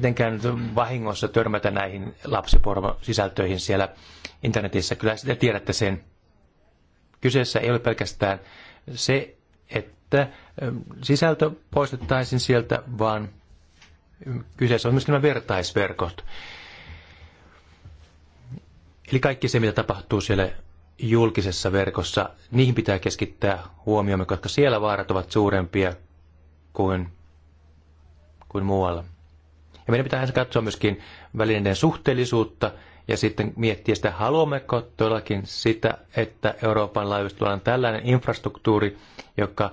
vahingossa törmätä näihin lapsiporno-sisältöihin siellä internetissä. Kyllä sitä tiedätte sen. Kyseessä ei ole pelkästään se, että eh, sisältö poistettaisiin sieltä, vaan Kyseessä on myös nämä vertaisverkot. Eli kaikki se, mitä tapahtuu siellä julkisessa verkossa, niihin pitää keskittää huomiomme, koska siellä vaarat ovat suurempia kuin, kuin muualla. Ja meidän pitää katsoa myöskin välineiden suhteellisuutta ja sitten miettiä sitä, haluammeko todellakin sitä, että Euroopan laajuisesti on tällainen infrastruktuuri, joka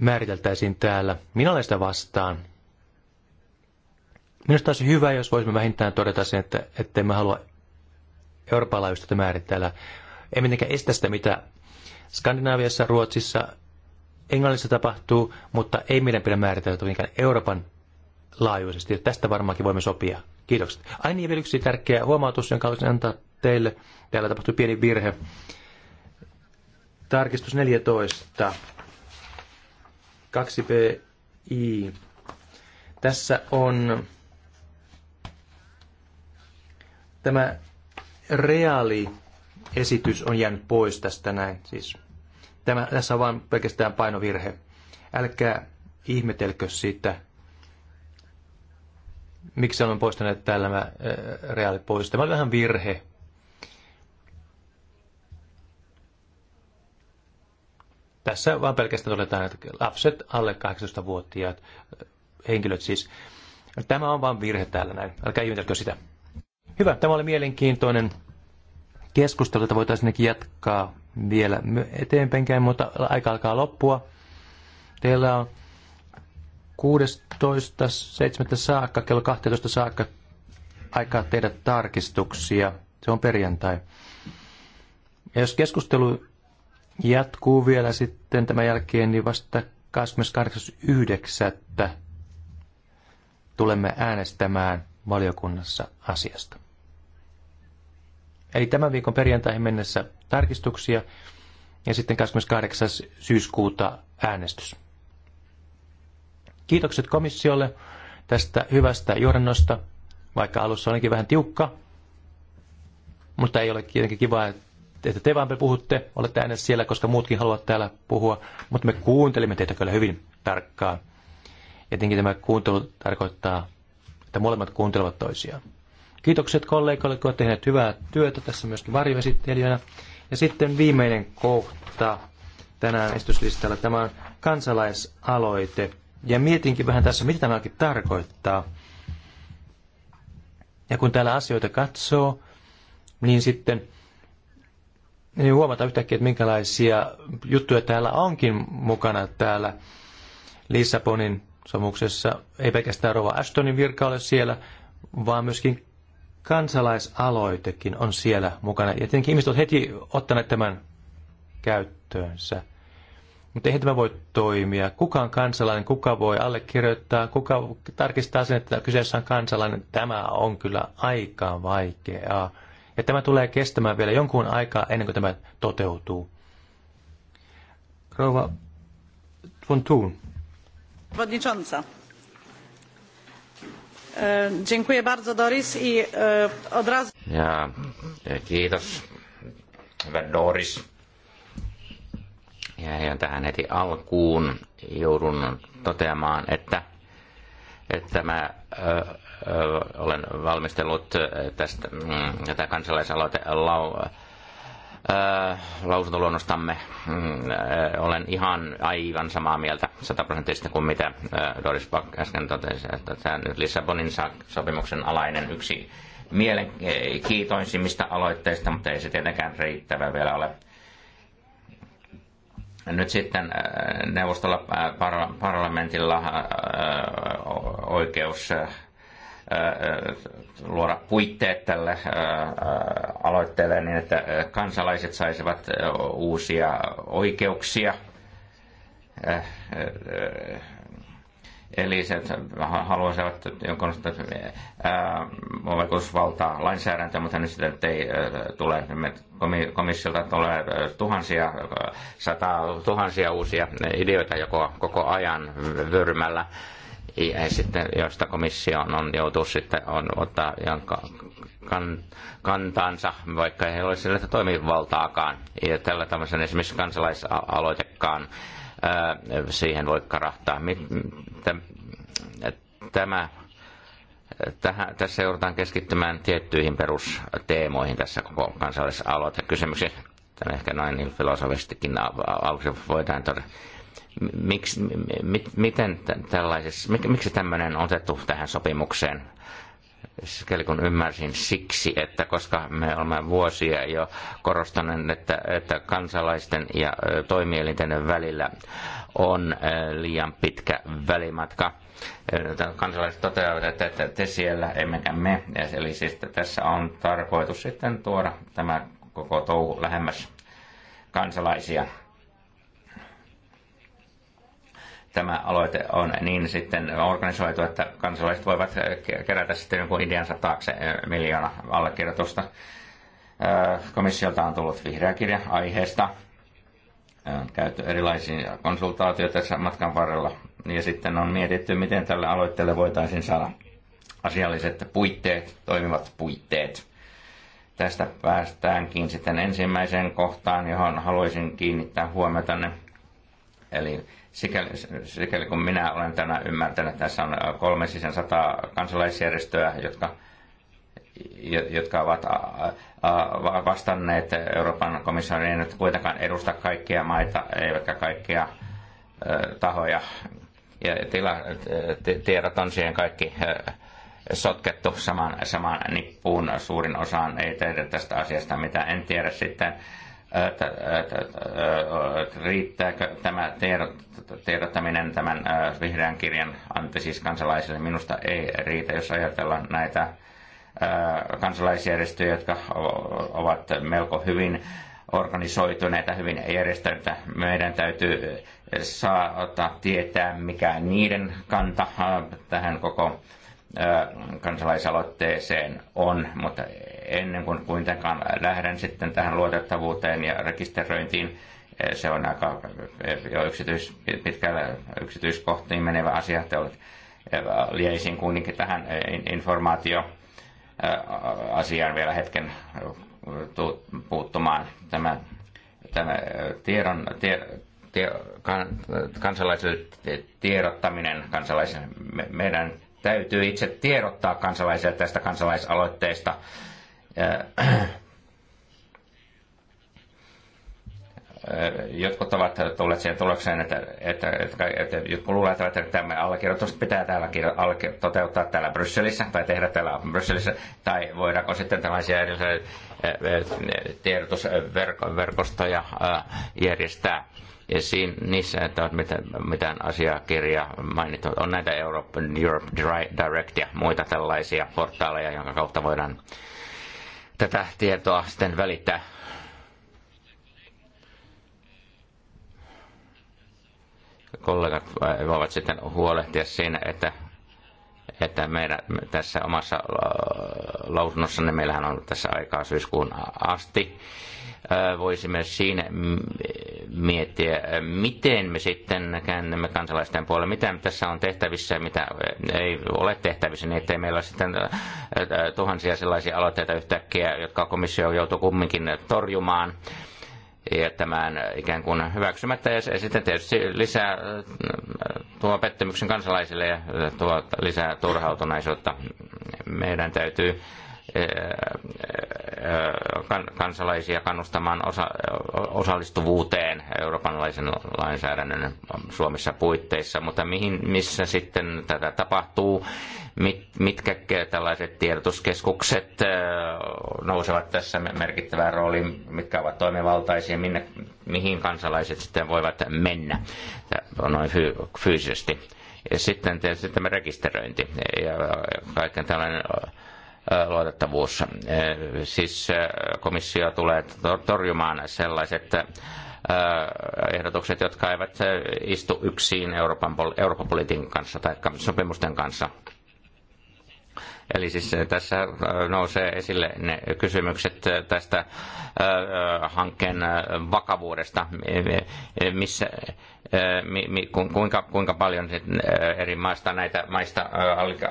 määriteltäisiin täällä. Minä olen sitä vastaan. Minusta olisi hyvä, jos voisimme vähintään todeta sen, että että emme halua Euroopan laajuista määritellä. Ei mitenkään estä sitä, mitä Skandinaaviassa, Ruotsissa, Englannissa tapahtuu, mutta ei meidän pidä määritellä mitenkään Euroopan laajuisesti. Tästä varmaankin voimme sopia. Kiitokset. Ai niin, vielä yksi tärkeä huomautus, jonka haluaisin antaa teille. Täällä tapahtui pieni virhe. Tarkistus 14. 2 pi Tässä on tämä reaali esitys on jäänyt pois tästä näin. Siis tämä, tässä on vain pelkästään painovirhe. Älkää ihmetelkö siitä, miksi olen poistanut täällä tämä reaali pois. Tämä oli vähän virhe. Tässä vaan pelkästään todetaan, että lapset alle 18-vuotiaat henkilöt siis. Tämä on vain virhe täällä näin. Älkää ihmetelkö sitä. Hyvä, tämä oli mielenkiintoinen keskustelu, jota voitaisiin jatkaa vielä eteenpäinkään, mutta aika alkaa loppua. Teillä on 16.7. saakka, kello 12 saakka aikaa tehdä tarkistuksia. Se on perjantai. Ja jos keskustelu jatkuu vielä sitten tämän jälkeen, niin vasta 28.9. tulemme äänestämään valiokunnassa asiasta. Eli tämän viikon perjantaihin mennessä tarkistuksia ja sitten 28. syyskuuta äänestys. Kiitokset komissiolle tästä hyvästä johdannosta, vaikka alussa olikin vähän tiukka, mutta ei ole kuitenkin kiva, että että te vaan puhutte, olette aina siellä, koska muutkin haluavat täällä puhua, mutta me kuuntelimme teitä kyllä hyvin tarkkaan. Ja tietenkin tämä kuuntelu tarkoittaa, että molemmat kuuntelevat toisiaan. Kiitokset kollegoille, kun olette tehneet hyvää työtä tässä myöskin varjoesittelijöinä. Ja sitten viimeinen kohta tänään esityslistalla, tämä on kansalaisaloite. Ja mietinkin vähän tässä, mitä tämä oikein tarkoittaa. Ja kun täällä asioita katsoo, niin sitten niin huomata yhtäkkiä, että minkälaisia juttuja täällä onkin mukana täällä Lissabonin sopimuksessa. Ei pelkästään Rova Ashtonin virka ole siellä, vaan myöskin kansalaisaloitekin on siellä mukana. Ja tietenkin ihmiset ovat heti ottaneet tämän käyttöönsä. Mutta eihän tämä voi toimia. Kuka on kansalainen, kuka voi allekirjoittaa, kuka tarkistaa sen, että kyseessä on kansalainen. Tämä on kyllä aika vaikeaa. Ja tämä tulee kestämään vielä jonkun aikaa ennen kuin tämä toteutuu. Rouva von Thun. Przewodnicząca. E, dziękuję bardzo Doris i e, od razu... Ja, e, kiitos. Hyvä Doris. Ja tähän heti alkuun joudun toteamaan, että että mä olen valmistellut tästä, mm, tätä kansalaisaloite lau, lausuntoluonnostamme. Mm, olen ihan aivan samaa mieltä sataprosenttisesti kuin mitä Doris Pack äsken totesi, että tämä nyt Lissabonin sopimuksen alainen yksi mielenkiintoisimmista aloitteista, mutta ei se tietenkään riittävä vielä ole nyt sitten äh, neuvostolla äh, parlamentilla äh, oikeus luoda puitteet tälle aloitteelle niin, että kansalaiset saisivat uusia oikeuksia Eli se, että haluaisivat jonkun vaikutusvaltaa lainsäädäntöä, mutta nyt sitä ei tule. Komissiolta tulee tuhansia, sata, tuhansia uusia ideoita joko koko ajan vyrmällä. Ja sitten, josta komissio on joutuu sitten on, ottaa kan, kantaansa, vaikka ei ole sillä toimivaltaakaan. Ja tällä tämmöisen esimerkiksi kansalaisaloitekaan siihen voi karahtaa. Tämä, tähän, tässä joudutaan keskittymään tiettyihin perusteemoihin tässä koko kansalaisaloitekysymyksessä. Tämä ehkä noin niin filosofistikin aluksi voidaan todeta. Miks, miten tällaisessa, mik, miksi tämmöinen on otettu tähän sopimukseen? sikäli kun ymmärsin siksi, että koska me olemme vuosia jo korostaneet, että, että kansalaisten ja toimielinten välillä on liian pitkä välimatka. Kansalaiset toteavat, että te siellä, emmekä me. Eli siis tässä on tarkoitus sitten tuoda tämä koko touhu lähemmäs kansalaisia tämä aloite on niin sitten organisoitu, että kansalaiset voivat eh, kerätä sitten jonkun ideansa taakse eh, miljoona allekirjoitusta. Eh, komissiolta on tullut vihreä kirja aiheesta. On käyty erilaisia konsultaatioita tässä matkan varrella ja sitten on mietitty, miten tälle aloitteelle voitaisiin saada asialliset puitteet, toimivat puitteet. Tästä päästäänkin sitten ensimmäiseen kohtaan, johon haluaisin kiinnittää huomiota. Eli sikäli, sikäli kun minä olen tänä ymmärtänyt, että tässä on äh, kolme sisään sataa kansalaisjärjestöä, jotka, jotka ovat äh, äh, vastanneet Euroopan komissioon, niin ei nyt kuitenkaan edusta kaikkia maita, eivätkä kaikkia tahoja. Ja tila, tiedot on siihen kaikki sotkettu saman, saman nippuun suurin osaan, ei tehdä tästä asiasta mitä en tiedä sitten riittääkö tämä tiedottaminen tämän vihreän kirjan anti siis kansalaisille. Minusta ei riitä, jos ajatellaan näitä kansalaisjärjestöjä, jotka ovat melko hyvin organisoituneita, hyvin järjestäytyneitä. Meidän täytyy saada tietää, mikä niiden kanta tähän koko kansalaisaloitteeseen on, mutta ennen kuin kuitenkaan lähden sitten tähän luotettavuuteen ja rekisteröintiin, se on aika jo yksityis, pitkällä yksityiskohtiin menevä asia. että olet lieisin kuitenkin tähän informaatio asiaan vielä hetken puuttumaan. Tämä, tämä tiedon, tie, tie, kan, kansalaisille tiedottaminen, kansalaisen, meidän täytyy itse tiedottaa kansalaisille tästä kansalaisaloitteesta. Äh, jotkut ovat tulleet siihen tulokseen, että, että, että, että jotkut luulevat, että tämä allekirjoitus pitää täällä toteuttaa täällä Brysselissä tai tehdä täällä Brysselissä, tai voidaanko sitten tällaisia erilaisia äh, äh, tiedotusverkostoja järjestää esiin niissä, että on mitään asiakirjaa mainittu. On näitä Europe, Europe Direct ja muita tällaisia portaaleja, jonka kautta voidaan tätä tietoa sitten välittää. Kollegat äh, voivat sitten huolehtia siinä, että että meidän tässä omassa äh, lausunnossa, niin meillähän on tässä aikaa syyskuun asti, äh, voisimme siinä mm, miettiä, miten me sitten käännämme kansalaisten puolelle, mitä tässä on tehtävissä ja mitä eh, ei ole tehtävissä, niin ettei meillä ole sitten eh, eh, tuhansia sellaisia aloitteita yhtäkkiä, jotka komissio joutuu kumminkin torjumaan jättämään ikään kuin hyväksymättä ja sitten tietysti lisää tuo pettymyksen kansalaisille ja tuo lisää turhautuneisuutta. Meidän täytyy Eh, eh, kansalaisia kannustamaan osa, osallistuvuuteen Euroopan lainsäädännön Suomessa puitteissa, mutta mihin, missä sitten tätä tapahtuu, mit, mitkä tällaiset tiedotuskeskukset eh, nousevat tässä merkittävään rooliin, mitkä ovat toimivaltaisia, minne, mihin kansalaiset sitten voivat mennä noin fy, fyysisesti. Ja sitten tietysti tämä rekisteröinti ja kaiken tällainen luotettavuus. Siis komissio tulee torjumaan sellaiset ehdotukset, jotka eivät istu yksin Euroopan, Euroopan politiikan kanssa tai sopimusten kanssa. Eli siis tässä nousee esille ne kysymykset tästä hankkeen vakavuudesta, missä, kuinka, kuinka paljon eri maista näitä maista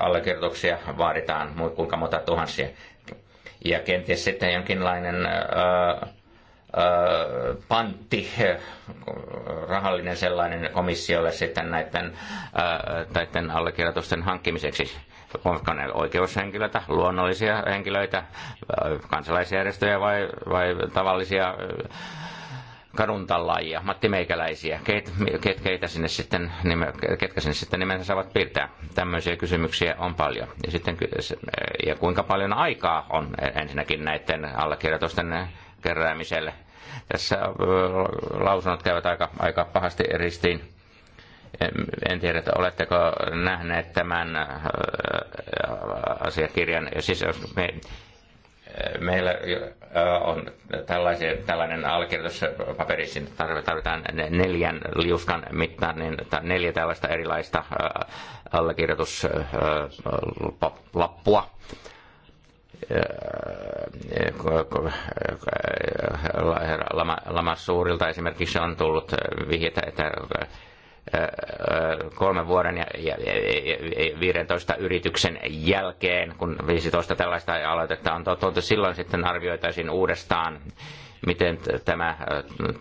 allekirjoituksia vaaditaan, kuinka monta tuhansia. Ja kenties sitten jonkinlainen ää, pantti, rahallinen sellainen komissiolle sitten näiden, näiden allekirjoitusten hankkimiseksi. Onko ne oikeushenkilöitä, luonnollisia henkilöitä, kansalaisjärjestöjä vai, vai tavallisia kaduntallaajia, Matti Meikäläisiä, ket, ket, sinne sitten, ketkä sinne sitten nimensä saavat piirtää. Tämmöisiä kysymyksiä on paljon. Ja, sitten, ja kuinka paljon aikaa on ensinnäkin näiden allekirjoitusten keräämiselle. Tässä lausunnot käyvät aika, aika pahasti ristiin. En tiedä, että oletteko nähneet tämän asiakirjan. Siis meillä äh, on tällaisia, tällainen allekirjoituspaperisin tarvitaan neljän liuskan mittaan, niin neljä tällaista erilaista allekirjoituslappua suurilta esimerkiksi on tullut äh, vihjeitä, että äh, kolmen vuoden ja 15 yrityksen jälkeen, kun 15 tällaista aloitetta on toteutettu, silloin sitten arvioitaisiin uudestaan, miten tämä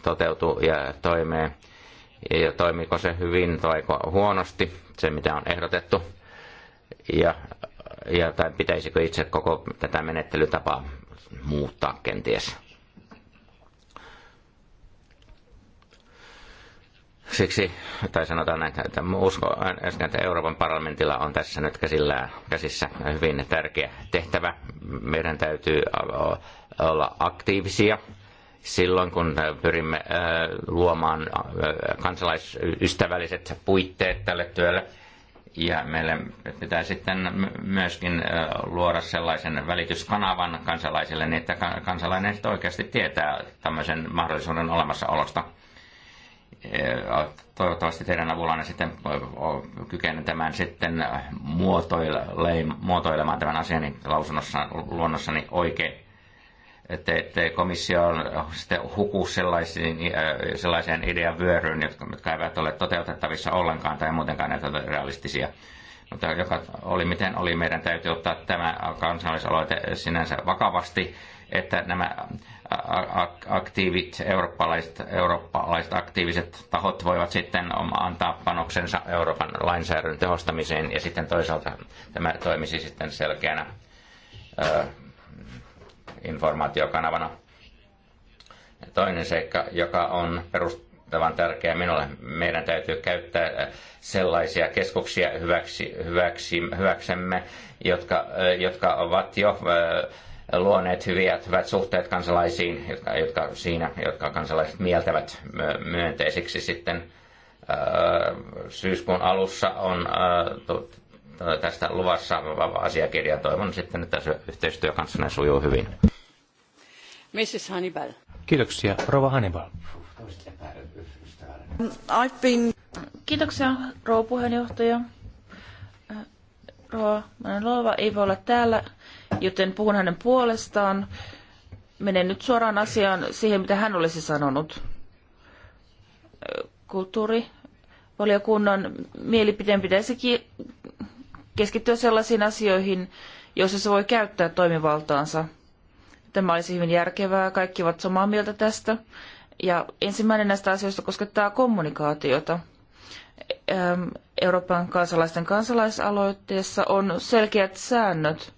toteutuu ja toimii, ja toimiiko se hyvin tai huonosti, se mitä on ehdotettu, ja, ja tai pitäisikö itse koko tätä menettelytapaa muuttaa kenties. Siksi, tai sanotaan näin, että uskon, että Euroopan parlamentilla on tässä nyt käsillä, käsissä hyvin tärkeä tehtävä. Meidän täytyy olla aktiivisia silloin, kun äh, pyrimme äh, luomaan äh, kansalaisystävälliset puitteet tälle työlle. Ja meille pitää sitten myöskin luoda sellaisen välityskanavan kansalaisille, niin että kansalainen oikeasti tietää tämmöisen mahdollisuuden olemassaolosta toivottavasti teidän avullanne sitten kykenen tämän sitten muotoilemaan tämän asian niin lausunnossa luonnossani oikein. Että, että komissio on sitten huku sellaisiin, sellaiseen idean vyöryyn, jotka, jotka eivät ole toteutettavissa ollenkaan tai muutenkaan näitä realistisia. Mutta joka oli miten oli, meidän täytyy ottaa tämä kansallisaloite sinänsä vakavasti, että nämä aktiivit, eurooppalaiset, eurooppalaiset aktiiviset tahot voivat sitten antaa panoksensa Euroopan lainsäädännön tehostamiseen ja sitten toisaalta tämä toimisi sitten selkeänä informaatiokanavana. Toinen seikka, joka on perustavan tärkeä minulle, meidän täytyy käyttää sellaisia keskuksia hyväksi, hyväksi, hyväksemme, jotka, jotka ovat jo luoneet hyviä, hyvät suhteet kansalaisiin, jotka, jotka siinä, jotka kansalaiset mieltävät myönteisiksi sitten öö, syyskuun alussa on öö, tästä luvassa asiakirja. Toivon sitten, että se yhteistyö kanssanne sujuu hyvin. Mrs. Hannibal. Kiitoksia. Rova Hannibal. I've been... Kiitoksia, rouva puheenjohtaja. Rova luova, ei voi olla täällä joten puhun hänen puolestaan. Menen nyt suoraan asiaan siihen, mitä hän olisi sanonut. Kulttuurivaliokunnan mielipiteen pitäisi keskittyä sellaisiin asioihin, joissa se voi käyttää toimivaltaansa. Tämä olisi hyvin järkevää, kaikki ovat samaa mieltä tästä. Ja ensimmäinen näistä asioista koskettaa kommunikaatiota. Euroopan kansalaisten kansalaisaloitteessa on selkeät säännöt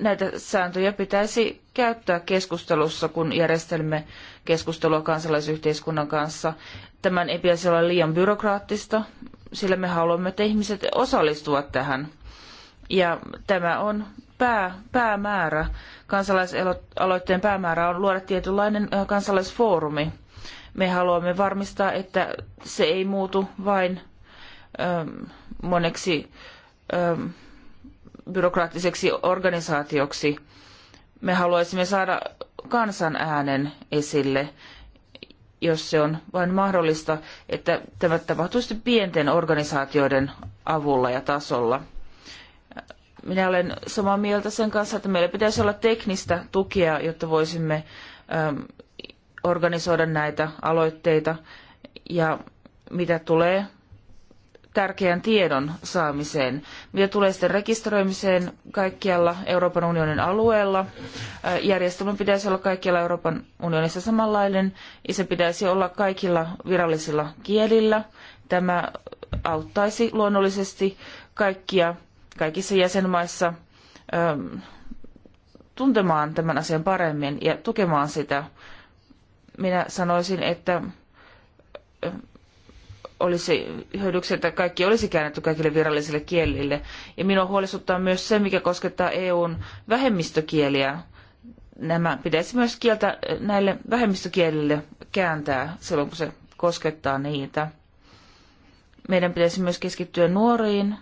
näitä sääntöjä pitäisi käyttää keskustelussa, kun järjestelmme keskustelua kansalaisyhteiskunnan kanssa. Tämän ei pitäisi olla liian byrokraattista, sillä me haluamme, että ihmiset osallistuvat tähän. Ja tämä on pää, päämäärä. Kansalaisaloitteen päämäärä on luoda tietynlainen kansalaisfoorumi. Me haluamme varmistaa, että se ei muutu vain ö, moneksi ö, byrokraattiseksi organisaatioksi. Me haluaisimme saada kansan äänen esille, jos se on vain mahdollista, että tämä tapahtuisi pienten organisaatioiden avulla ja tasolla. Minä olen samaa mieltä sen kanssa, että meillä pitäisi olla teknistä tukea, jotta voisimme ähm, organisoida näitä aloitteita. Ja mitä tulee tärkeän tiedon saamiseen. Mitä tulee sitten rekisteröimiseen kaikkialla Euroopan unionin alueella, järjestelmän pitäisi olla kaikkialla Euroopan unionissa samanlainen ja se pitäisi olla kaikilla virallisilla kielillä. Tämä auttaisi luonnollisesti kaikkia kaikissa jäsenmaissa tuntemaan tämän asian paremmin ja tukemaan sitä. Minä sanoisin, että olisi hyödyksi, että kaikki olisi käännetty kaikille virallisille kielille. Ja minua huolestuttaa myös se, mikä koskettaa EUn vähemmistökieliä. Nämä pitäisi myös kieltä eh, näille vähemmistökielille kääntää silloin, kun se koskettaa niitä. Meidän pitäisi myös keskittyä nuoriin.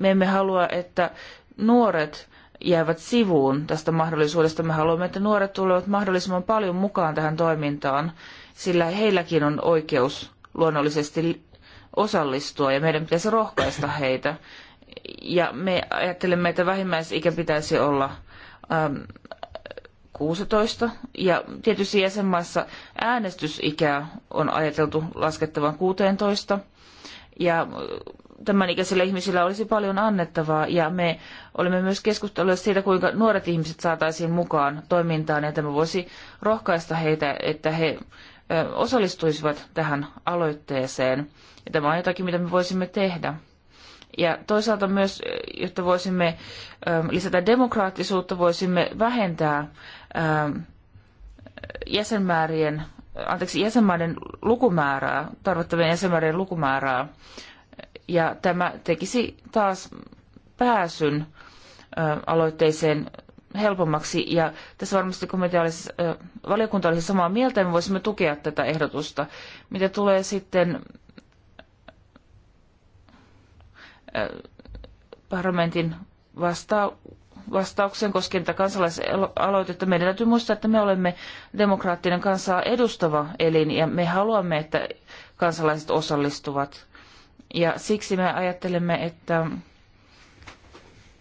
Me emme halua, että nuoret jäävät sivuun tästä mahdollisuudesta. Me haluamme, että nuoret tulevat mahdollisimman paljon mukaan tähän toimintaan, sillä heilläkin on oikeus luonnollisesti osallistua ja meidän pitäisi rohkaista heitä. Ja me ajattelemme, että vähimmäisikä pitäisi olla äm, 16 ja tietysti jäsenmaissa äänestysikää on ajateltu laskettavan 16 ja äh, tämän ikäisillä ihmisillä olisi paljon annettavaa ja me olemme myös keskustelleet siitä, kuinka nuoret ihmiset saataisiin mukaan toimintaan ja tämä voisi rohkaista heitä, että he osallistuisivat tähän aloitteeseen. Ja tämä on jotakin, mitä me voisimme tehdä. Ja toisaalta myös, jotta voisimme lisätä demokraattisuutta, voisimme vähentää jäsenmäärien, anteeksi, jäsenmaiden lukumäärää, tarvittavien jäsenmaiden lukumäärää. Ja tämä tekisi taas pääsyn aloitteeseen helpommaksi. Ja tässä varmasti komitea olisi, valiokunta olisi samaa mieltä ja me voisimme tukea tätä ehdotusta. Mitä tulee sitten parlamentin vasta- vastauksen koskien tätä kansalaisaloitetta. Meidän täytyy muistaa, että me olemme demokraattinen kansaa edustava elin ja me haluamme, että kansalaiset osallistuvat. Ja siksi me ajattelemme, että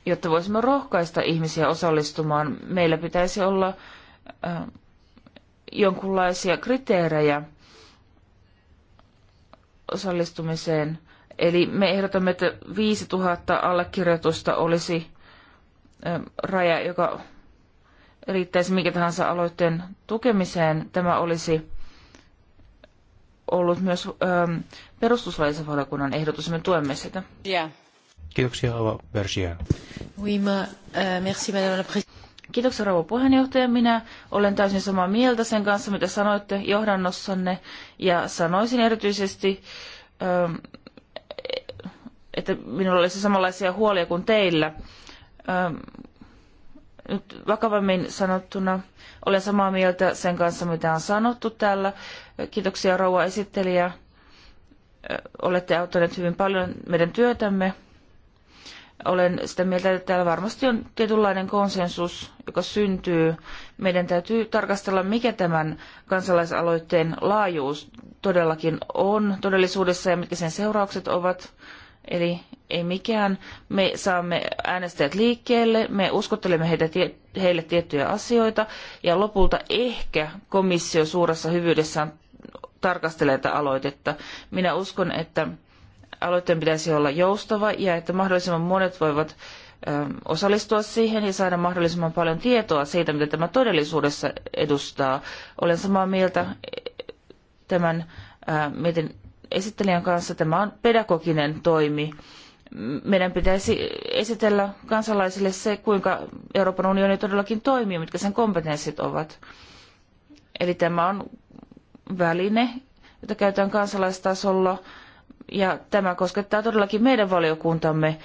jotta voisimme rohkaista ihmisiä osallistumaan, meillä pitäisi olla äh, jonkunlaisia kriteerejä osallistumiseen. Eli me ehdotamme, että 5000 allekirjoitusta olisi äh, raja, joka riittäisi mikä tahansa aloitteen tukemiseen. Tämä olisi ollut myös ähm, perustuslaillisen valiokunnan ehdotus, me tuemme sitä. Yeah. Kiitoksia, Ava Bergier. Oui, ma, äh, Kiitoksia rouva puheenjohtaja. Minä olen täysin samaa mieltä sen kanssa, mitä sanoitte johdannossanne. Ja sanoisin erityisesti, ähm, että minulla olisi samanlaisia huolia kuin teillä. Ähm, nyt vakavammin sanottuna olen samaa mieltä sen kanssa, mitä on sanottu täällä. Kiitoksia rouva esittelijä. Äh, olette auttaneet hyvin paljon meidän työtämme olen sitä mieltä, että täällä varmasti on tietynlainen konsensus, joka syntyy. Meidän täytyy tarkastella, mikä tämän kansalaisaloitteen laajuus todellakin on todellisuudessa ja mitkä sen seuraukset ovat. Eli ei mikään. Me saamme äänestäjät liikkeelle, me uskottelemme heitä, heille tiettyjä asioita ja lopulta ehkä komissio suuressa hyvyydessään tarkastelee tätä aloitetta. Minä uskon, että aloitteen pitäisi olla joustava ja että mahdollisimman monet voivat ähm, osallistua siihen ja saada mahdollisimman paljon tietoa siitä, mitä tämä todellisuudessa edustaa. Olen samaa mieltä eh, tämän äh, mietin esittelijän kanssa. Tämä on pedagoginen toimi. Meidän pitäisi esitellä kansalaisille se, kuinka Euroopan unioni todellakin toimii, mitkä sen kompetenssit ovat. Eli tämä on väline, jota käytetään kansalaistasolla ja tämä koskettaa todellakin meidän valiokuntamme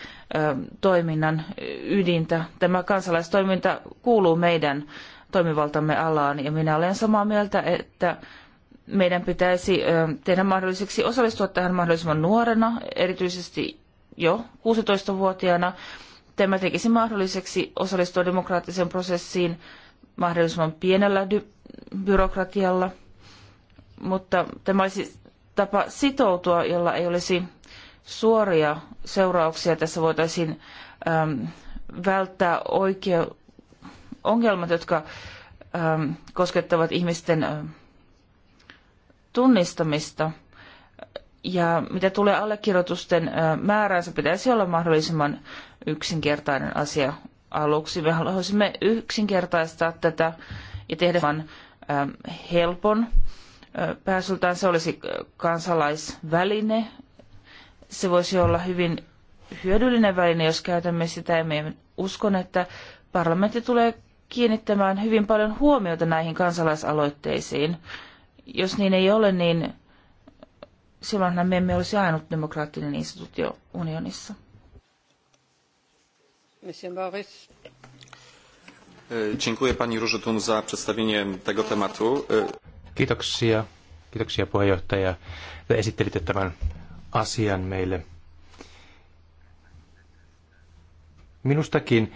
toiminnan ydintä. Tämä kansalaistoiminta kuuluu meidän toimivaltamme alaan ja minä olen samaa mieltä, että meidän pitäisi tehdä mahdolliseksi osallistua tähän mahdollisimman nuorena, erityisesti jo 16-vuotiaana. Tämä tekisi mahdolliseksi osallistua demokraattiseen prosessiin mahdollisimman pienellä byrokratialla, mutta tämä olisi tapa sitoutua, jolla ei olisi suoria seurauksia. Tässä voitaisiin äm, välttää oikea ongelmat, jotka äm, koskettavat ihmisten äm, tunnistamista. Ja mitä tulee allekirjoitusten äh, määrään, se pitäisi olla mahdollisimman yksinkertainen asia aluksi. Me haluaisimme yksinkertaistaa tätä ja tehdä vain ähm, helpon pääsyltään. Se olisi kansalaisväline. Se voisi olla hyvin hyödyllinen väline, jos käytämme sitä. Ja uskon, että parlamentti tulee kiinnittämään hyvin paljon huomiota näihin kansalaisaloitteisiin. Jos niin ei ole, niin silloinhan me emme olisi ainut demokraattinen instituutio unionissa. Dziękuję Pani Róży za przedstawienie tego tematu. Kiitoksia. Kiitoksia puheenjohtaja. Te esittelitte tämän asian meille. Minustakin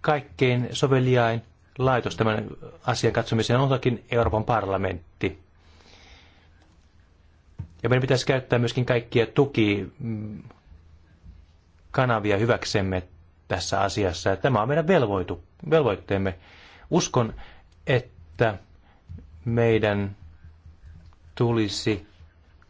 kaikkein soveliain laitos tämän asian katsomiseen toki Euroopan parlamentti. Ja meidän pitäisi käyttää myöskin kaikkia tukikanavia mm, hyväksemme tässä asiassa. tämä on meidän velvoitu, velvoitteemme. Uskon, että meidän tulisi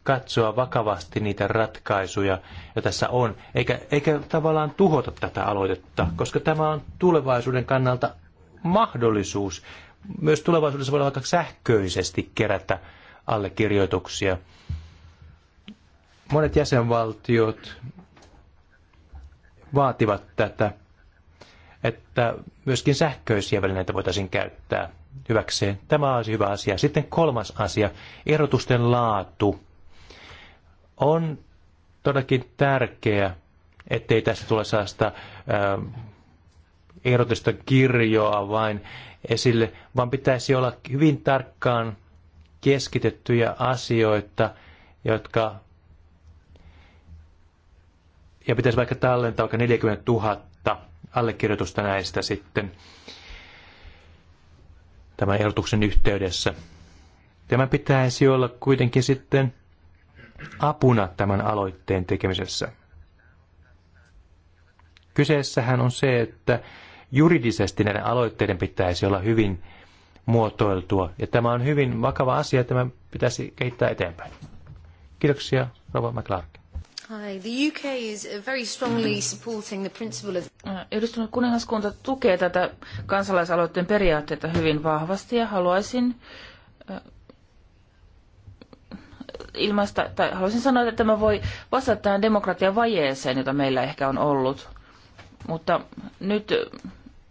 katsoa vakavasti niitä ratkaisuja, joita tässä on, eikä, eikä tavallaan tuhota tätä aloitetta, koska tämä on tulevaisuuden kannalta mahdollisuus. Myös tulevaisuudessa voidaan vaikka sähköisesti kerätä allekirjoituksia. Monet jäsenvaltiot vaativat tätä, että myöskin sähköisiä välineitä voitaisiin käyttää hyväkseen. Tämä on hyvä asia. Sitten kolmas asia, erotusten laatu. On todellakin tärkeää, ettei tästä tule sellaista ähm, erotusta kirjoa vain esille, vaan pitäisi olla hyvin tarkkaan keskitettyjä asioita, jotka ja pitäisi vaikka tallentaa vaikka 40 000 allekirjoitusta näistä sitten tämän erotuksen yhteydessä. Tämä pitäisi olla kuitenkin sitten apuna tämän aloitteen tekemisessä. Kyseessähän on se, että juridisesti näiden aloitteiden pitäisi olla hyvin muotoiltua. Ja tämä on hyvin vakava asia, tämä pitäisi kehittää eteenpäin. Kiitoksia, Rova McClark. Hi. The UK is very strongly supporting the principle of... Äh, Yhdistynyt kuningaskunta tukee tätä kansalaisaloitteen periaatteita hyvin vahvasti ja haluaisin äh, ilmaista, tai haluaisin sanoa, että tämä voi vastata tähän demokratian vajeeseen, jota meillä ehkä on ollut. Mutta nyt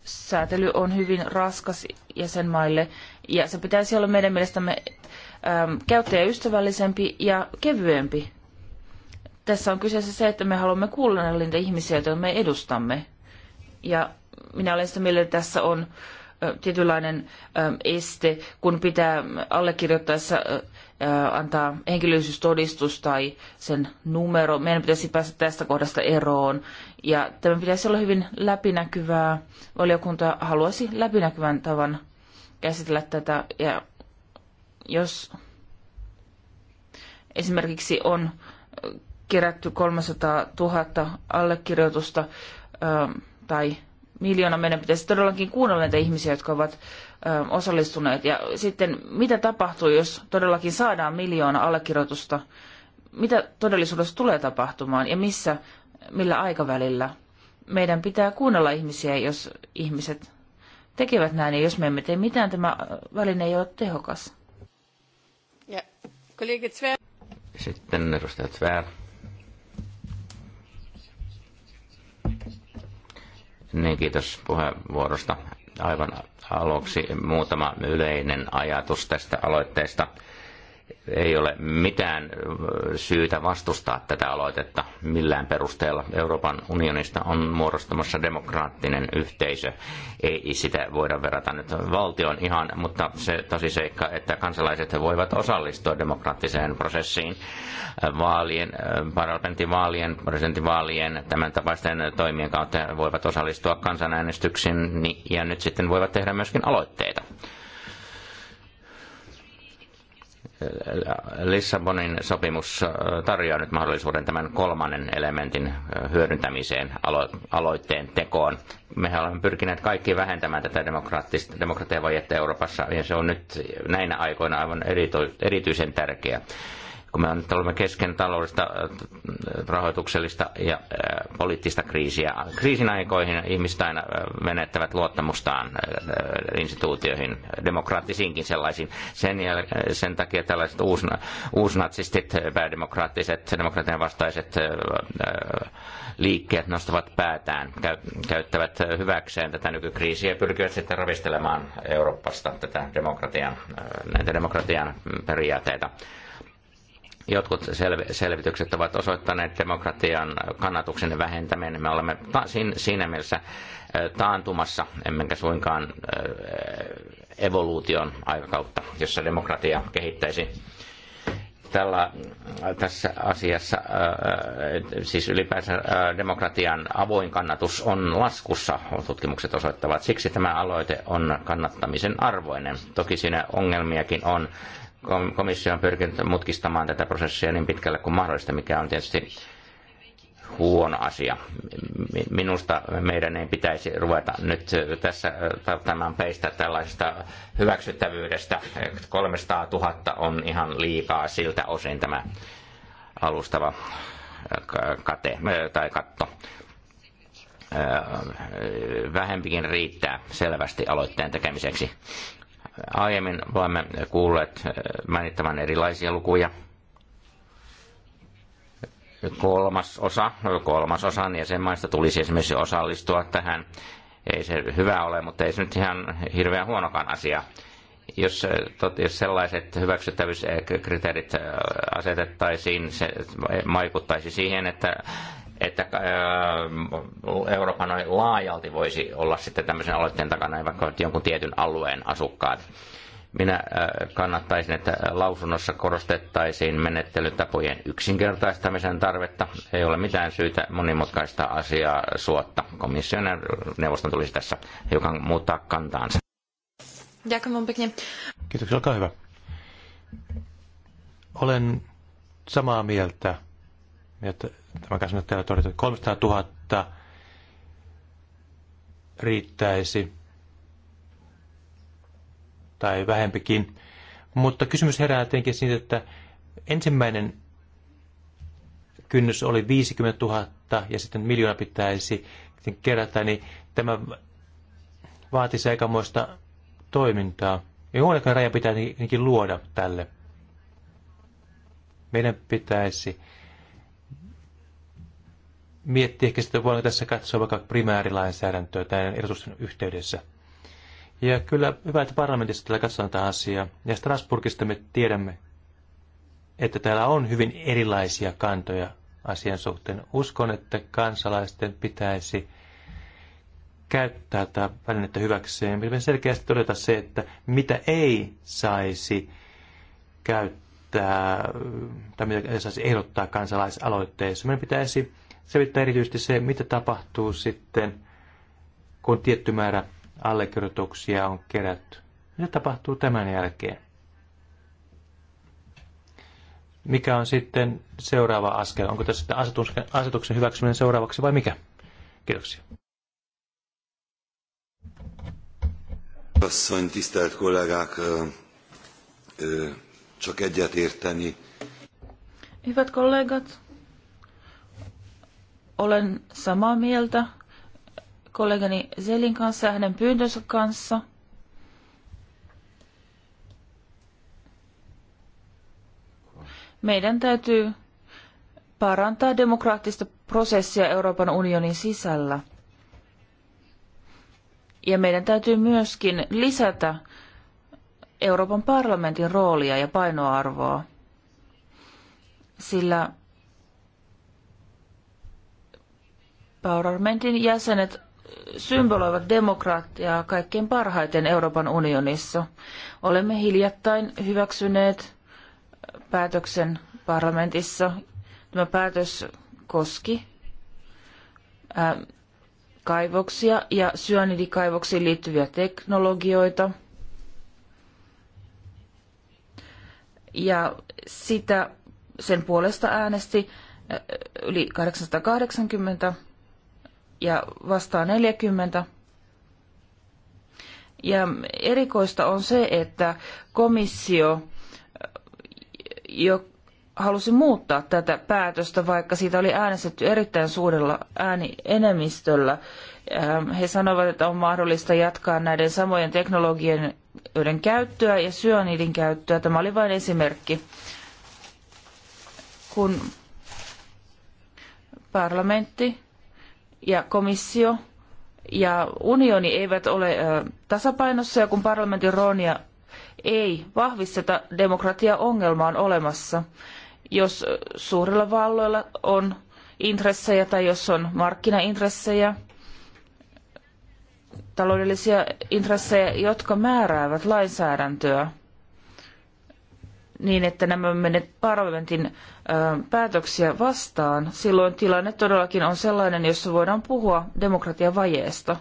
säätely on hyvin raskas jäsenmaille, ja se pitäisi olla meidän mielestämme äm, käyttäjäystävällisempi ja kevyempi. Tässä on kyseessä se, että me haluamme kuulla niitä ihmisiä, joita me edustamme. Ja minä olen sitä mieltä, että tässä on tietynlainen este, kun pitää allekirjoittaessa antaa henkilöllisyystodistus tai sen numero. Meidän pitäisi päästä tästä kohdasta eroon. Ja tämä pitäisi olla hyvin läpinäkyvää. Valiokunta haluaisi läpinäkyvän tavan käsitellä tätä. Ja jos esimerkiksi on kerätty 300 000 allekirjoitusta, tai miljoona, meidän pitäisi todellakin kuunnella näitä ihmisiä, jotka ovat ö, osallistuneet. Ja sitten mitä tapahtuu, jos todellakin saadaan miljoona allekirjoitusta? Mitä todellisuudessa tulee tapahtumaan ja missä, millä aikavälillä? Meidän pitää kuunnella ihmisiä, jos ihmiset tekevät näin, ja jos me emme tee mitään, tämä väline ei ole tehokas. Ja, kollega Sitten edustaja Zwer. Niin, kiitos puheenvuorosta. Aivan aluksi muutama yleinen ajatus tästä aloitteesta ei ole mitään syytä vastustaa tätä aloitetta millään perusteella. Euroopan unionista on muodostumassa demokraattinen yhteisö. Ei sitä voida verrata nyt valtion ihan, mutta se tosi seikka, että kansalaiset voivat osallistua demokraattiseen prosessiin vaalien, parlamenttivaalien, presidentinvaalien, tämän tapaisten toimien kautta voivat osallistua kansanäänestyksiin niin- ja nyt sitten voivat tehdä myöskin aloitteita. Lissabonin sopimus äh, tarjoaa nyt mahdollisuuden tämän kolmannen elementin äh, hyödyntämiseen alo- aloitteen tekoon. Mehän olemme pyrkineet kaikki vähentämään tätä demokraattista demokratiavajetta Euroopassa ja se on nyt näinä aikoina aivan erityisen tärkeä kun me on olemme kesken taloudellista, äh, rahoituksellista ja äh, poliittista kriisiä. Kriisin aikoihin ihmiset aina äh, menettävät luottamustaan instituutioihin, demokraattisiinkin sellaisiin. Sen, sen takia tällaiset uus, uusnatsistit, päädemokraattiset, demokratian vastaiset liikkeet nostavat päätään, käyttävät hyväkseen tätä nykykriisiä ja pyrkivät sitten ravistelemaan Euroopasta tätä demokratian, näitä demokratian periaatteita Jotkut selvi- selvitykset ovat osoittaneet demokratian kannatuksen vähentäminen. Me olemme ta- siinä mielessä taantumassa, emmekä suinkaan evoluution aikakautta, jossa demokratia kehittäisi tällä, tässä asiassa, siis ylipäänsä demokratian avoin kannatus on laskussa, tutkimukset osoittavat. Siksi tämä aloite on kannattamisen arvoinen. Toki siinä ongelmiakin on, komissio on pyrkinyt mutkistamaan tätä prosessia niin pitkälle kuin mahdollista, mikä on tietysti huono asia. Minusta meidän ei pitäisi ruveta nyt tässä tämän peistä tällaisesta hyväksyttävyydestä. 300 000 on ihan liikaa siltä osin tämä alustava kate, tai katto. Vähempikin riittää selvästi aloitteen tekemiseksi Aiemmin olemme kuulleet äh, mainittavan erilaisia lukuja. Kolmas osa, kolmas osan jäsenmaista tulisi esimerkiksi osallistua tähän. Ei se hyvä ole, mutta ei se nyt ihan hirveän huonokaan asia. Jos, äh, jos sellaiset hyväksyttävyyskriteerit äh, asetettaisiin, se vaikuttaisi siihen, että että äh, Euroopan laajalti voisi olla sitten tämmöisen aloitteen takana, vaikka jonkun tietyn alueen asukkaat. Minä äh, kannattaisin, että lausunnossa korostettaisiin menettelytapojen yksinkertaistamisen tarvetta. Ei ole mitään syytä monimutkaista asiaa suotta. Komission ja neuvoston tulisi tässä hiukan muuttaa kantaansa. Kiitoksia, olkaa hyvä. Olen samaa mieltä ja tämä kanssa täällä todettu, että 300 000 riittäisi tai vähempikin. Mutta kysymys herää tietenkin siitä, että ensimmäinen kynnys oli 50 000 ja sitten miljoona pitäisi kerätä, niin tämä vaatisi aikamoista toimintaa. Ja huonekaan raja pitää niinkin luoda tälle. Meidän pitäisi miettiä ehkä sitä, voin tässä katsoa vaikka primäärilainsäädäntöä tämän erotusten yhteydessä. Ja kyllä hyvä, että parlamentissa täällä katsotaan tätä asiaa. Ja Strasburgista me tiedämme, että täällä on hyvin erilaisia kantoja asian suhteen. Uskon, että kansalaisten pitäisi käyttää tätä välinettä hyväkseen. Me selkeästi todeta se, että mitä ei saisi käyttää tai mitä ei saisi ehdottaa kansalaisaloitteessa. Meidän pitäisi selvittää erityisesti se, mitä tapahtuu sitten, kun tietty määrä allekirjoituksia on kerätty. Mitä tapahtuu tämän jälkeen? Mikä on sitten seuraava askel? Onko tässä sitten asetuksen, asetuksen hyväksyminen seuraavaksi vai mikä? Kiitoksia. Asszony, tisztelt kollégák, csak egyet érteni. Hyvät kollegat, olen samaa mieltä kollegani Zelin kanssa ja hänen pyyntönsä kanssa. Meidän täytyy parantaa demokraattista prosessia Euroopan unionin sisällä. Ja meidän täytyy myöskin lisätä Euroopan parlamentin roolia ja painoarvoa, sillä Parlamentin jäsenet symboloivat demokratiaa kaikkein parhaiten Euroopan unionissa. Olemme hiljattain hyväksyneet päätöksen parlamentissa. Tämä päätös koski ää, kaivoksia ja syönidikaivoksiin liittyviä teknologioita ja sitä sen puolesta äänesti yli 880 ja vastaa 40. Ja erikoista on se, että komissio jo halusi muuttaa tätä päätöstä, vaikka siitä oli äänestetty erittäin suurella äänienemmistöllä. Ähm, he sanovat, että on mahdollista jatkaa näiden samojen teknologioiden käyttöä ja syöniidin käyttöä. Tämä oli vain esimerkki. Kun parlamentti ja komissio ja unioni eivät ole tasapainossa ja kun parlamentin roolia ei vahvisteta, demokratiaongelma on olemassa. Jos suurilla valloilla on intressejä tai jos on markkinaintressejä, taloudellisia intressejä, jotka määräävät lainsäädäntöä, niin, että nämä menet parlamentin päätöksiä vastaan, silloin tilanne todellakin on sellainen, jossa voidaan puhua demokratiavajeesta.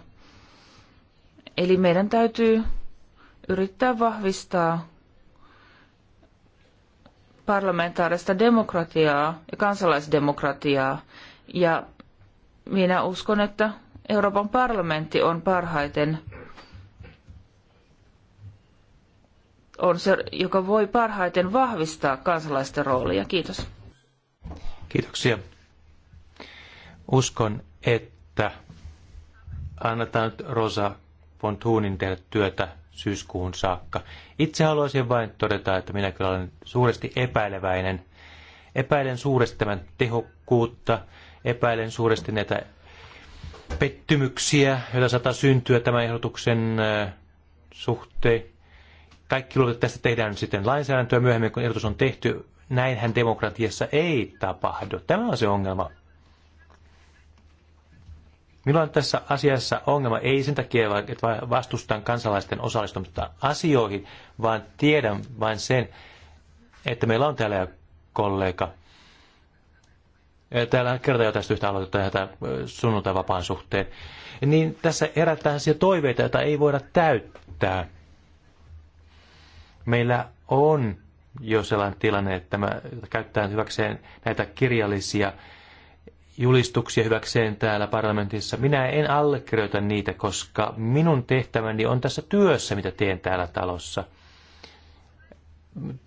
Eli meidän täytyy yrittää vahvistaa parlamentaarista demokratiaa ja kansalaisdemokratiaa. Ja minä uskon, että Euroopan parlamentti on parhaiten on se, joka voi parhaiten vahvistaa kansalaisten roolia. Kiitos. Kiitoksia. Uskon, että annetaan nyt Rosa Thunin tehdä työtä syyskuun saakka. Itse haluaisin vain todeta, että minä kyllä olen suuresti epäileväinen. Epäilen suuresti tämän tehokkuutta, epäilen suuresti näitä pettymyksiä, joita saattaa syntyä tämän ehdotuksen äh, suhteen kaikki luulevat, että tästä tehdään sitten lainsäädäntöä myöhemmin, kun ehdotus on tehty. Näinhän demokratiassa ei tapahdu. Tämä on se ongelma. Milloin on tässä asiassa ongelma ei sen takia, että vastustan kansalaisten osallistumista asioihin, vaan tiedän vain sen, että meillä on täällä kollega. Täällä kertaa jo tästä yhtä aloitetta tätä sunnuntai vapaan suhteen. Niin tässä herätään toiveita, joita ei voida täyttää. Meillä on jo sellainen tilanne, että me käyttää hyväkseen näitä kirjallisia julistuksia hyväkseen täällä parlamentissa. Minä en allekirjoita niitä, koska minun tehtäväni on tässä työssä, mitä teen täällä talossa.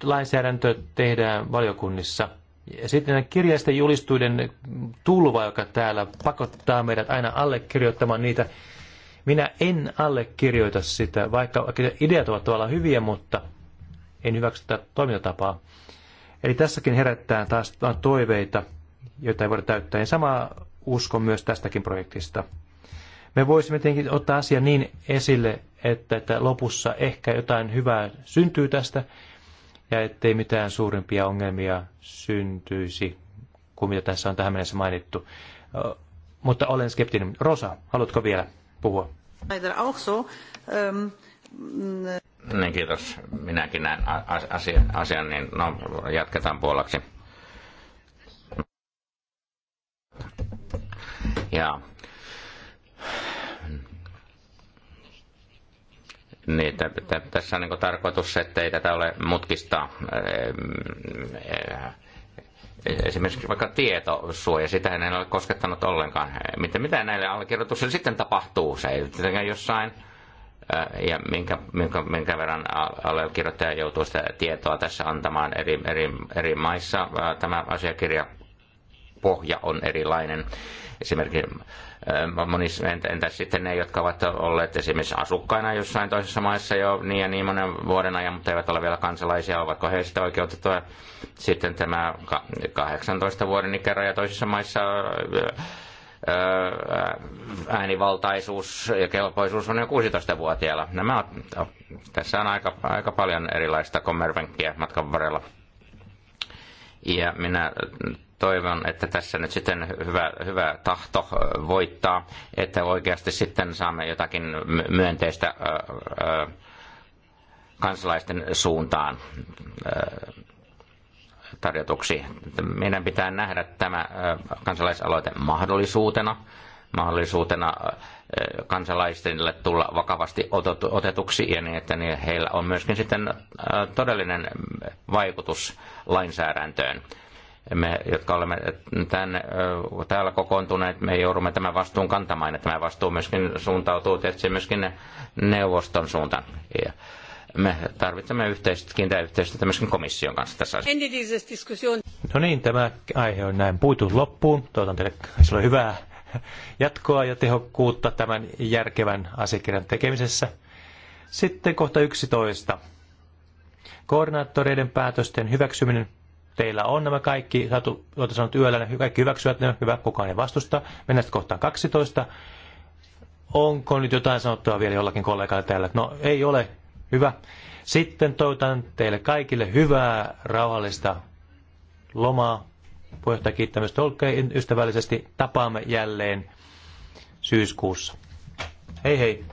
Lainsäädäntö tehdään valiokunnissa. Ja sitten kirjallisten julistuiden tulva, joka täällä pakottaa meidät aina allekirjoittamaan niitä. Minä en allekirjoita sitä, vaikka ideat ovat tavallaan hyviä, mutta en hyväksy tätä toimintatapaa. Eli tässäkin herättää taas toiveita, joita ei voida täyttää. Ja sama usko myös tästäkin projektista. Me voisimme tietenkin ottaa asia niin esille, että, että lopussa ehkä jotain hyvää syntyy tästä, ja ettei mitään suurimpia ongelmia syntyisi kuin mitä tässä on tähän mennessä mainittu. Mutta olen skeptinen. Rosa, haluatko vielä puhua? Ähm, niin kiitos. Minäkin näen asian, asian niin no, jatketaan puolaksi. Ja Niin, t- t- tässä on niin tarkoitus, että ei tätä ole mutkista. Ehm, esimerkiksi vaikka tietosuoja, sitä en ole koskettanut ollenkaan. Mitä, mitä näille allekirjoituksille sitten tapahtuu? Se ei tietenkään jossain ja minkä, minkä, minkä verran allekirjoittaja joutuu sitä tietoa tässä antamaan eri, eri, eri maissa. Tämä asiakirja pohja on erilainen. Esimerkiksi monissa, entäs sitten ne, jotka ovat olleet esimerkiksi asukkaina jossain toisessa maissa jo niin ja niin monen vuoden ajan, mutta eivät ole vielä kansalaisia, ovatko he sitä oikeutettuja. Sitten tämä 18 vuoden ikäraja toisissa maissa äänivaltaisuus ja kelpoisuus on jo 16-vuotiailla. Nämä on, no, tässä on aika, aika paljon erilaista kommervenkkiä matkan varrella. Ja minä toivon, että tässä nyt sitten hyvä, hyvä tahto voittaa, että oikeasti sitten saamme jotakin myönteistä kansalaisten suuntaan tarjotuksi. Meidän pitää nähdä tämä kansalaisaloite mahdollisuutena, mahdollisuutena kansalaisille tulla vakavasti otetuksi ja niin, että niin heillä on myöskin sitten todellinen vaikutus lainsäädäntöön me, jotka olemme tänne, täällä kokoontuneet, me joudumme tämän vastuun kantamaan, ja tämä vastuu myöskin suuntautuu tietysti myöskin neuvoston suuntaan me tarvitsemme yhteistyötä, kiinteä yhteistyötä myöskin komission kanssa tässä asiassa. No niin, tämä aihe on näin puitu loppuun. Toivotan teille on hyvää jatkoa ja tehokkuutta tämän järkevän asiakirjan tekemisessä. Sitten kohta 11. Koordinaattoreiden päätösten hyväksyminen. Teillä on nämä kaikki, saatu, olette sanoneet yöllä, ne kaikki hyväksyvät ne, hyvä, kukaan ei vastusta. Mennään sitten kohtaan 12. Onko nyt jotain sanottua vielä jollakin kollegalle täällä? No ei ole, Hyvä. Sitten toivotan teille kaikille hyvää, rauhallista lomaa. Puheenjohtaja kiittää myös Tolkeen ystävällisesti. Tapaamme jälleen syyskuussa. Hei hei!